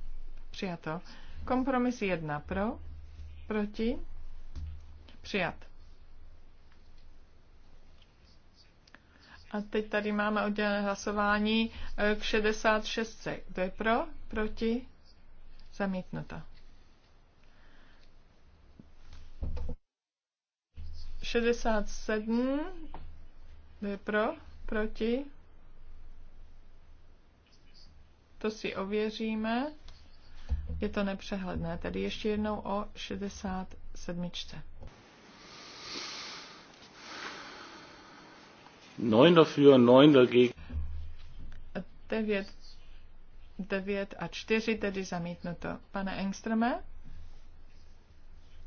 přijato. Kompromis 1 pro, proti, přijat. A teď tady máme oddělené hlasování eh, k 66. Kdo je pro? Proti? Zamítnuto. 67. Kdo je pro? Proti? To si ověříme. Je to nepřehledné. Tedy ještě jednou o 67. 9 dafür, 9 dagegen. 9, 9 a 4 tedy zamítnuto. Pane Engströme?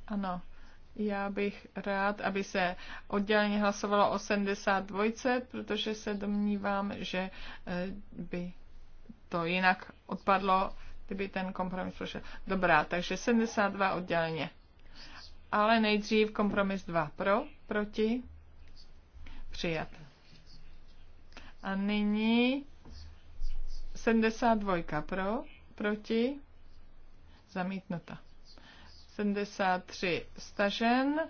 Ano. Já bych rád, aby se odděleně hlasovalo o 72, protože se domnívám, že eh, by to jinak odpadlo, kdyby ten kompromis prošel. Dobrá, takže 72 odděleně. Ale nejdřív kompromis 2 pro, proti, přijat. A nyní 72 pro, proti, zamítnuta. 73 stažen,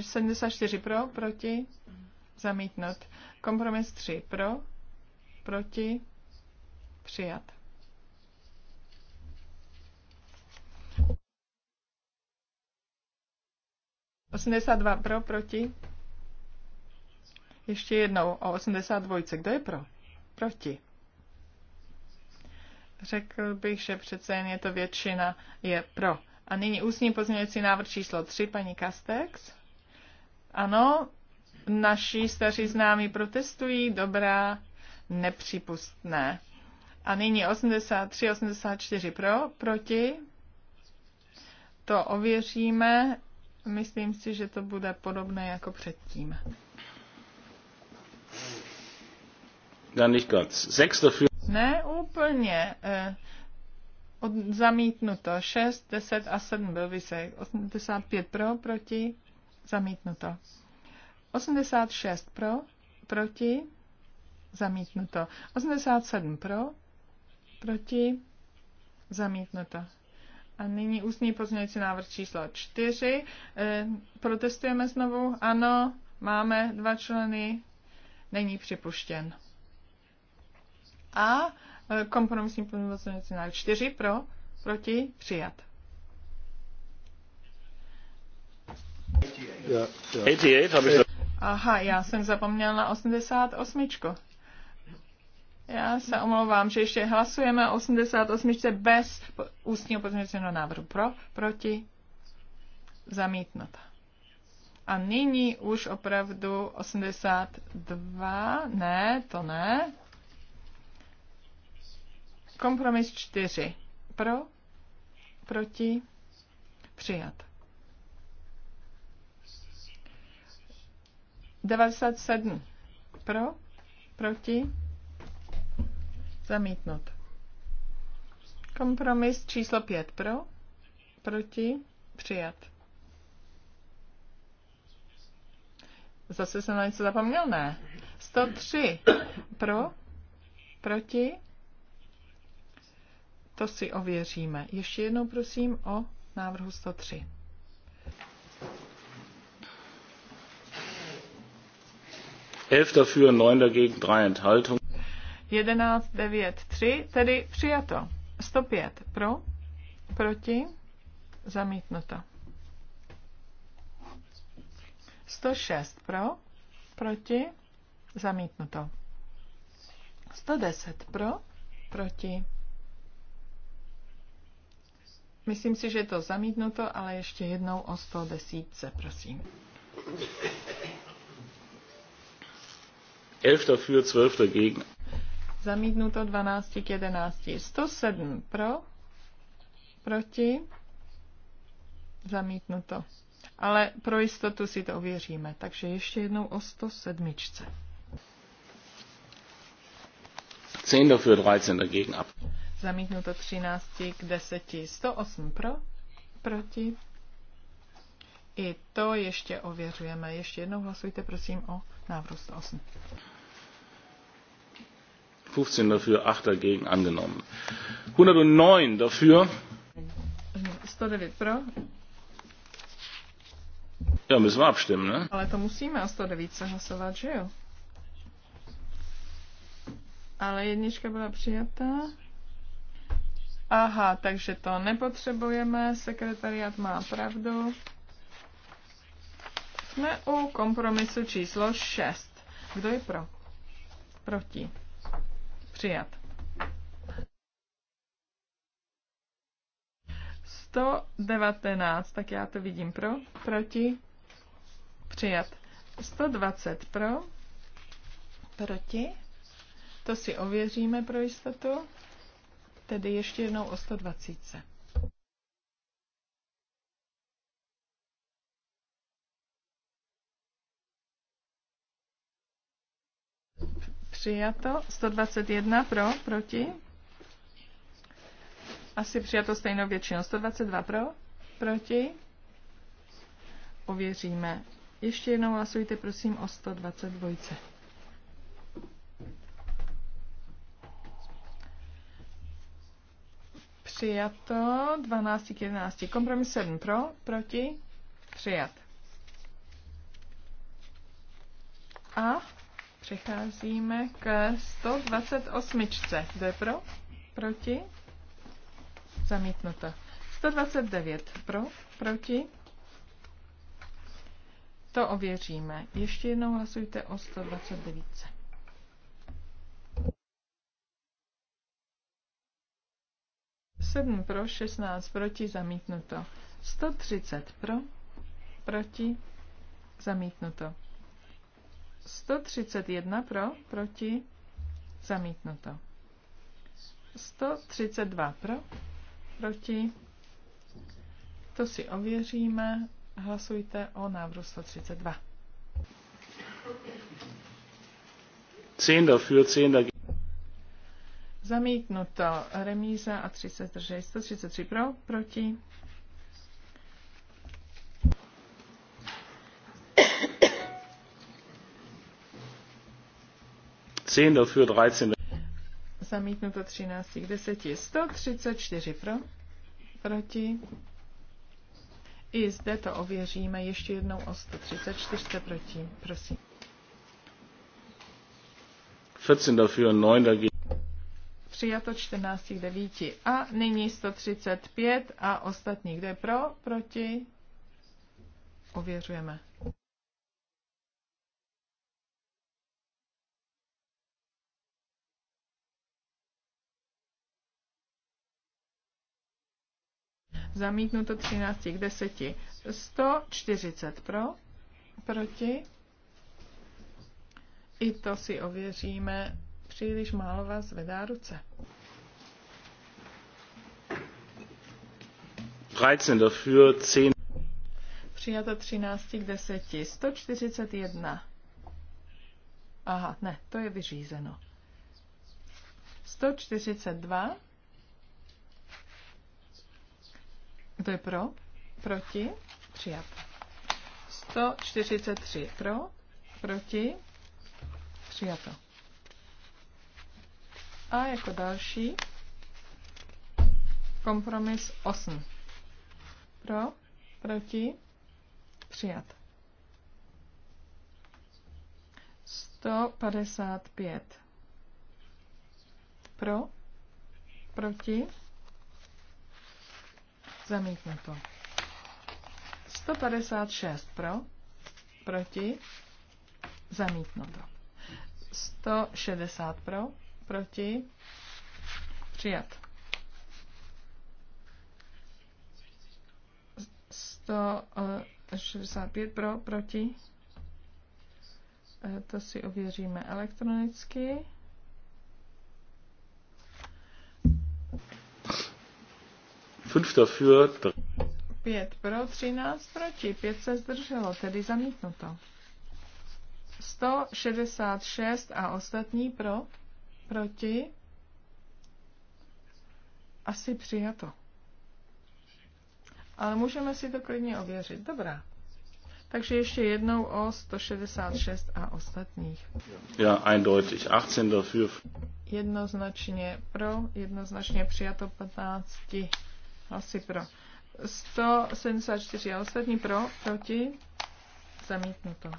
74 pro, proti, zamítnut. Kompromis 3 pro, proti, přijat. Osmdesát dva pro, proti, ještě jednou o 82. Kdo je pro? Proti. Řekl bych, že přece jen je to většina je pro. A nyní ústní pozměňující návrh číslo 3, paní Kastex. Ano, naši staří známí protestují, dobrá, nepřípustné. A nyní 83, 84 pro, proti. To ověříme. Myslím si, že to bude podobné jako předtím. Ne úplně. Eh, od, zamítnuto. 6, 10 a 7 byl vysek. 85 pro, proti. Zamítnuto. 86 pro, proti. Zamítnuto. 87 pro, proti. Zamítnuto. A nyní ústní pozměňující návrh číslo 4. E, eh, protestujeme znovu. Ano, máme dva členy. Není připuštěn. A e, kompromisní pozměňovací návrh 4 pro, proti, přijat. Aha, já jsem zapomněla na 88. Já se omlouvám, že ještě hlasujeme o 88. bez ústního pozměňovacího návrhu. Pro, proti, zamítnuta. A nyní už opravdu 82, ne, to ne, Kompromis čtyři. Pro, proti, přijat. 97. Pro, proti, zamítnout. Kompromis číslo 5. Pro, proti, přijat. Zase jsem na něco zapomněl, ne? 103. Pro, proti, to si ověříme. Ještě jednou prosím o návrhu 103. Elf dafür, 9 dagegen, 3 Enthaltungen. 11, 9, 3, tedy přijato. 105 pro, proti, zamítnuto. 106 pro, proti, zamítnuto. 110 pro, proti, Myslím si, že je to zamítnuto, ale ještě jednou o 110, prosím. 11 für, 12 dagegen. Zamítnuto 12 k 11. 107 pro, proti, zamítnuto. Ale pro jistotu si to ověříme. Takže ještě jednou o 107. 10 dafür, 13 dagegen ab. Zamítnuto 13 k 10. 108 pro, proti. I to ještě ověřujeme. Ještě jednou hlasujte prosím o návrhu 108. 15 dafür, 8 dagegen angenommen. 109 dafür. 109 pro. Ja, müssen wir abstimmen, ne? Ale to musíme o 109 se hlasovat, že jo? Ale jednička byla přijatá. Aha, takže to nepotřebujeme, sekretariat má pravdu. Jsme u kompromisu číslo 6. Kdo je pro? Proti. Přijat. 119, tak já to vidím pro, proti, přijat. 120 pro, proti, to si ověříme pro jistotu tedy ještě jednou o 120. Přijato 121 pro, proti. Asi přijato stejnou většinou. 122 pro, proti. Ověříme. Ještě jednou hlasujte prosím o 122. Přijato 12 k 11. Kompromis 7 pro, proti, přijat. A přecházíme k 128. Kdo je pro? Proti? Zamítnuto. 129 pro, proti? To ověříme. Ještě jednou hlasujte o 129. 7 pro, 16 proti, zamítnuto. 130 pro, proti, zamítnuto. 131 pro, proti, zamítnuto. 132 pro, proti, to si ověříme, hlasujte o návrhu 132. 10 dafür, 10 dagegen. Zamítnuto. Remíza a 30 držej. 133 pro, proti. 13. Zamítnuto 13 k 10. 134 pro, proti. I zde to ověříme ještě jednou o 134 proti. Prosím. 14 dafür, 9 dagegen přijato 14 k 9. A nyní 135 a ostatní, kde je pro, proti, ověřujeme. Zamítnuto 13 k 10. 140 pro, proti. I to si ověříme. Příliš málo vás vedá ruce. 13 dafür, 10. Přijato 13 k 10. 141. Aha, ne, to je vyřízeno. 142. Kdo je pro? Proti? Přijat. 143 pro, proti, přijato. A jako další kompromis 8. Pro, proti, přijat. 155. Pro, proti, zamítnuto. 156 pro, proti, zamítnuto. 160 pro, Proti? Přijat. 165 eh, pro, proti? Eh, to si ověříme elektronicky. Pět pro, 13 proti, pět se zdrželo, tedy zamítnuto. 166 a ostatní pro. Proti? Asi přijato. Ale můžeme si to klidně ověřit. Dobrá. Takže ještě jednou o 166 a ostatních. Ja, eindeutig. 18 dafür. Jednoznačně pro, jednoznačně přijato 15 hlasy pro. 174 a ostatní pro, proti, zamítnuto.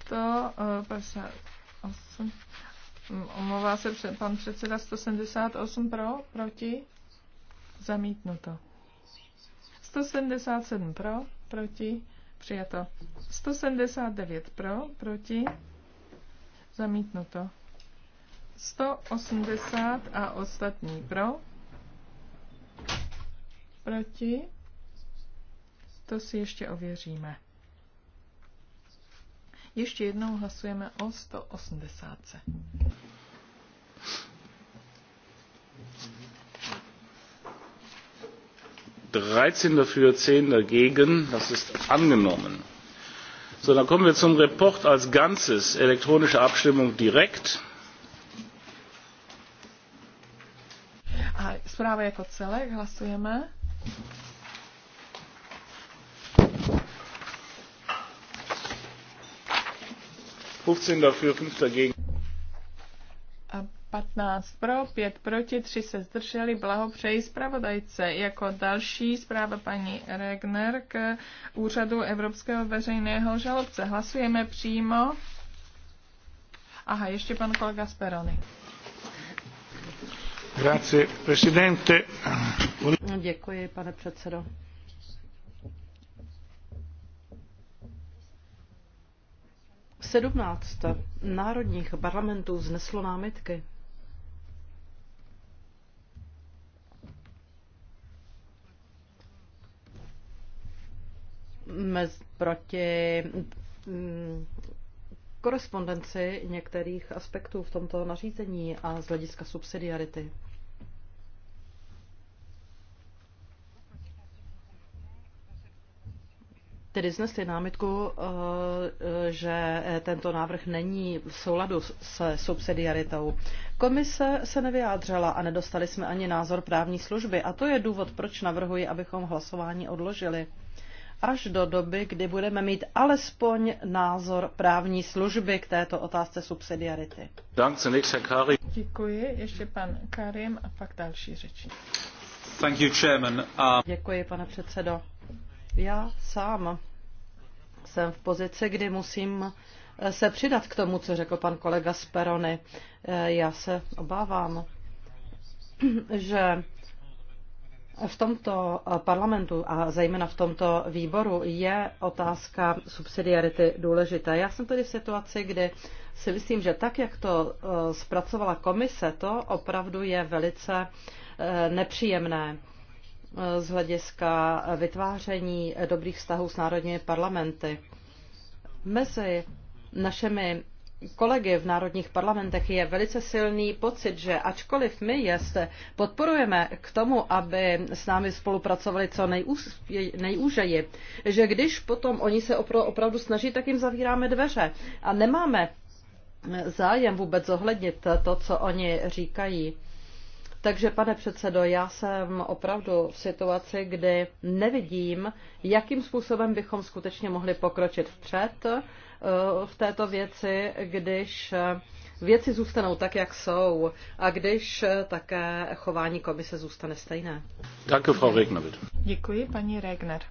158 Omlouvá se před, pan předseda 178 pro, proti, zamítnuto. 177 pro, proti, přijato. 179 pro, proti, zamítnuto. 180 a ostatní pro, proti, to si ještě ověříme. Ještě jednou hlasujeme o 180. dreizehn dafür zehn dagegen das ist angenommen. So, dann kommen wir zum Report als ganzes elektronische abstimmung direkt. A zpráva jako celek hlasujeme. 15 dafür, 5 dagegen. 15 pro, 5 proti, 3 se zdrželi. Blahopřeji zpravodajce. Jako další zpráva paní Regner k úřadu Evropského veřejného žalobce. Hlasujeme přímo. Aha, ještě pan kolega Speroni. Grazie, presidente. Děkuji, pane předsedo. 17 národních parlamentů zneslo námitky. Mez, proti mm, korespondenci některých aspektů v tomto nařízení a z hlediska subsidiarity. tedy znesli námitku, eh, eh, že eh, tento návrh není v souladu se subsidiaritou. Komise se nevyjádřila a nedostali jsme ani názor právní služby a to je důvod, proč navrhuji, abychom hlasování odložili až do doby, kdy budeme mít alespoň názor právní služby k této otázce subsidiarity. Děkuji. Ještě pan Karim a pak další řečník. Uh, Děkuji, pane předsedo. Já sám jsem v pozici, kdy musím eh, se přidat k tomu, co řekl pan kolega Sperony. Eh, já se obávám, <clears throat> že v tomto eh, parlamentu a zejména v tomto výboru je otázka subsidiarity důležitá. Já jsem tedy v situaci, kdy si myslím, že tak, jak to zpracovala komise, to opravdu je velice nepříjemné z hlediska vytváření dobrých vztahů s národními parlamenty. Mezi našimi kolegy v národních parlamentech je velice silný pocit, že ačkoliv my je podporujeme k tomu, aby s námi spolupracovali co nejúž, nejúžeji, že když potom oni se opravdu snaží, tak jim zavíráme dveře a nemáme zájem vůbec zohlednit to, co oni říkají. Takže, pane předsedo, já jsem opravdu v situaci, kdy nevidím, jakým způsobem bychom skutečně mohli pokročit vpřed eh, v této věci, když eh, věci zůstanou tak, jak jsou a když eh, také chování komise zůstane stejné. Děkuji, Frau Regner. Děkuji, paní Regner.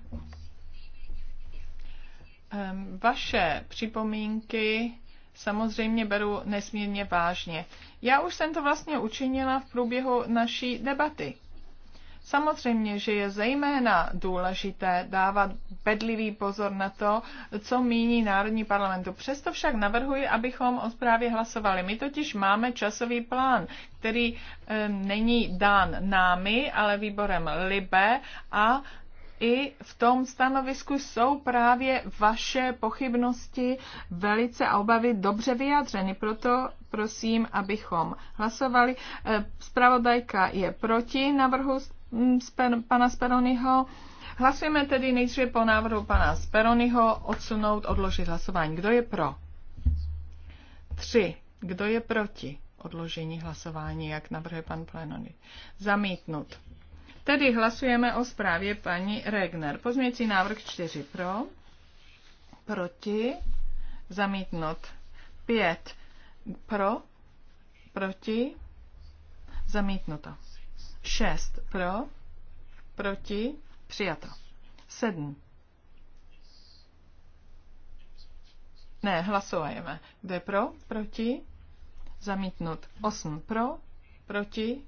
Ehm, vaše připomínky samozřejmě beru nesmírně vážně. Já už jsem to vlastně učinila v průběhu naší debaty. Samozřejmě, že je zejména důležité dávat bedlivý pozor na to, co míní Národní parlamentu. Přesto však navrhuji, abychom o zprávě hlasovali. My totiž máme časový plán, který e, není dán námi, ale výborem LIBE a i v tom stanovisku jsou právě vaše pochybnosti velice a obavy dobře vyjádřeny. Proto prosím, abychom hlasovali. Eh, Spravodajka je proti návrhu pana Speroniho. Hlasujeme tedy nejdříve po návrhu pana Speroniho odsunout, odložit hlasování. Kdo je pro? Tři. Kdo je proti odložení hlasování, jak navrhuje pan Plenony? Zamítnut. Tedy hlasujeme o zprávě paní Regner. Pozměňující návrh 4 pro, proti, zamítnut 5 pro, proti, zamítnuto 6 pro, proti, přijato 7. Ne, hlasujeme. Kdo je pro, proti, zamítnut 8 pro, proti,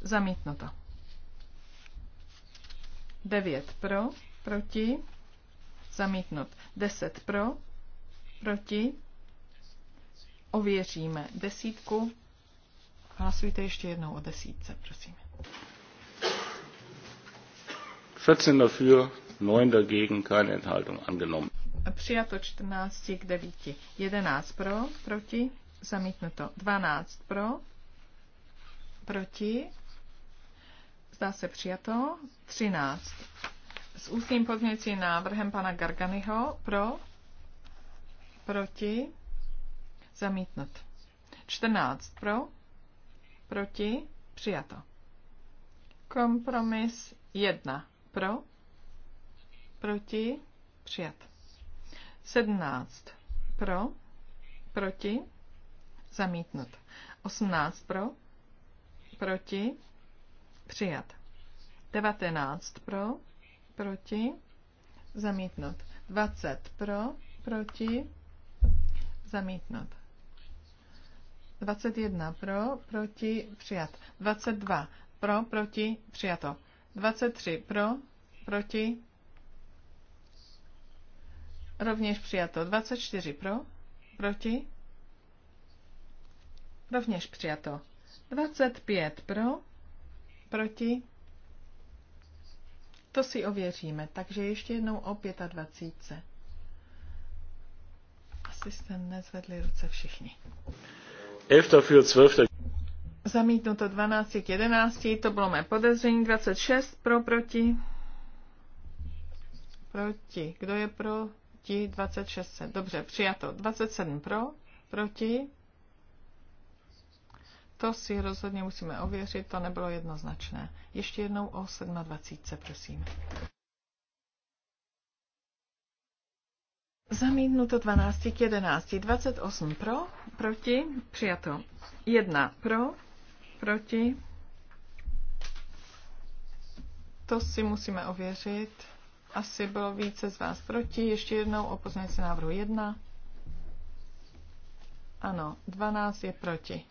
zamítnuto. 9 pro, proti, zamítnout. 10 pro, proti, ověříme desítku. Hlasujte ještě jednou o desítce, prosím. 14 dafür, 9 dagegen, keine Enthaltung angenommen. Přijato 14 k 9. 11 pro, proti, zamítnuto. 12 pro, proti, zdá se přijato. 13. S ústním pozměňujícím návrhem pana Garganyho pro, proti, zamítnut. 14 pro, proti, přijato. Kompromis 1 pro, proti, přijat. 17 pro, proti, zamítnut. 18 pro, proti, Přijat. 19 pro, proti, zamítnout. 20 pro, proti, zamítnout. 21 pro, proti, přijat. 22 pro, proti, přijato. 23 pro, proti, rovněž přijato. 24 pro, proti, rovněž přijato. 25 pro, Proti? To si ověříme. Takže ještě jednou o 25. Asi jste nezvedli ruce všichni. F dafür 12. Zamítnuto 12 11, to bylo mé podezření, 26 pro, proti. Proti. Kdo je proti? 26. Dobře, přijato. 27 pro, proti. To si rozhodně musíme ověřit, to nebylo jednoznačné. Ještě jednou o 27, prosím. Zamítnuto 12 k 11. 28 pro, proti, přijato. 1 pro, proti. To si musíme ověřit. Asi bylo více z vás proti. Ještě jednou o pozměnci návrhu 1. Ano, 12 je proti.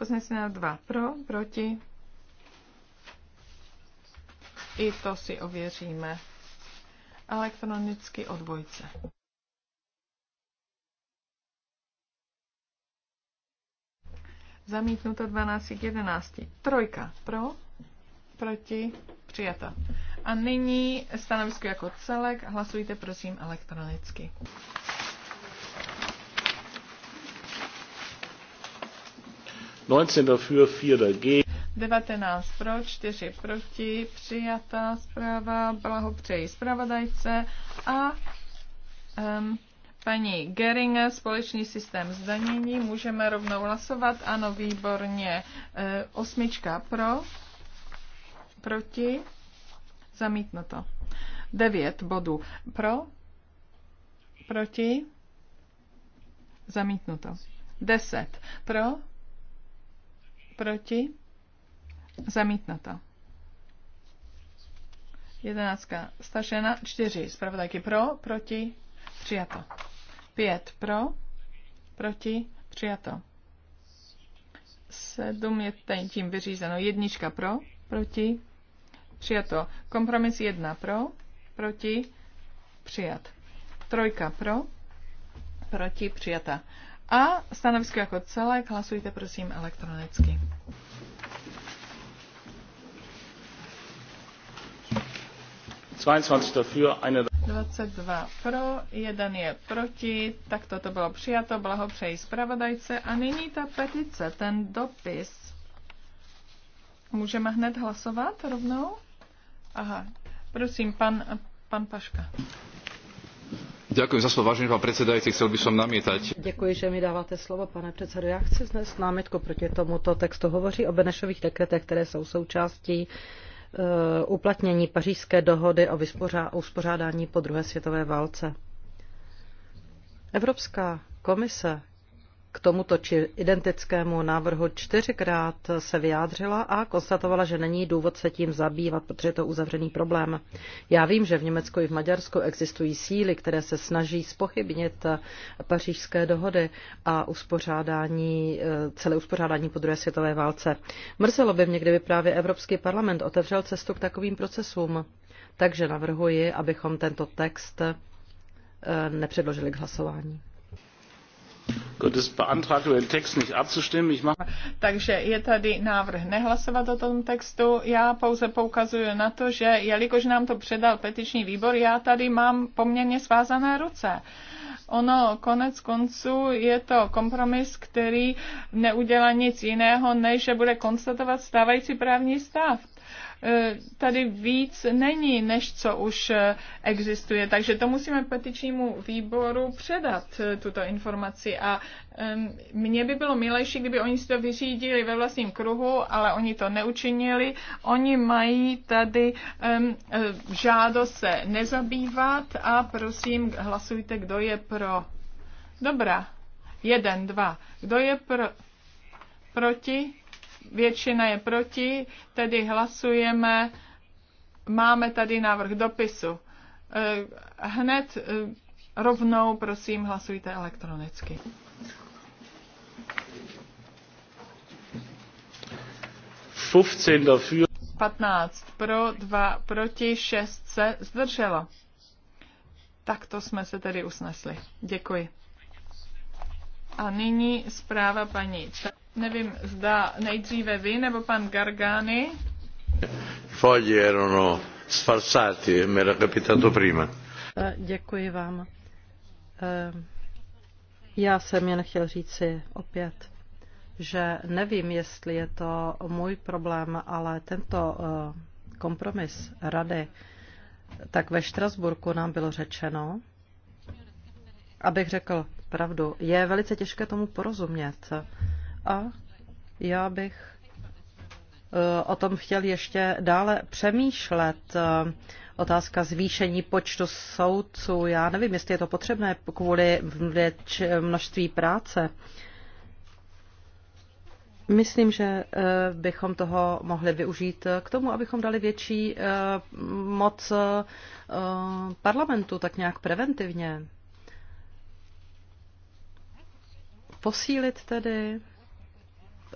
Pozměňovací návrh 2 pro, proti. I to si ověříme elektronicky odvojce. Zamítnuto 12 k 11. Trojka pro, proti, přijata. A nyní stanovisko jako celek. Hlasujte prosím elektronicky. 19 dafür, 4 dagegen. 19 pro, 4 proti, přijatá zpráva, blahopřeji zpravodajce a um, paní Gering, společný systém zdanění, můžeme rovnou hlasovat, ano, výborně, e, osmička pro, proti, to, 9 bodů pro, proti, zamítnuto, 10 pro, proti, zamítnuto. Jedenáctka Stašena čtyři zpravodajky pro, proti, přijato. Pět pro, proti, přijato. Sedm je tím vyřízeno. Jednička pro, proti, přijato. Kompromis jedna pro, proti, přijat. Trojka pro, proti, přijata. A stanovisko jako celek hlasujte prosím elektronicky. Dafür, 22 pro, jeden je proti, tak toto bylo přijato, blahopřeji zpravodajce. A nyní ta petice, ten dopis. Můžeme hned hlasovat rovnou? Aha, prosím, pan, pan Paška. Děkuji za slovo, vážený předsedající, chcel bych namítať. Děkuji, že mi dáváte slovo, pane předsedající. Já chci znést námitku proti tomuto textu. Hovoří o Benešových dekretech, které jsou součástí uh, uplatnění pařížské dohody o uspořádání po druhé světové válce. Evropská komise k tomuto či identickému návrhu čtyřikrát se vyjádřila a konstatovala, že není důvod se tím zabývat, protože je to uzavřený problém. Já vím, že v Německu i v Maďarsku existují síly, které se snaží spochybnit pařížské dohody a uspořádání, eh, celé uspořádání po druhé světové válce. Mrzelo by mě, kdyby právě Evropský parlament otevřel cestu k takovým procesům. Takže navrhuji, abychom tento text eh, nepředložili k hlasování. Takže je tady návrh nehlasovat o tom textu. Já pouze poukazuju na to, že jelikož nám to předal petiční výbor, já tady mám poměrně svázané ruce. Ono konec konců je to kompromis, který neudělá nic jiného, než že bude konstatovat stávající právní stav. E, tady víc není, než co už e, existuje. Takže to musíme petičnímu výboru předat, e, tuto informaci. A mně by bylo milejší, kdyby oni si to vyřídili ve vlastním kruhu, ale oni to neučinili. Oni mají tady žádost se nezabývat a prosím, hlasujte, kdo je pro. Dobrá. Jeden, dva. Kdo je pro? Proti? většina je proti, tedy hlasujeme, máme tady návrh dopisu. E, hned e, rovnou, prosím, hlasujte elektronicky. Dafür. 15 pro, 2 proti, 6 se zdrželo. Tak to jsme se tedy usnesli. Děkuji. A nyní zpráva paní. Nevím, zda nejdříve vy nebo pan Gargani. Fogli erano sfalsati, e mi era capitato prima. Eh, děkuji vám. Eh, já jsem jen chtěl říci opět, že nevím, jestli je to můj problém, ale tento eh, kompromis rady, tak ve Štrasburku nám bylo řečeno, abych řekl pravdu, je velice těžké tomu porozumět a já bych eh, o tom chtěl ještě dále přemýšlet. Eh, otázka zvýšení počtu soudců, já nevím, jestli je to potřebné kvůli množství práce. Myslím, že eh, bychom toho mohli využít k tomu, abychom dali větší moc parlamentu, tak nějak preventivně. Posílit tedy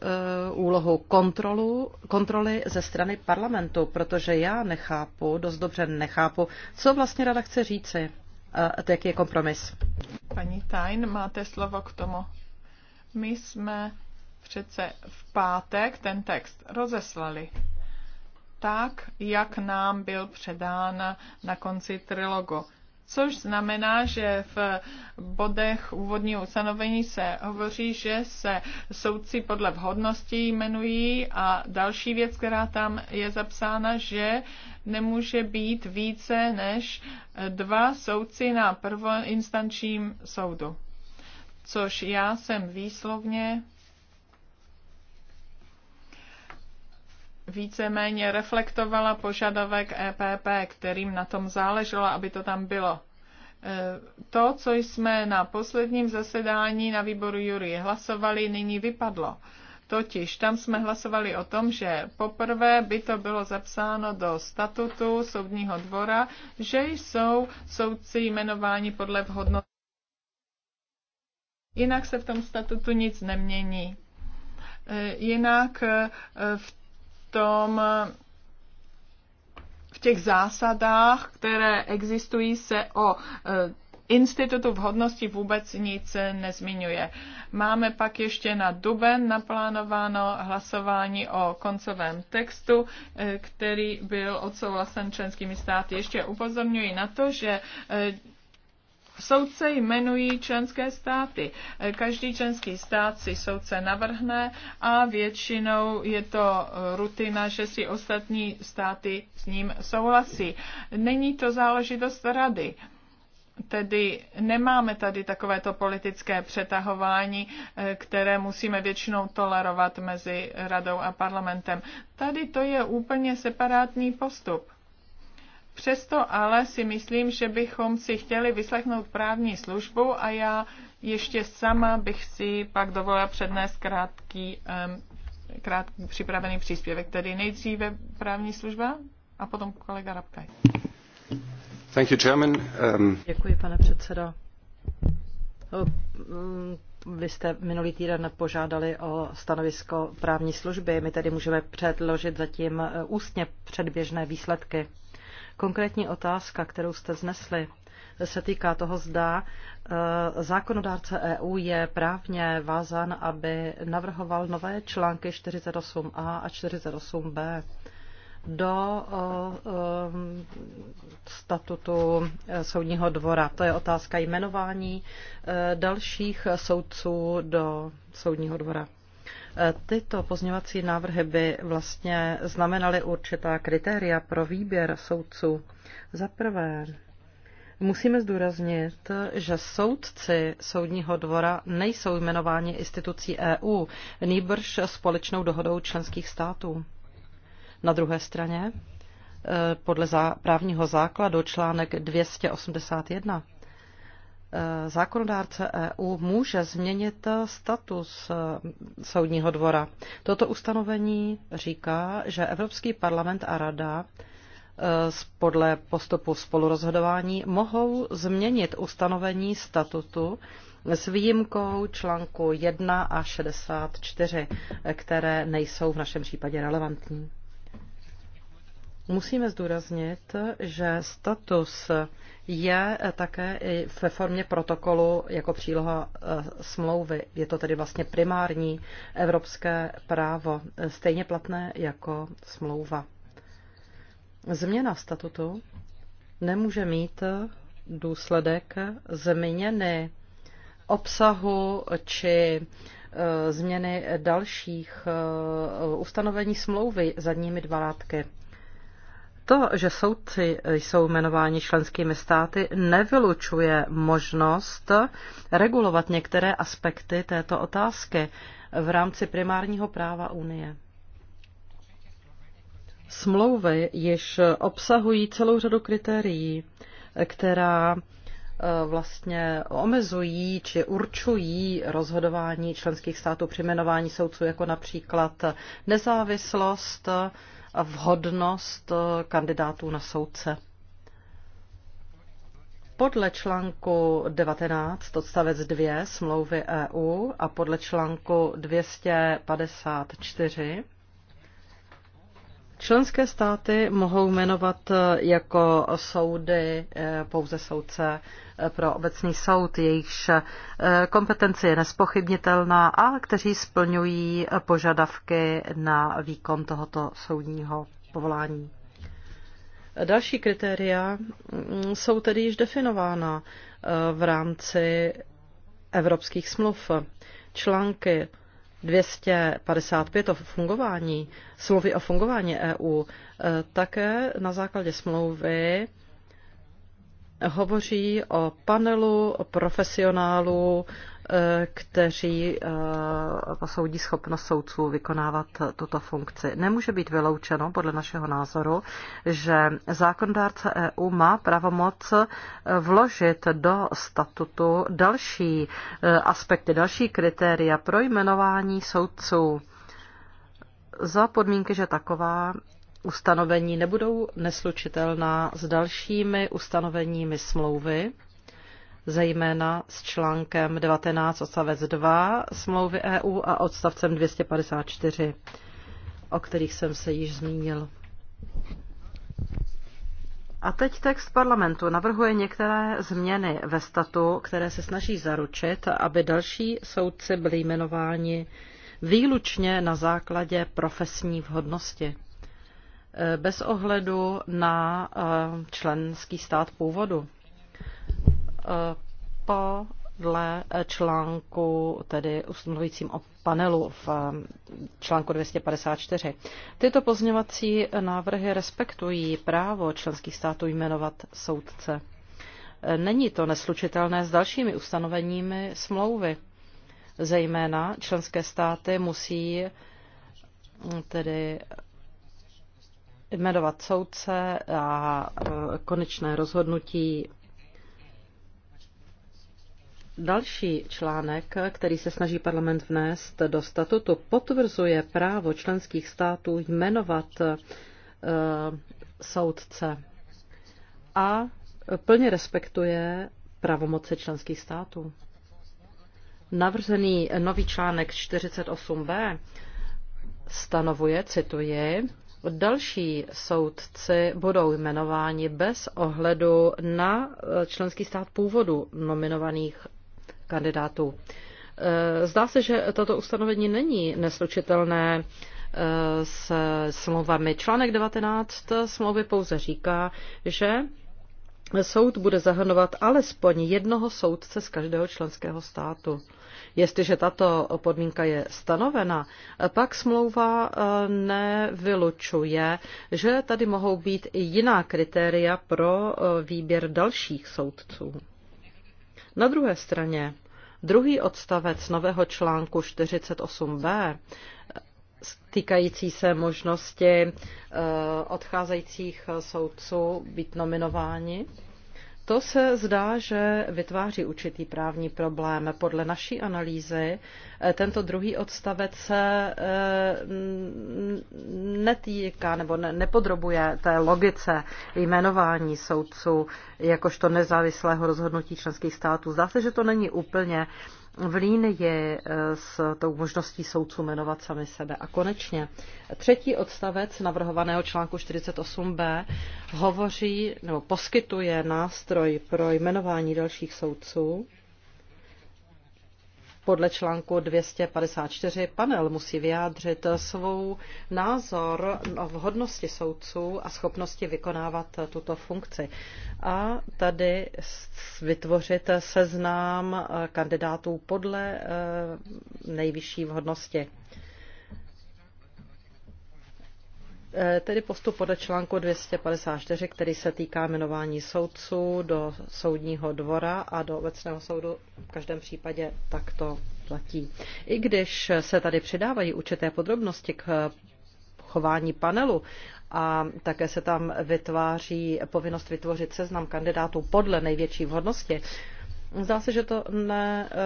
Eh, úlohu kontrolu, kontroly ze strany parlamentu, protože já nechápu, dost dobře nechápu, co vlastně rada chce říci, eh, jaký je kompromis. Paní Tajn, máte slovo k tomu. My jsme přece v pátek ten text rozeslali tak, jak nám byl předán na konci trilogu. Což znamená, že v bodech úvodního ustanovení se hovoří, že se soudci podle vhodnosti jmenují a další věc, která tam je zapsána, že nemůže být více než dva soudci na prvoinstančním soudu. Což já jsem výslovně víceméně reflektovala požadavek EPP, kterým na tom záleželo, aby to tam bylo. E, to, co jsme na posledním zasedání na výboru Jury hlasovali, nyní vypadlo. Totiž tam jsme hlasovali o tom, že poprvé by to bylo zapsáno do statutu soudního dvora, že jsou soudci jmenováni podle vhodnosti. Jinak se v tom statutu nic nemění. E, jinak e, v tom eh, v těch zásadách, které existují, se o eh, institutu vhodnosti vůbec nic nezmiňuje. Máme pak ještě na duben naplánováno hlasování o koncovém textu, eh, který byl odsouhlasen členskými státy. Ještě upozorňuji na to, že Soudce jmenují členské státy. Každý členský stát si soudce navrhne a většinou je to rutina, že si ostatní státy s ním souhlasí. Není to záležitost rady. Tedy nemáme tady takovéto politické přetahování, které musíme většinou tolerovat mezi radou a parlamentem. Tady to je úplně separátní postup. Přesto ale si myslím, že bychom si chtěli vyslechnout právní službu a já ještě sama bych si pak dovolila přednést krátký, krátký připravený příspěvek. Tedy nejdříve právní služba a potom kolega Rabkaj. Thank you, Chairman. Um... Děkuji, pane předsedo. Mm, vy jste minulý týden požádali o stanovisko právní služby. My tedy můžeme předložit zatím eh, ústně předběžné výsledky. Konkrétní otázka, kterou jste znesli, se týká toho, zda e, zákonodárce EU je právně vázan, aby navrhoval nové články 48a a 48b do e, e, statutu soudního dvora. To je otázka jmenování dalších soudců do soudního dvora. Tyto pozměňovací návrhy by vlastně znamenaly určitá kritéria pro výběr soudců. Za prvé, musíme zdůraznit, že soudci Soudního dvora nejsou jmenováni institucí EU, nýbrž společnou dohodou členských států. Na druhé straně, eh, podle právního základu článek 281 Eh, zákonodárce EU může změnit eh, status eh, soudního dvora. Toto ustanovení říká, že Evropský parlament a rada podle postupu spolurozhodování mohou změnit ustanovení statutu s výjimkou článku 1 a 64, které nejsou v našem případě relevantní. Musíme zdůraznit, že status je také i ve formě protokolu jako příloha eh, smlouvy. Je to tedy vlastně primární evropské právo, stejně platné jako smlouva. Změna statutu nemůže mít důsledek změny obsahu či eh, změny dalších eh, ustanovení smlouvy zadními dva látky. To, že soudci jsou jmenováni členskými státy, nevylučuje možnost regulovat některé aspekty této otázky v rámci primárního práva Unie. Smlouvy již obsahují celou řadu kritérií, která eh, vlastně omezují či určují rozhodování členských států při jmenování soudců, jako například nezávislost, vhodnost eh, kandidátů na soudce. Podle článku 19 odstavec 2 smlouvy EU a podle článku 254 Členské státy mohou jmenovat eh, jako soudy eh, pouze soudce eh, pro obecný soud, jejichž kompetence je nespochybnitelná a kteří splňují požadavky na výkon tohoto soudního povolání. Další kritéria mm, jsou tedy již definována v rámci evropských smluv. Články 255 o fungování, smlouvy o fungování EU, eh, také na základě smlouvy hovoří o panelu profesionálů Eh, kteří posoudí eh, schopnost soudců vykonávat tuto funkci. Nemůže být vyloučeno, podle našeho názoru, že zákondárce EU má pravomoc eh, vložit do statutu další aspekty, další kritéria pro jmenování soudců za podmínky, že taková ustanovení nebudou neslučitelná s dalšími ustanoveními smlouvy zejména s článkem 19 odstavec 2 smlouvy EU a odstavcem 254, o kterých jsem se již zmínil. A teď text parlamentu navrhuje některé změny ve statu, které se snaží zaručit, aby další soudci byli jmenováni výlučně na základě profesní vhodnosti, e, bez ohledu na e, členský stát původu podle článku, tedy ustanovujícím o panelu v eh, článku 254. Tyto pozměvací návrhy respektují právo členských států jmenovat soudce. Není to neslučitelné s dalšími ustanoveními smlouvy. Zejména členské státy musí mm, tedy jmenovat soudce a eh, konečné rozhodnutí Další článek, který se snaží parlament vnést do statutu, potvrzuje právo členských států jmenovat uh, soudce a plně respektuje pravomoce členských států. Navržený nový článek 48b stanovuje, cituji, Další soudci budou jmenováni bez ohledu na eh, členský stát původu nominovaných kandidátů. Eh, zdá se, že toto ustanovení není neslučitelné eh, s smlouvami. Článek 19 smlouvy pouze říká, že soud bude zahrnovat alespoň jednoho soudce z každého členského státu. Jestliže tato podmínka je stanovena, pak smlouva eh, nevylučuje, že tady mohou být i jiná kritéria pro výběr dalších soudců. Na druhé straně Druhý odstavec nového článku 48b týkající se možnosti eh, odcházejících soudců být nominováni to se zdá, že vytváří určitý právní problém. Podle naší analýzy eh, tento druhý odstavec se eh, netýká nebo nepodrobuje té logice jmenování soudců jakožto nezávislého rozhodnutí členských států. Zdá se, že to není úplně Vlín je eh, s tou možností soudců jmenovat sami sebe. A konečně třetí odstavec navrhovaného článku 48b hovoří nebo poskytuje nástroj pro jmenování dalších soudců podle článku 254 panel musí vyjádřit svou názor o vhodnosti soudců a schopnosti vykonávat tuto funkci. A tady vytvořit seznám kandidátů podle eh, nejvyšší vhodnosti. Eh, tedy postup podle článku 254, který se týká jmenování soudců do soudního dvora a do obecného soudu v každém případě takto platí. I když se tady přidávají určité podrobnosti k eh, chování panelu a také se tam vytváří povinnost vytvořit seznam kandidátů podle největší vhodnosti, Zdá se, že to ne, eh,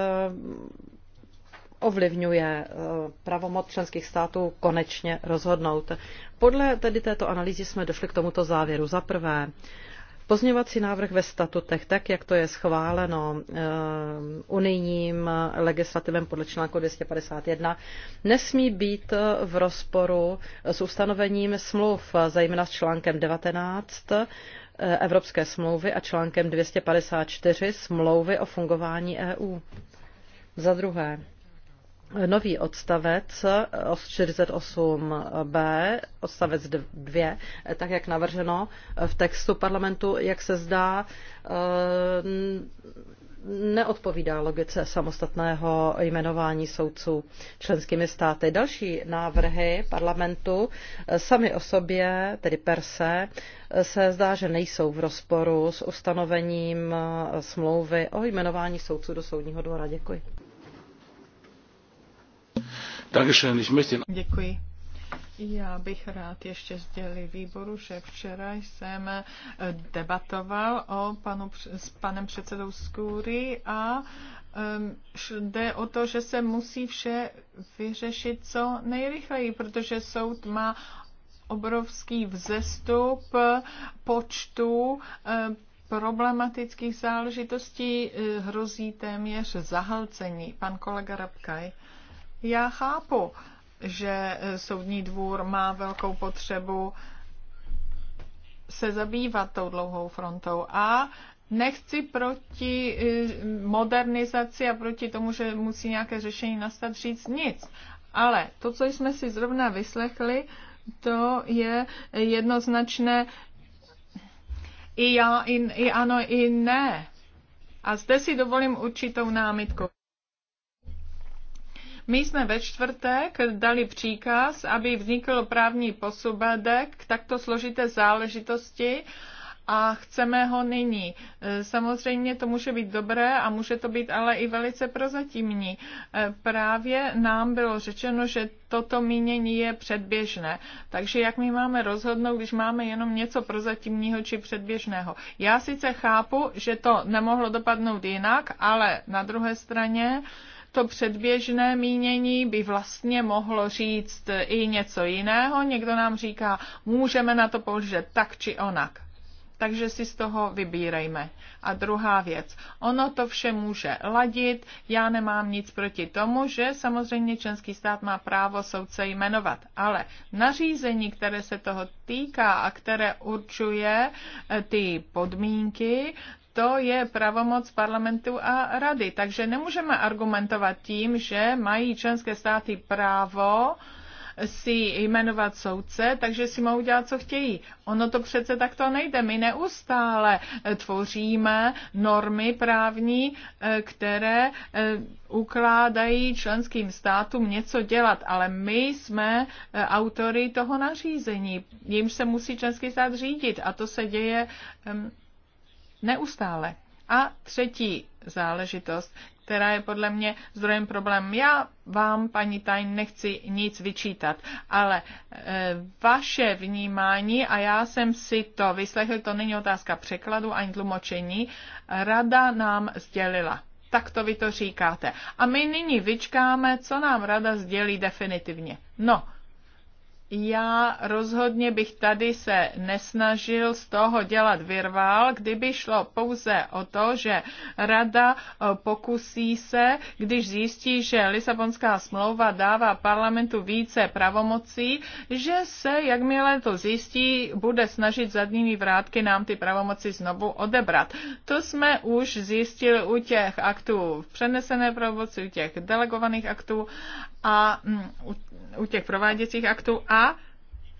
ovlivňuje eh, pravomoc členských států konečně rozhodnout. Podle tedy této analýzy jsme došli k tomuto závěru. Za prvé, Pozměňovací návrh ve statutech, tak jak to je schváleno eh, unijním legislativem podle článku 251, nesmí být v rozporu s ustanovením smluv, zejména s článkem 19 eh, Evropské smlouvy a článkem 254 smlouvy o fungování EU. Za druhé, nový odstavec 48b, eh, odstavec 2, eh, tak jak navrženo eh, v textu parlamentu, jak se zdá, neodpovídá logice samostatného jmenování soudců členskými státy. Další návrhy parlamentu sami o sobě, tedy per se, se zdá, že nejsou v rozporu s ustanovením smlouvy o jmenování soudců do soudního dvora. Děkuji. Děkuji. Já bych rád ještě sdělil výboru, že včera jsem eh, debatoval o panu, s panem předsedou Skůry a jde o to, že se musí vše vyřešit co nejrychleji, protože soud má obrovský vzestup počtu problematických záležitostí, eh, hrozí téměř zahalcení. Pan kolega Rabkaj. Já chápu, že eh, soudní dvůr má velkou potřebu se zabývat tou dlouhou frontou a nechci proti eh, modernizaci a proti tomu, že musí nějaké řešení nastat říct nic. Ale to, co jsme si zrovna vyslechli, to je jednoznačné i já, i, i ano, i ne. A zde si dovolím určitou námitku. My jsme ve čtvrtek dali příkaz, aby vznikl právní posudek k takto složité záležitosti a chceme ho nyní. E, samozřejmě to může být dobré a může to být ale i velice prozatímní. E, právě nám bylo řečeno, že toto mínění je předběžné. Takže jak my máme rozhodnout, když máme jenom něco prozatímního či předběžného? Já sice chápu, že to nemohlo dopadnout jinak, ale na druhé straně to předběžné mínění by vlastně mohlo říct i něco jiného. Někdo nám říká, můžeme na to pohlížet tak či onak. Takže si z toho vybírejme. A druhá věc, ono to vše může ladit, já nemám nic proti tomu, že samozřejmě členský stát má právo soudce jmenovat, ale nařízení, které se toho týká a které určuje eh, ty podmínky, to je pravomoc parlamentu a rady. Takže nemůžeme argumentovat tím, že mají členské státy právo si jmenovat soudce, takže si mohou dělat, co chtějí. Ono to přece takto nejde. My neustále tvoříme normy právní, eh, které eh, ukládají členským státům něco dělat, ale my jsme eh, autory toho nařízení, Jím se musí členský stát řídit a to se děje Neustále. A třetí záležitost, která je podle mě zdrojem problémů. Já vám, paní Tajn, nechci nic vyčítat, ale e, vaše vnímání, a já jsem si to vyslechl, to není otázka překladu ani tlumočení, rada nám sdělila. Tak to vy to říkáte. A my nyní vyčkáme, co nám rada sdělí definitivně. No, já rozhodně bych tady se nesnažil z toho dělat virvál, kdyby šlo pouze o to, že rada eh, pokusí se, když zjistí, že Lisabonská smlouva dává parlamentu více pravomocí, že se, jakmile to zjistí, bude snažit zadními vrátky nám ty pravomoci znovu odebrat. To jsme už zjistili u těch aktů v přenesené pravomoci, u těch delegovaných aktů a mm, u těch prováděcích aktů a a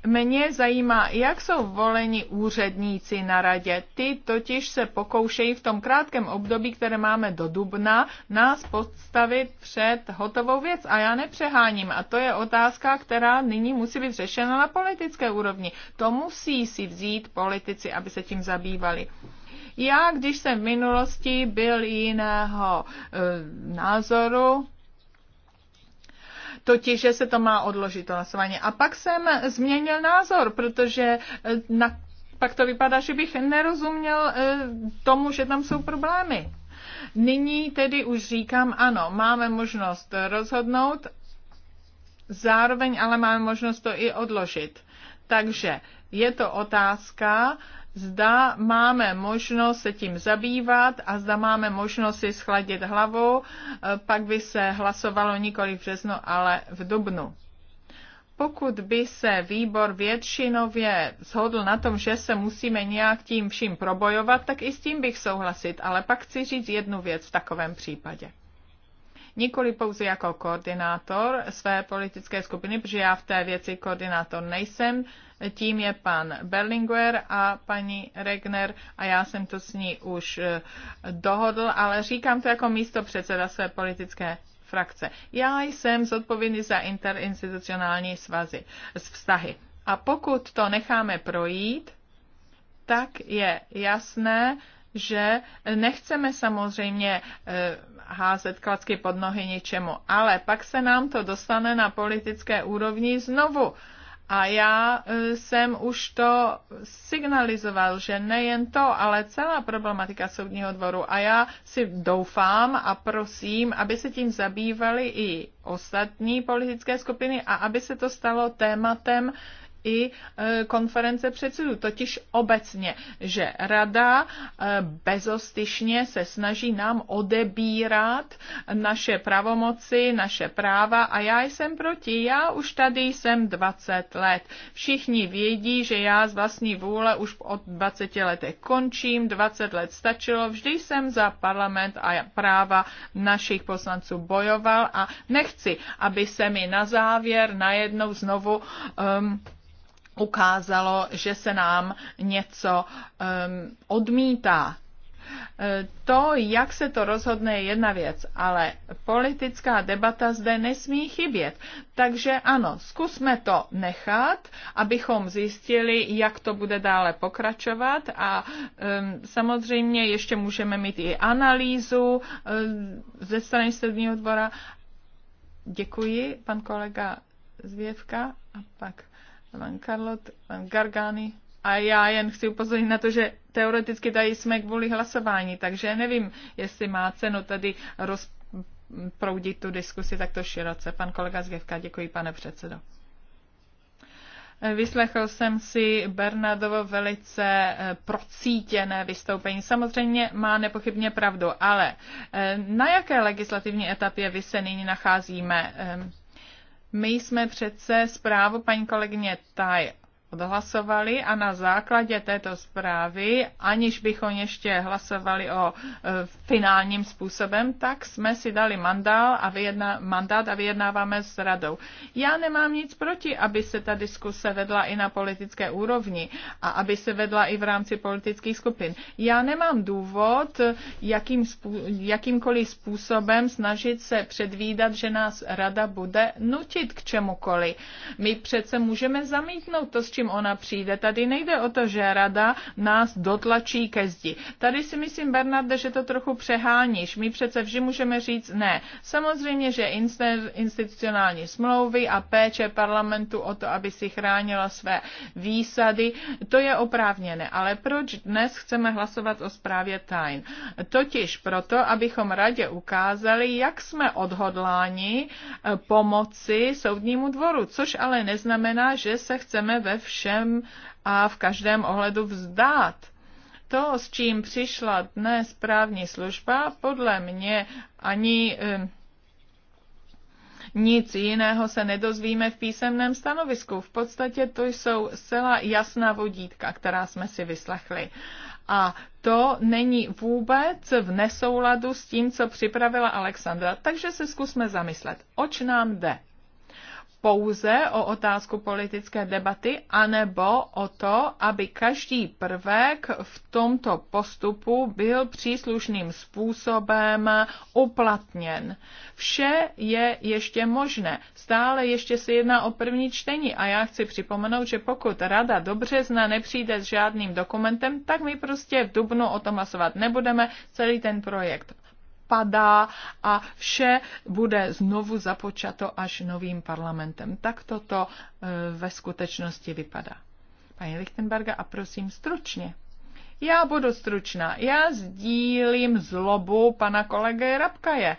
mě zajímá, jak jsou voleni úředníci na radě. Ty totiž se pokoušejí v tom krátkém období, které máme do dubna, nás postavit před hotovou věc. A já nepřeháním. A to je otázka, která nyní musí být řešena na politické úrovni. To musí si vzít politici, aby se tím zabývali. Já, když jsem v minulosti byl jiného e, názoru, totiž, že se to má odložit to hlasování. A pak jsem změnil názor, protože eh, na, pak to vypadá, že bych nerozuměl eh, tomu, že tam jsou problémy. Nyní tedy už říkám, ano, máme možnost rozhodnout, zároveň ale máme možnost to i odložit. Takže je to otázka, zda máme možnost se tím zabývat a zda máme možnost si schladit hlavou, eh, pak by se hlasovalo nikoli v březnu, ale v dubnu. Pokud by se výbor většinově shodl na tom, že se musíme nějak tím vším probojovat, tak i s tím bych souhlasit, ale pak chci říct jednu věc v takovém případě nikoli pouze jako koordinátor své politické skupiny, protože já v té věci koordinátor nejsem, tím je pan Berlinguer a paní Regner a já jsem to s ní už eh, dohodl, ale říkám to jako místo předseda své politické frakce. Já jsem zodpovědný za interinstitucionální svazy, vztahy. A pokud to necháme projít, tak je jasné, že nechceme samozřejmě eh, házet klacky pod nohy ničemu, ale pak se nám to dostane na politické úrovni znovu. A já eh, jsem už to signalizoval, že nejen to, ale celá problematika soudního dvoru. A já si doufám a prosím, aby se tím zabývali i ostatní politické skupiny a aby se to stalo tématem i e, konference předsedů, totiž obecně, že rada e, bezostyšně se snaží nám odebírat naše pravomoci, naše práva a já jsem proti. Já už tady jsem 20 let. Všichni vědí, že já z vlastní vůle už od 20 let končím, 20 let stačilo, vždy jsem za parlament a práva našich poslanců bojoval a nechci, aby se mi na závěr najednou znovu um, ukázalo, že se nám něco um, odmítá. Eh, to, jak se to rozhodne, je jedna věc, ale politická debata zde nesmí chybět. Takže ano, zkusme to nechat, abychom zjistili, jak to bude dále pokračovat a um, samozřejmě ještě můžeme mít i analýzu um, ze strany středního dvora. Děkuji, pan kolega Zvěvka a pak pan Karlot, pan Gargani. A já jen chci upozornit na to, že teoreticky tady jsme kvůli hlasování, takže nevím, jestli má cenu tady rozproudit tu diskusi takto široce. Pan kolega Zgevka, děkuji, pane předsedo. Vyslechl jsem si Bernardovo velice eh, procítěné vystoupení. Samozřejmě má nepochybně pravdu, ale eh, na jaké legislativní etapě vy se nyní nacházíme? Ehm, my jsme přece zprávu paní kolegyně Taj odhlasovali a na základě této zprávy, aniž bychom ještě hlasovali o e, finálním způsobem, tak jsme si dali mandál a vyjedna, mandát a vyjednáváme s radou. Já nemám nic proti, aby se ta diskuse vedla i na politické úrovni a aby se vedla i v rámci politických skupin. Já nemám důvod e, jakým, jakýmkoliv způsobem snažit se předvídat, že nás rada bude nutit k čemukoliv. My přece můžeme zamítnout to, s čím ona přijde. Tady nejde o to, že rada nás dotlačí ke zdi. Tady si myslím, Bernarde, že to trochu přeháníš. My přece vždy můžeme říct ne. Samozřejmě, že institucionální smlouvy a péče parlamentu o to, aby si chránila své výsady, to je oprávněné. Ale proč dnes chceme hlasovat o zprávě tajn? Totiž proto, abychom radě ukázali, jak jsme odhodláni eh, pomoci soudnímu dvoru, což ale neznamená, že se chceme ve všem a v každém ohledu vzdát. To, s čím přišla dnes právní služba, podle mě ani eh, nic jiného se nedozvíme v písemném stanovisku. V podstatě to jsou zcela jasná vodítka, která jsme si vyslechli. A to není vůbec v nesouladu s tím, co připravila Alexandra. Takže se zkusme zamyslet, oč nám jde pouze o otázku politické debaty, anebo o to, aby každý prvek v tomto postupu byl příslušným způsobem uplatněn. Vše je ještě možné. Stále ještě se jedná o první čtení a já chci připomenout, že pokud Rada do března nepřijde s žádným dokumentem, tak my prostě v Dubnu o tom hlasovat nebudeme. Celý ten projekt padá a vše bude znovu započato až novým parlamentem. Tak toto e, ve skutečnosti vypadá. Paní Lichtenberga, a prosím stručně. Já budu stručná. Já sdílím zlobu pana kolegy Rabkaje.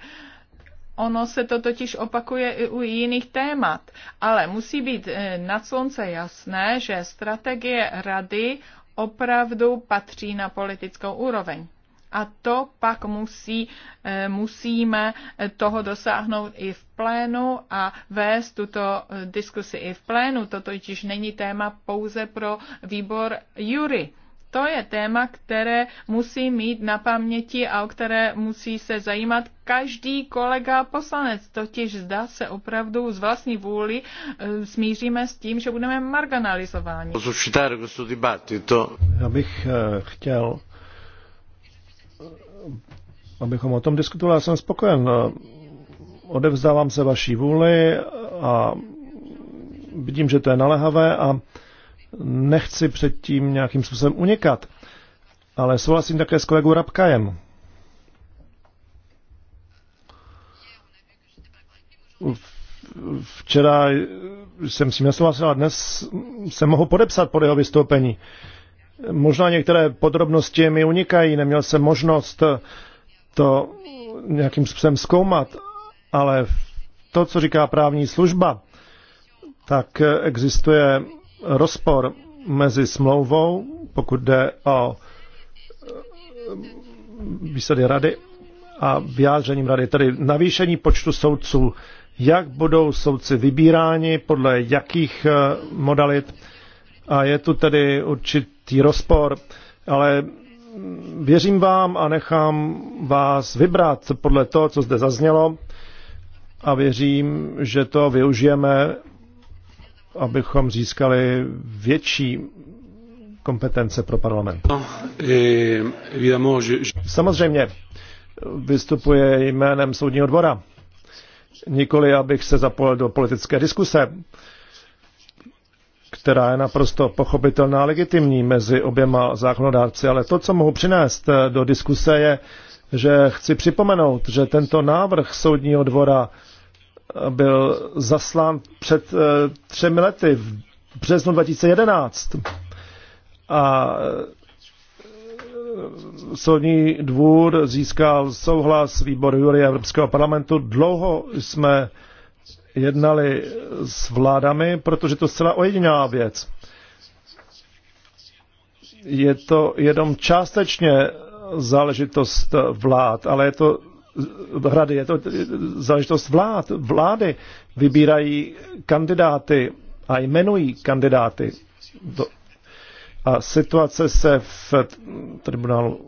Ono se to totiž opakuje i u jiných témat, ale musí být e, na slunce jasné, že strategie rady opravdu patří na politickou úroveň. A to pak musí, eh, musíme toho dosáhnout i v plénu a vést tuto eh, diskusi i v plénu. To již není téma pouze pro výbor jury. To je téma, které musí mít na paměti a o které musí se zajímat každý kolega poslanec. Totiž zdá se opravdu z vlastní vůli eh, smíříme s tím, že budeme marginalizováni. Já bych chtěl abychom o tom diskutovali. Já jsem spokojen. Odevzdávám se vaší vůli a vidím, že to je naléhavé a nechci předtím nějakým způsobem unikat. Ale souhlasím také s kolegou Rabkajem. Včera jsem s tím nesouhlasil a dnes se mohu podepsat pod jeho vystoupení. Možná některé podrobnosti mi unikají, neměl jsem možnost uh, to nějakým způsobem zkoumat, ale to, co říká právní služba, tak existuje rozpor mezi smlouvou, pokud jde o eh, výsady rady a vyjádřením rady, tedy navýšení počtu soudců, jak budou soudci vybíráni, podle jakých eh, modalit. A je tu tedy určitý rozpor, ale věřím vám a nechám vás vybrat podle toho, co zde zaznělo a věřím, že to využijeme, abychom získali větší kompetence pro parlament. No, e, Samozřejmě vystupuje jménem soudního dvora. Nikoli, abych se zapojil do politické diskuse která je naprosto pochopitelná a legitimní mezi oběma zákonodárci, ale to, co mohu přinést eh, do diskuse, je, že chci připomenout, že tento návrh soudního dvora eh, byl zaslán před eh, třemi lety v březnu 2011 a soudní dvůr získal souhlas výboru Jury Evropského parlamentu. Dlouho jsme jednali s vládami, protože to je zcela ojedinělá věc. Je to jenom částečně záležitost vlád, ale je to hrady, je to záležitost vlád. Vlády vybírají kandidáty a jmenují kandidáty. a situace se v tribunálu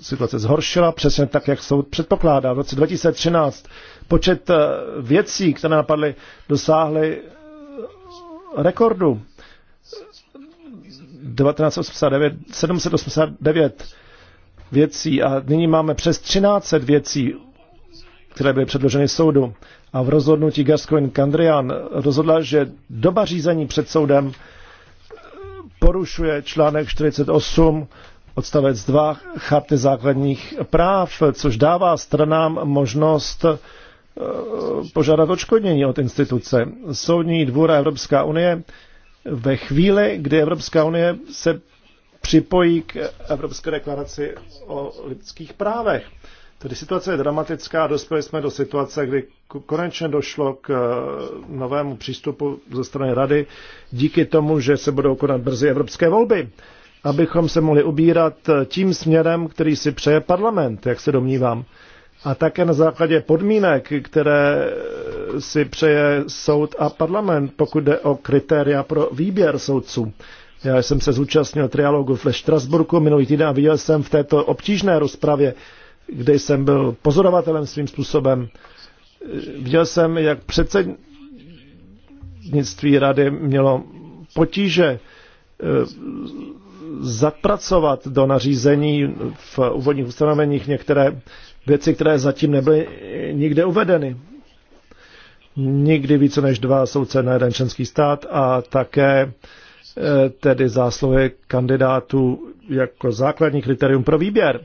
situace zhoršila, přesně tak, jak soud předpokládá. V roce 2013 Počet eh, věcí, které napadly, dosáhly eh, rekordu. 1989, 789 věcí a nyní máme přes 1300 věcí, které byly předloženy soudu. A v rozhodnutí Gascoigne Kandrian rozhodla, že doba řízení před soudem eh, porušuje článek 48 odstavec 2 charty základních práv, což dává stranám možnost požádat odškodnění od instituce. Soudní dvůr Evropská unie ve chvíli, kdy Evropská unie se připojí k Evropské deklaraci o lidských právech. Tedy situace je dramatická a dospěli jsme do situace, kdy konečně došlo k eh, novému přístupu ze strany Rady díky tomu, že se budou konat brzy evropské volby, abychom se mohli ubírat eh, tím směrem, který si přeje parlament, jak se domnívám a také na základě podmínek, které si přeje soud a parlament, pokud jde o kritéria pro výběr soudců. Já jsem se zúčastnil trialogu ve Štrasburku minulý týden a viděl jsem v této obtížné rozpravě, kde jsem byl pozorovatelem svým způsobem, viděl jsem, jak předsednictví rady mělo potíže eh, zapracovat do nařízení v úvodních ustanoveních některé věci, které zatím nebyly nikde uvedeny. Nikdy více než dva soudce na jeden členský stát a také eh, tedy zásluhy kandidátů jako základní kritérium pro výběr.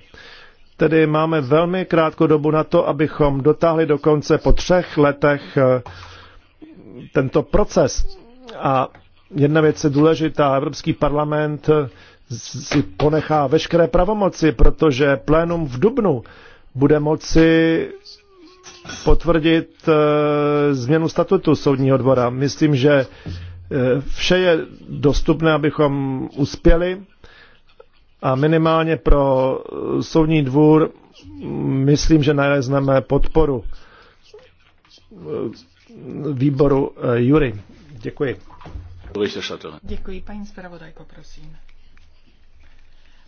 Tedy máme velmi krátkou dobu na to, abychom dotáhli do konce po třech letech eh, tento proces. A jedna věc je důležitá. Evropský parlament eh, si ponechá veškeré pravomoci, protože plénum v Dubnu bude moci potvrdit eh, změnu statutu soudního dvora. Myslím, že eh, vše je dostupné, abychom uspěli a minimálně pro soudní dvůr mm, myslím, že nalezneme podporu eh, výboru Jury. Děkuji. Děkuji, paní zpravodajko, prosím.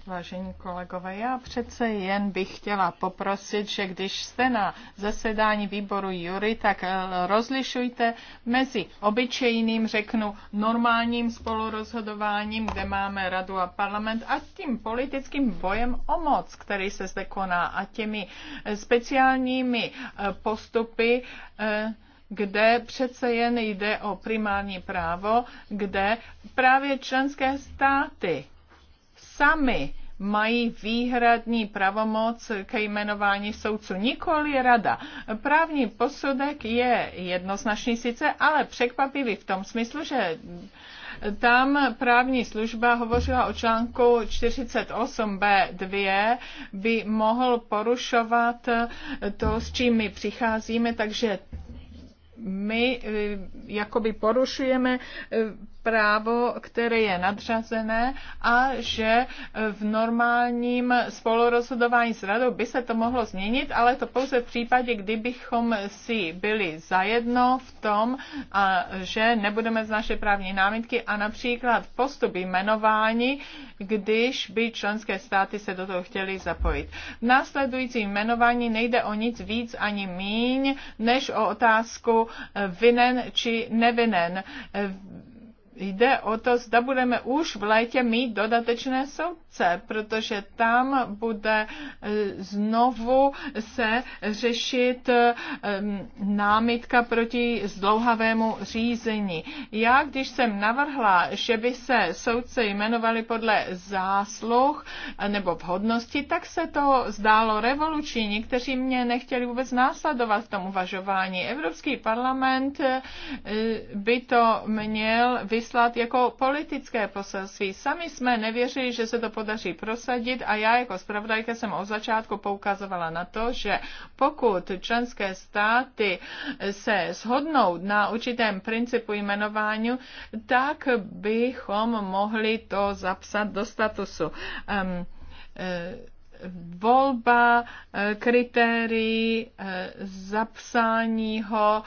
Vážení kolegové, já přece jen bych chtěla poprosit, že když jste na zasedání výboru Jury, tak eh, rozlišujte mezi obyčejným, řeknu, normálním spolurozhodováním, kde máme radu a parlament, a tím politickým bojem o moc, který se zde koná, a těmi eh, speciálními eh, postupy, kde přece jen jde o primární právo, kde právě členské státy sami mají výhradní pravomoc ke jmenování soudců, nikoli rada. Právní posudek je jednoznačný sice, ale překvapivý v tom smyslu, že tam právní služba hovořila o článku 48b2, by mohl porušovat to, s čím my přicházíme, takže my eh, jakoby porušujeme eh, právo, které je nadřazené a že v normálním spolurozhodování s radou by se to mohlo změnit, ale to pouze v případě, kdybychom si byli zajedno v tom, a že nebudeme z naše právní námitky a například postup jmenování, když by členské státy se do toho chtěli zapojit. V následující jmenování nejde o nic víc ani míň, než o otázku vinen či nevinen Jde o to, zda budeme už v létě mít dodatečné soudce, protože tam bude e, znovu se řešit e, námitka proti zdlouhavému řízení. Já, když jsem navrhla, že by se soudce jmenovali podle zásluh nebo vhodnosti, tak se to zdálo revoluční. Někteří mě nechtěli vůbec následovat v tom uvažování. Evropský parlament e, by to měl vysvětlit vyslat jako politické poselství. Sami jsme nevěřili, že se to podaří prosadit a já jako zpravodajka jsem od začátku poukazovala na to, že pokud členské státy se shodnou na určitém principu jmenování, tak bychom mohli to zapsat do statusu. Um, uh, volba eh, kritérií eh, zapsání ho,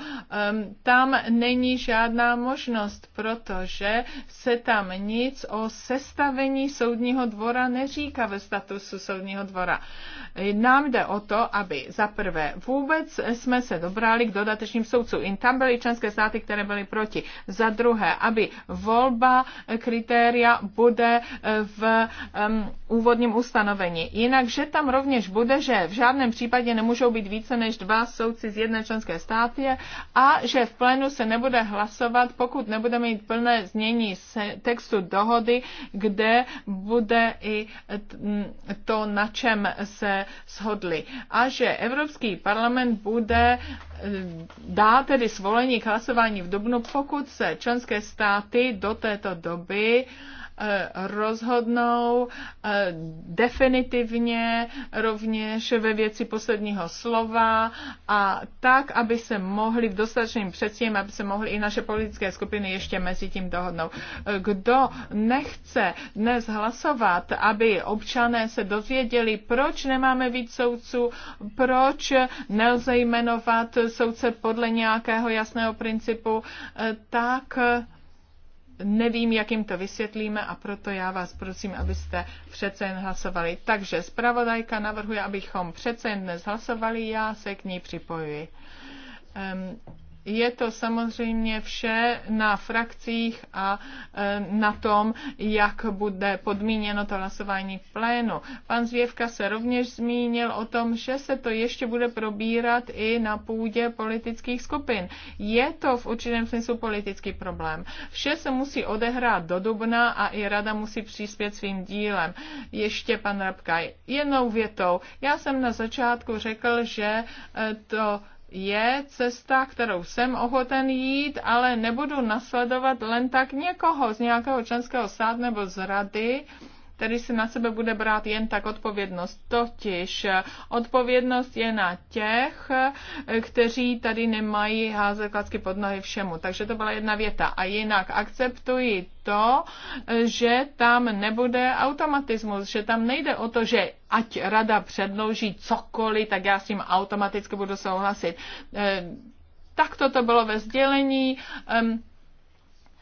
tam není žádná možnost, protože se tam nic o sestavení soudního dvora neříká ve statusu soudního dvora. Nám jde o to, aby za prvé vůbec jsme se dobrali k dodatečným soudcům. In tam byly členské státy, které byly proti. Za druhé, aby volba kritéria bude eh, v um, úvodním ustanovení. Jinak takže tam rovněž bude, že v žádném případě nemůžou být více než dva soudci z jedné členské státy a že v plénu se nebude hlasovat, pokud nebudeme mít plné znění textu dohody, kde bude i to, na čem se shodli. A že Evropský parlament bude e, dá tedy svolení k hlasování v Dubnu, pokud se členské státy do této doby uh, Eh, rozhodnou eh, definitivně rovněž ve věci posledního slova a tak, aby se mohli v dostatečným předsím, aby se mohli i naše politické skupiny ještě mezi tím dohodnout. Eh, kdo nechce dnes hlasovat, aby občané se dozvěděli, proč nemáme víc soudců, proč nelze jmenovat soudce podle nějakého jasného principu, tak nevím, jak jim to vysvětlíme a proto já vás prosím, abyste přece jen hlasovali. Takže zpravodajka navrhuje, abychom přece jen dnes hlasovali, já se k ní připojuji. Um, je to samozřejmě vše na frakcích a e, na tom, jak bude podmíněno to hlasování v plénu. Pan Zvěvka se rovněž zmínil o tom, že se to ještě bude probírat i na půdě politických skupin. Je to v určitém smyslu politický problém. Vše se musí odehrát do dubna a i rada musí přispět svým dílem. Ještě pan Rabkaj, jednou větou. Já jsem na začátku řekl, že e, to je cesta, kterou jsem ochoten jít, ale nebudu nasledovat len tak někoho z nějakého členského státu nebo z rady, který se na sebe bude brát jen tak odpovědnost. Totiž eh, odpovědnost je na těch, eh, kteří tady nemají házet klacky pod nohy všemu. Takže to byla jedna věta. A jinak akceptuji to, eh, že tam nebude automatismus, že tam nejde o to, že ať rada předloží cokoliv, tak já s tím automaticky budu souhlasit. Takto to bylo ve sdělení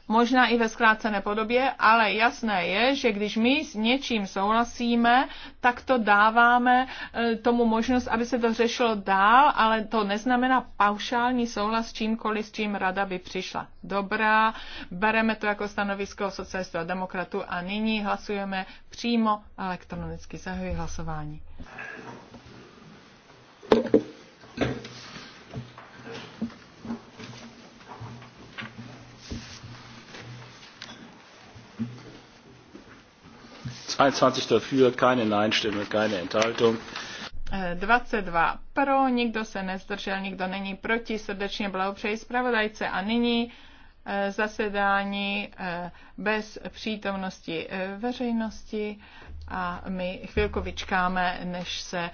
možná i ve zkrácené podobě, ale jasné je, že když my s něčím souhlasíme, tak to dáváme e, tomu možnost, aby se to řešilo dál, ale to neznamená paušální souhlas s čímkoliv, s čím rada by přišla. Dobrá, bereme to jako stanovisko socialistů a demokratů a nyní hlasujeme přímo elektronicky. Zahajuji hlasování. Thank you. 22 keine Nein-Stimme, keine Enthaltung. 22 eh, pro, nikdo se nezdržel, nikdo není proti, srdečně blahopřeji zpravodajce. A nyní eh, zasedání eh, bez přítomnosti veřejnosti a my chvilku vyčkáme, než se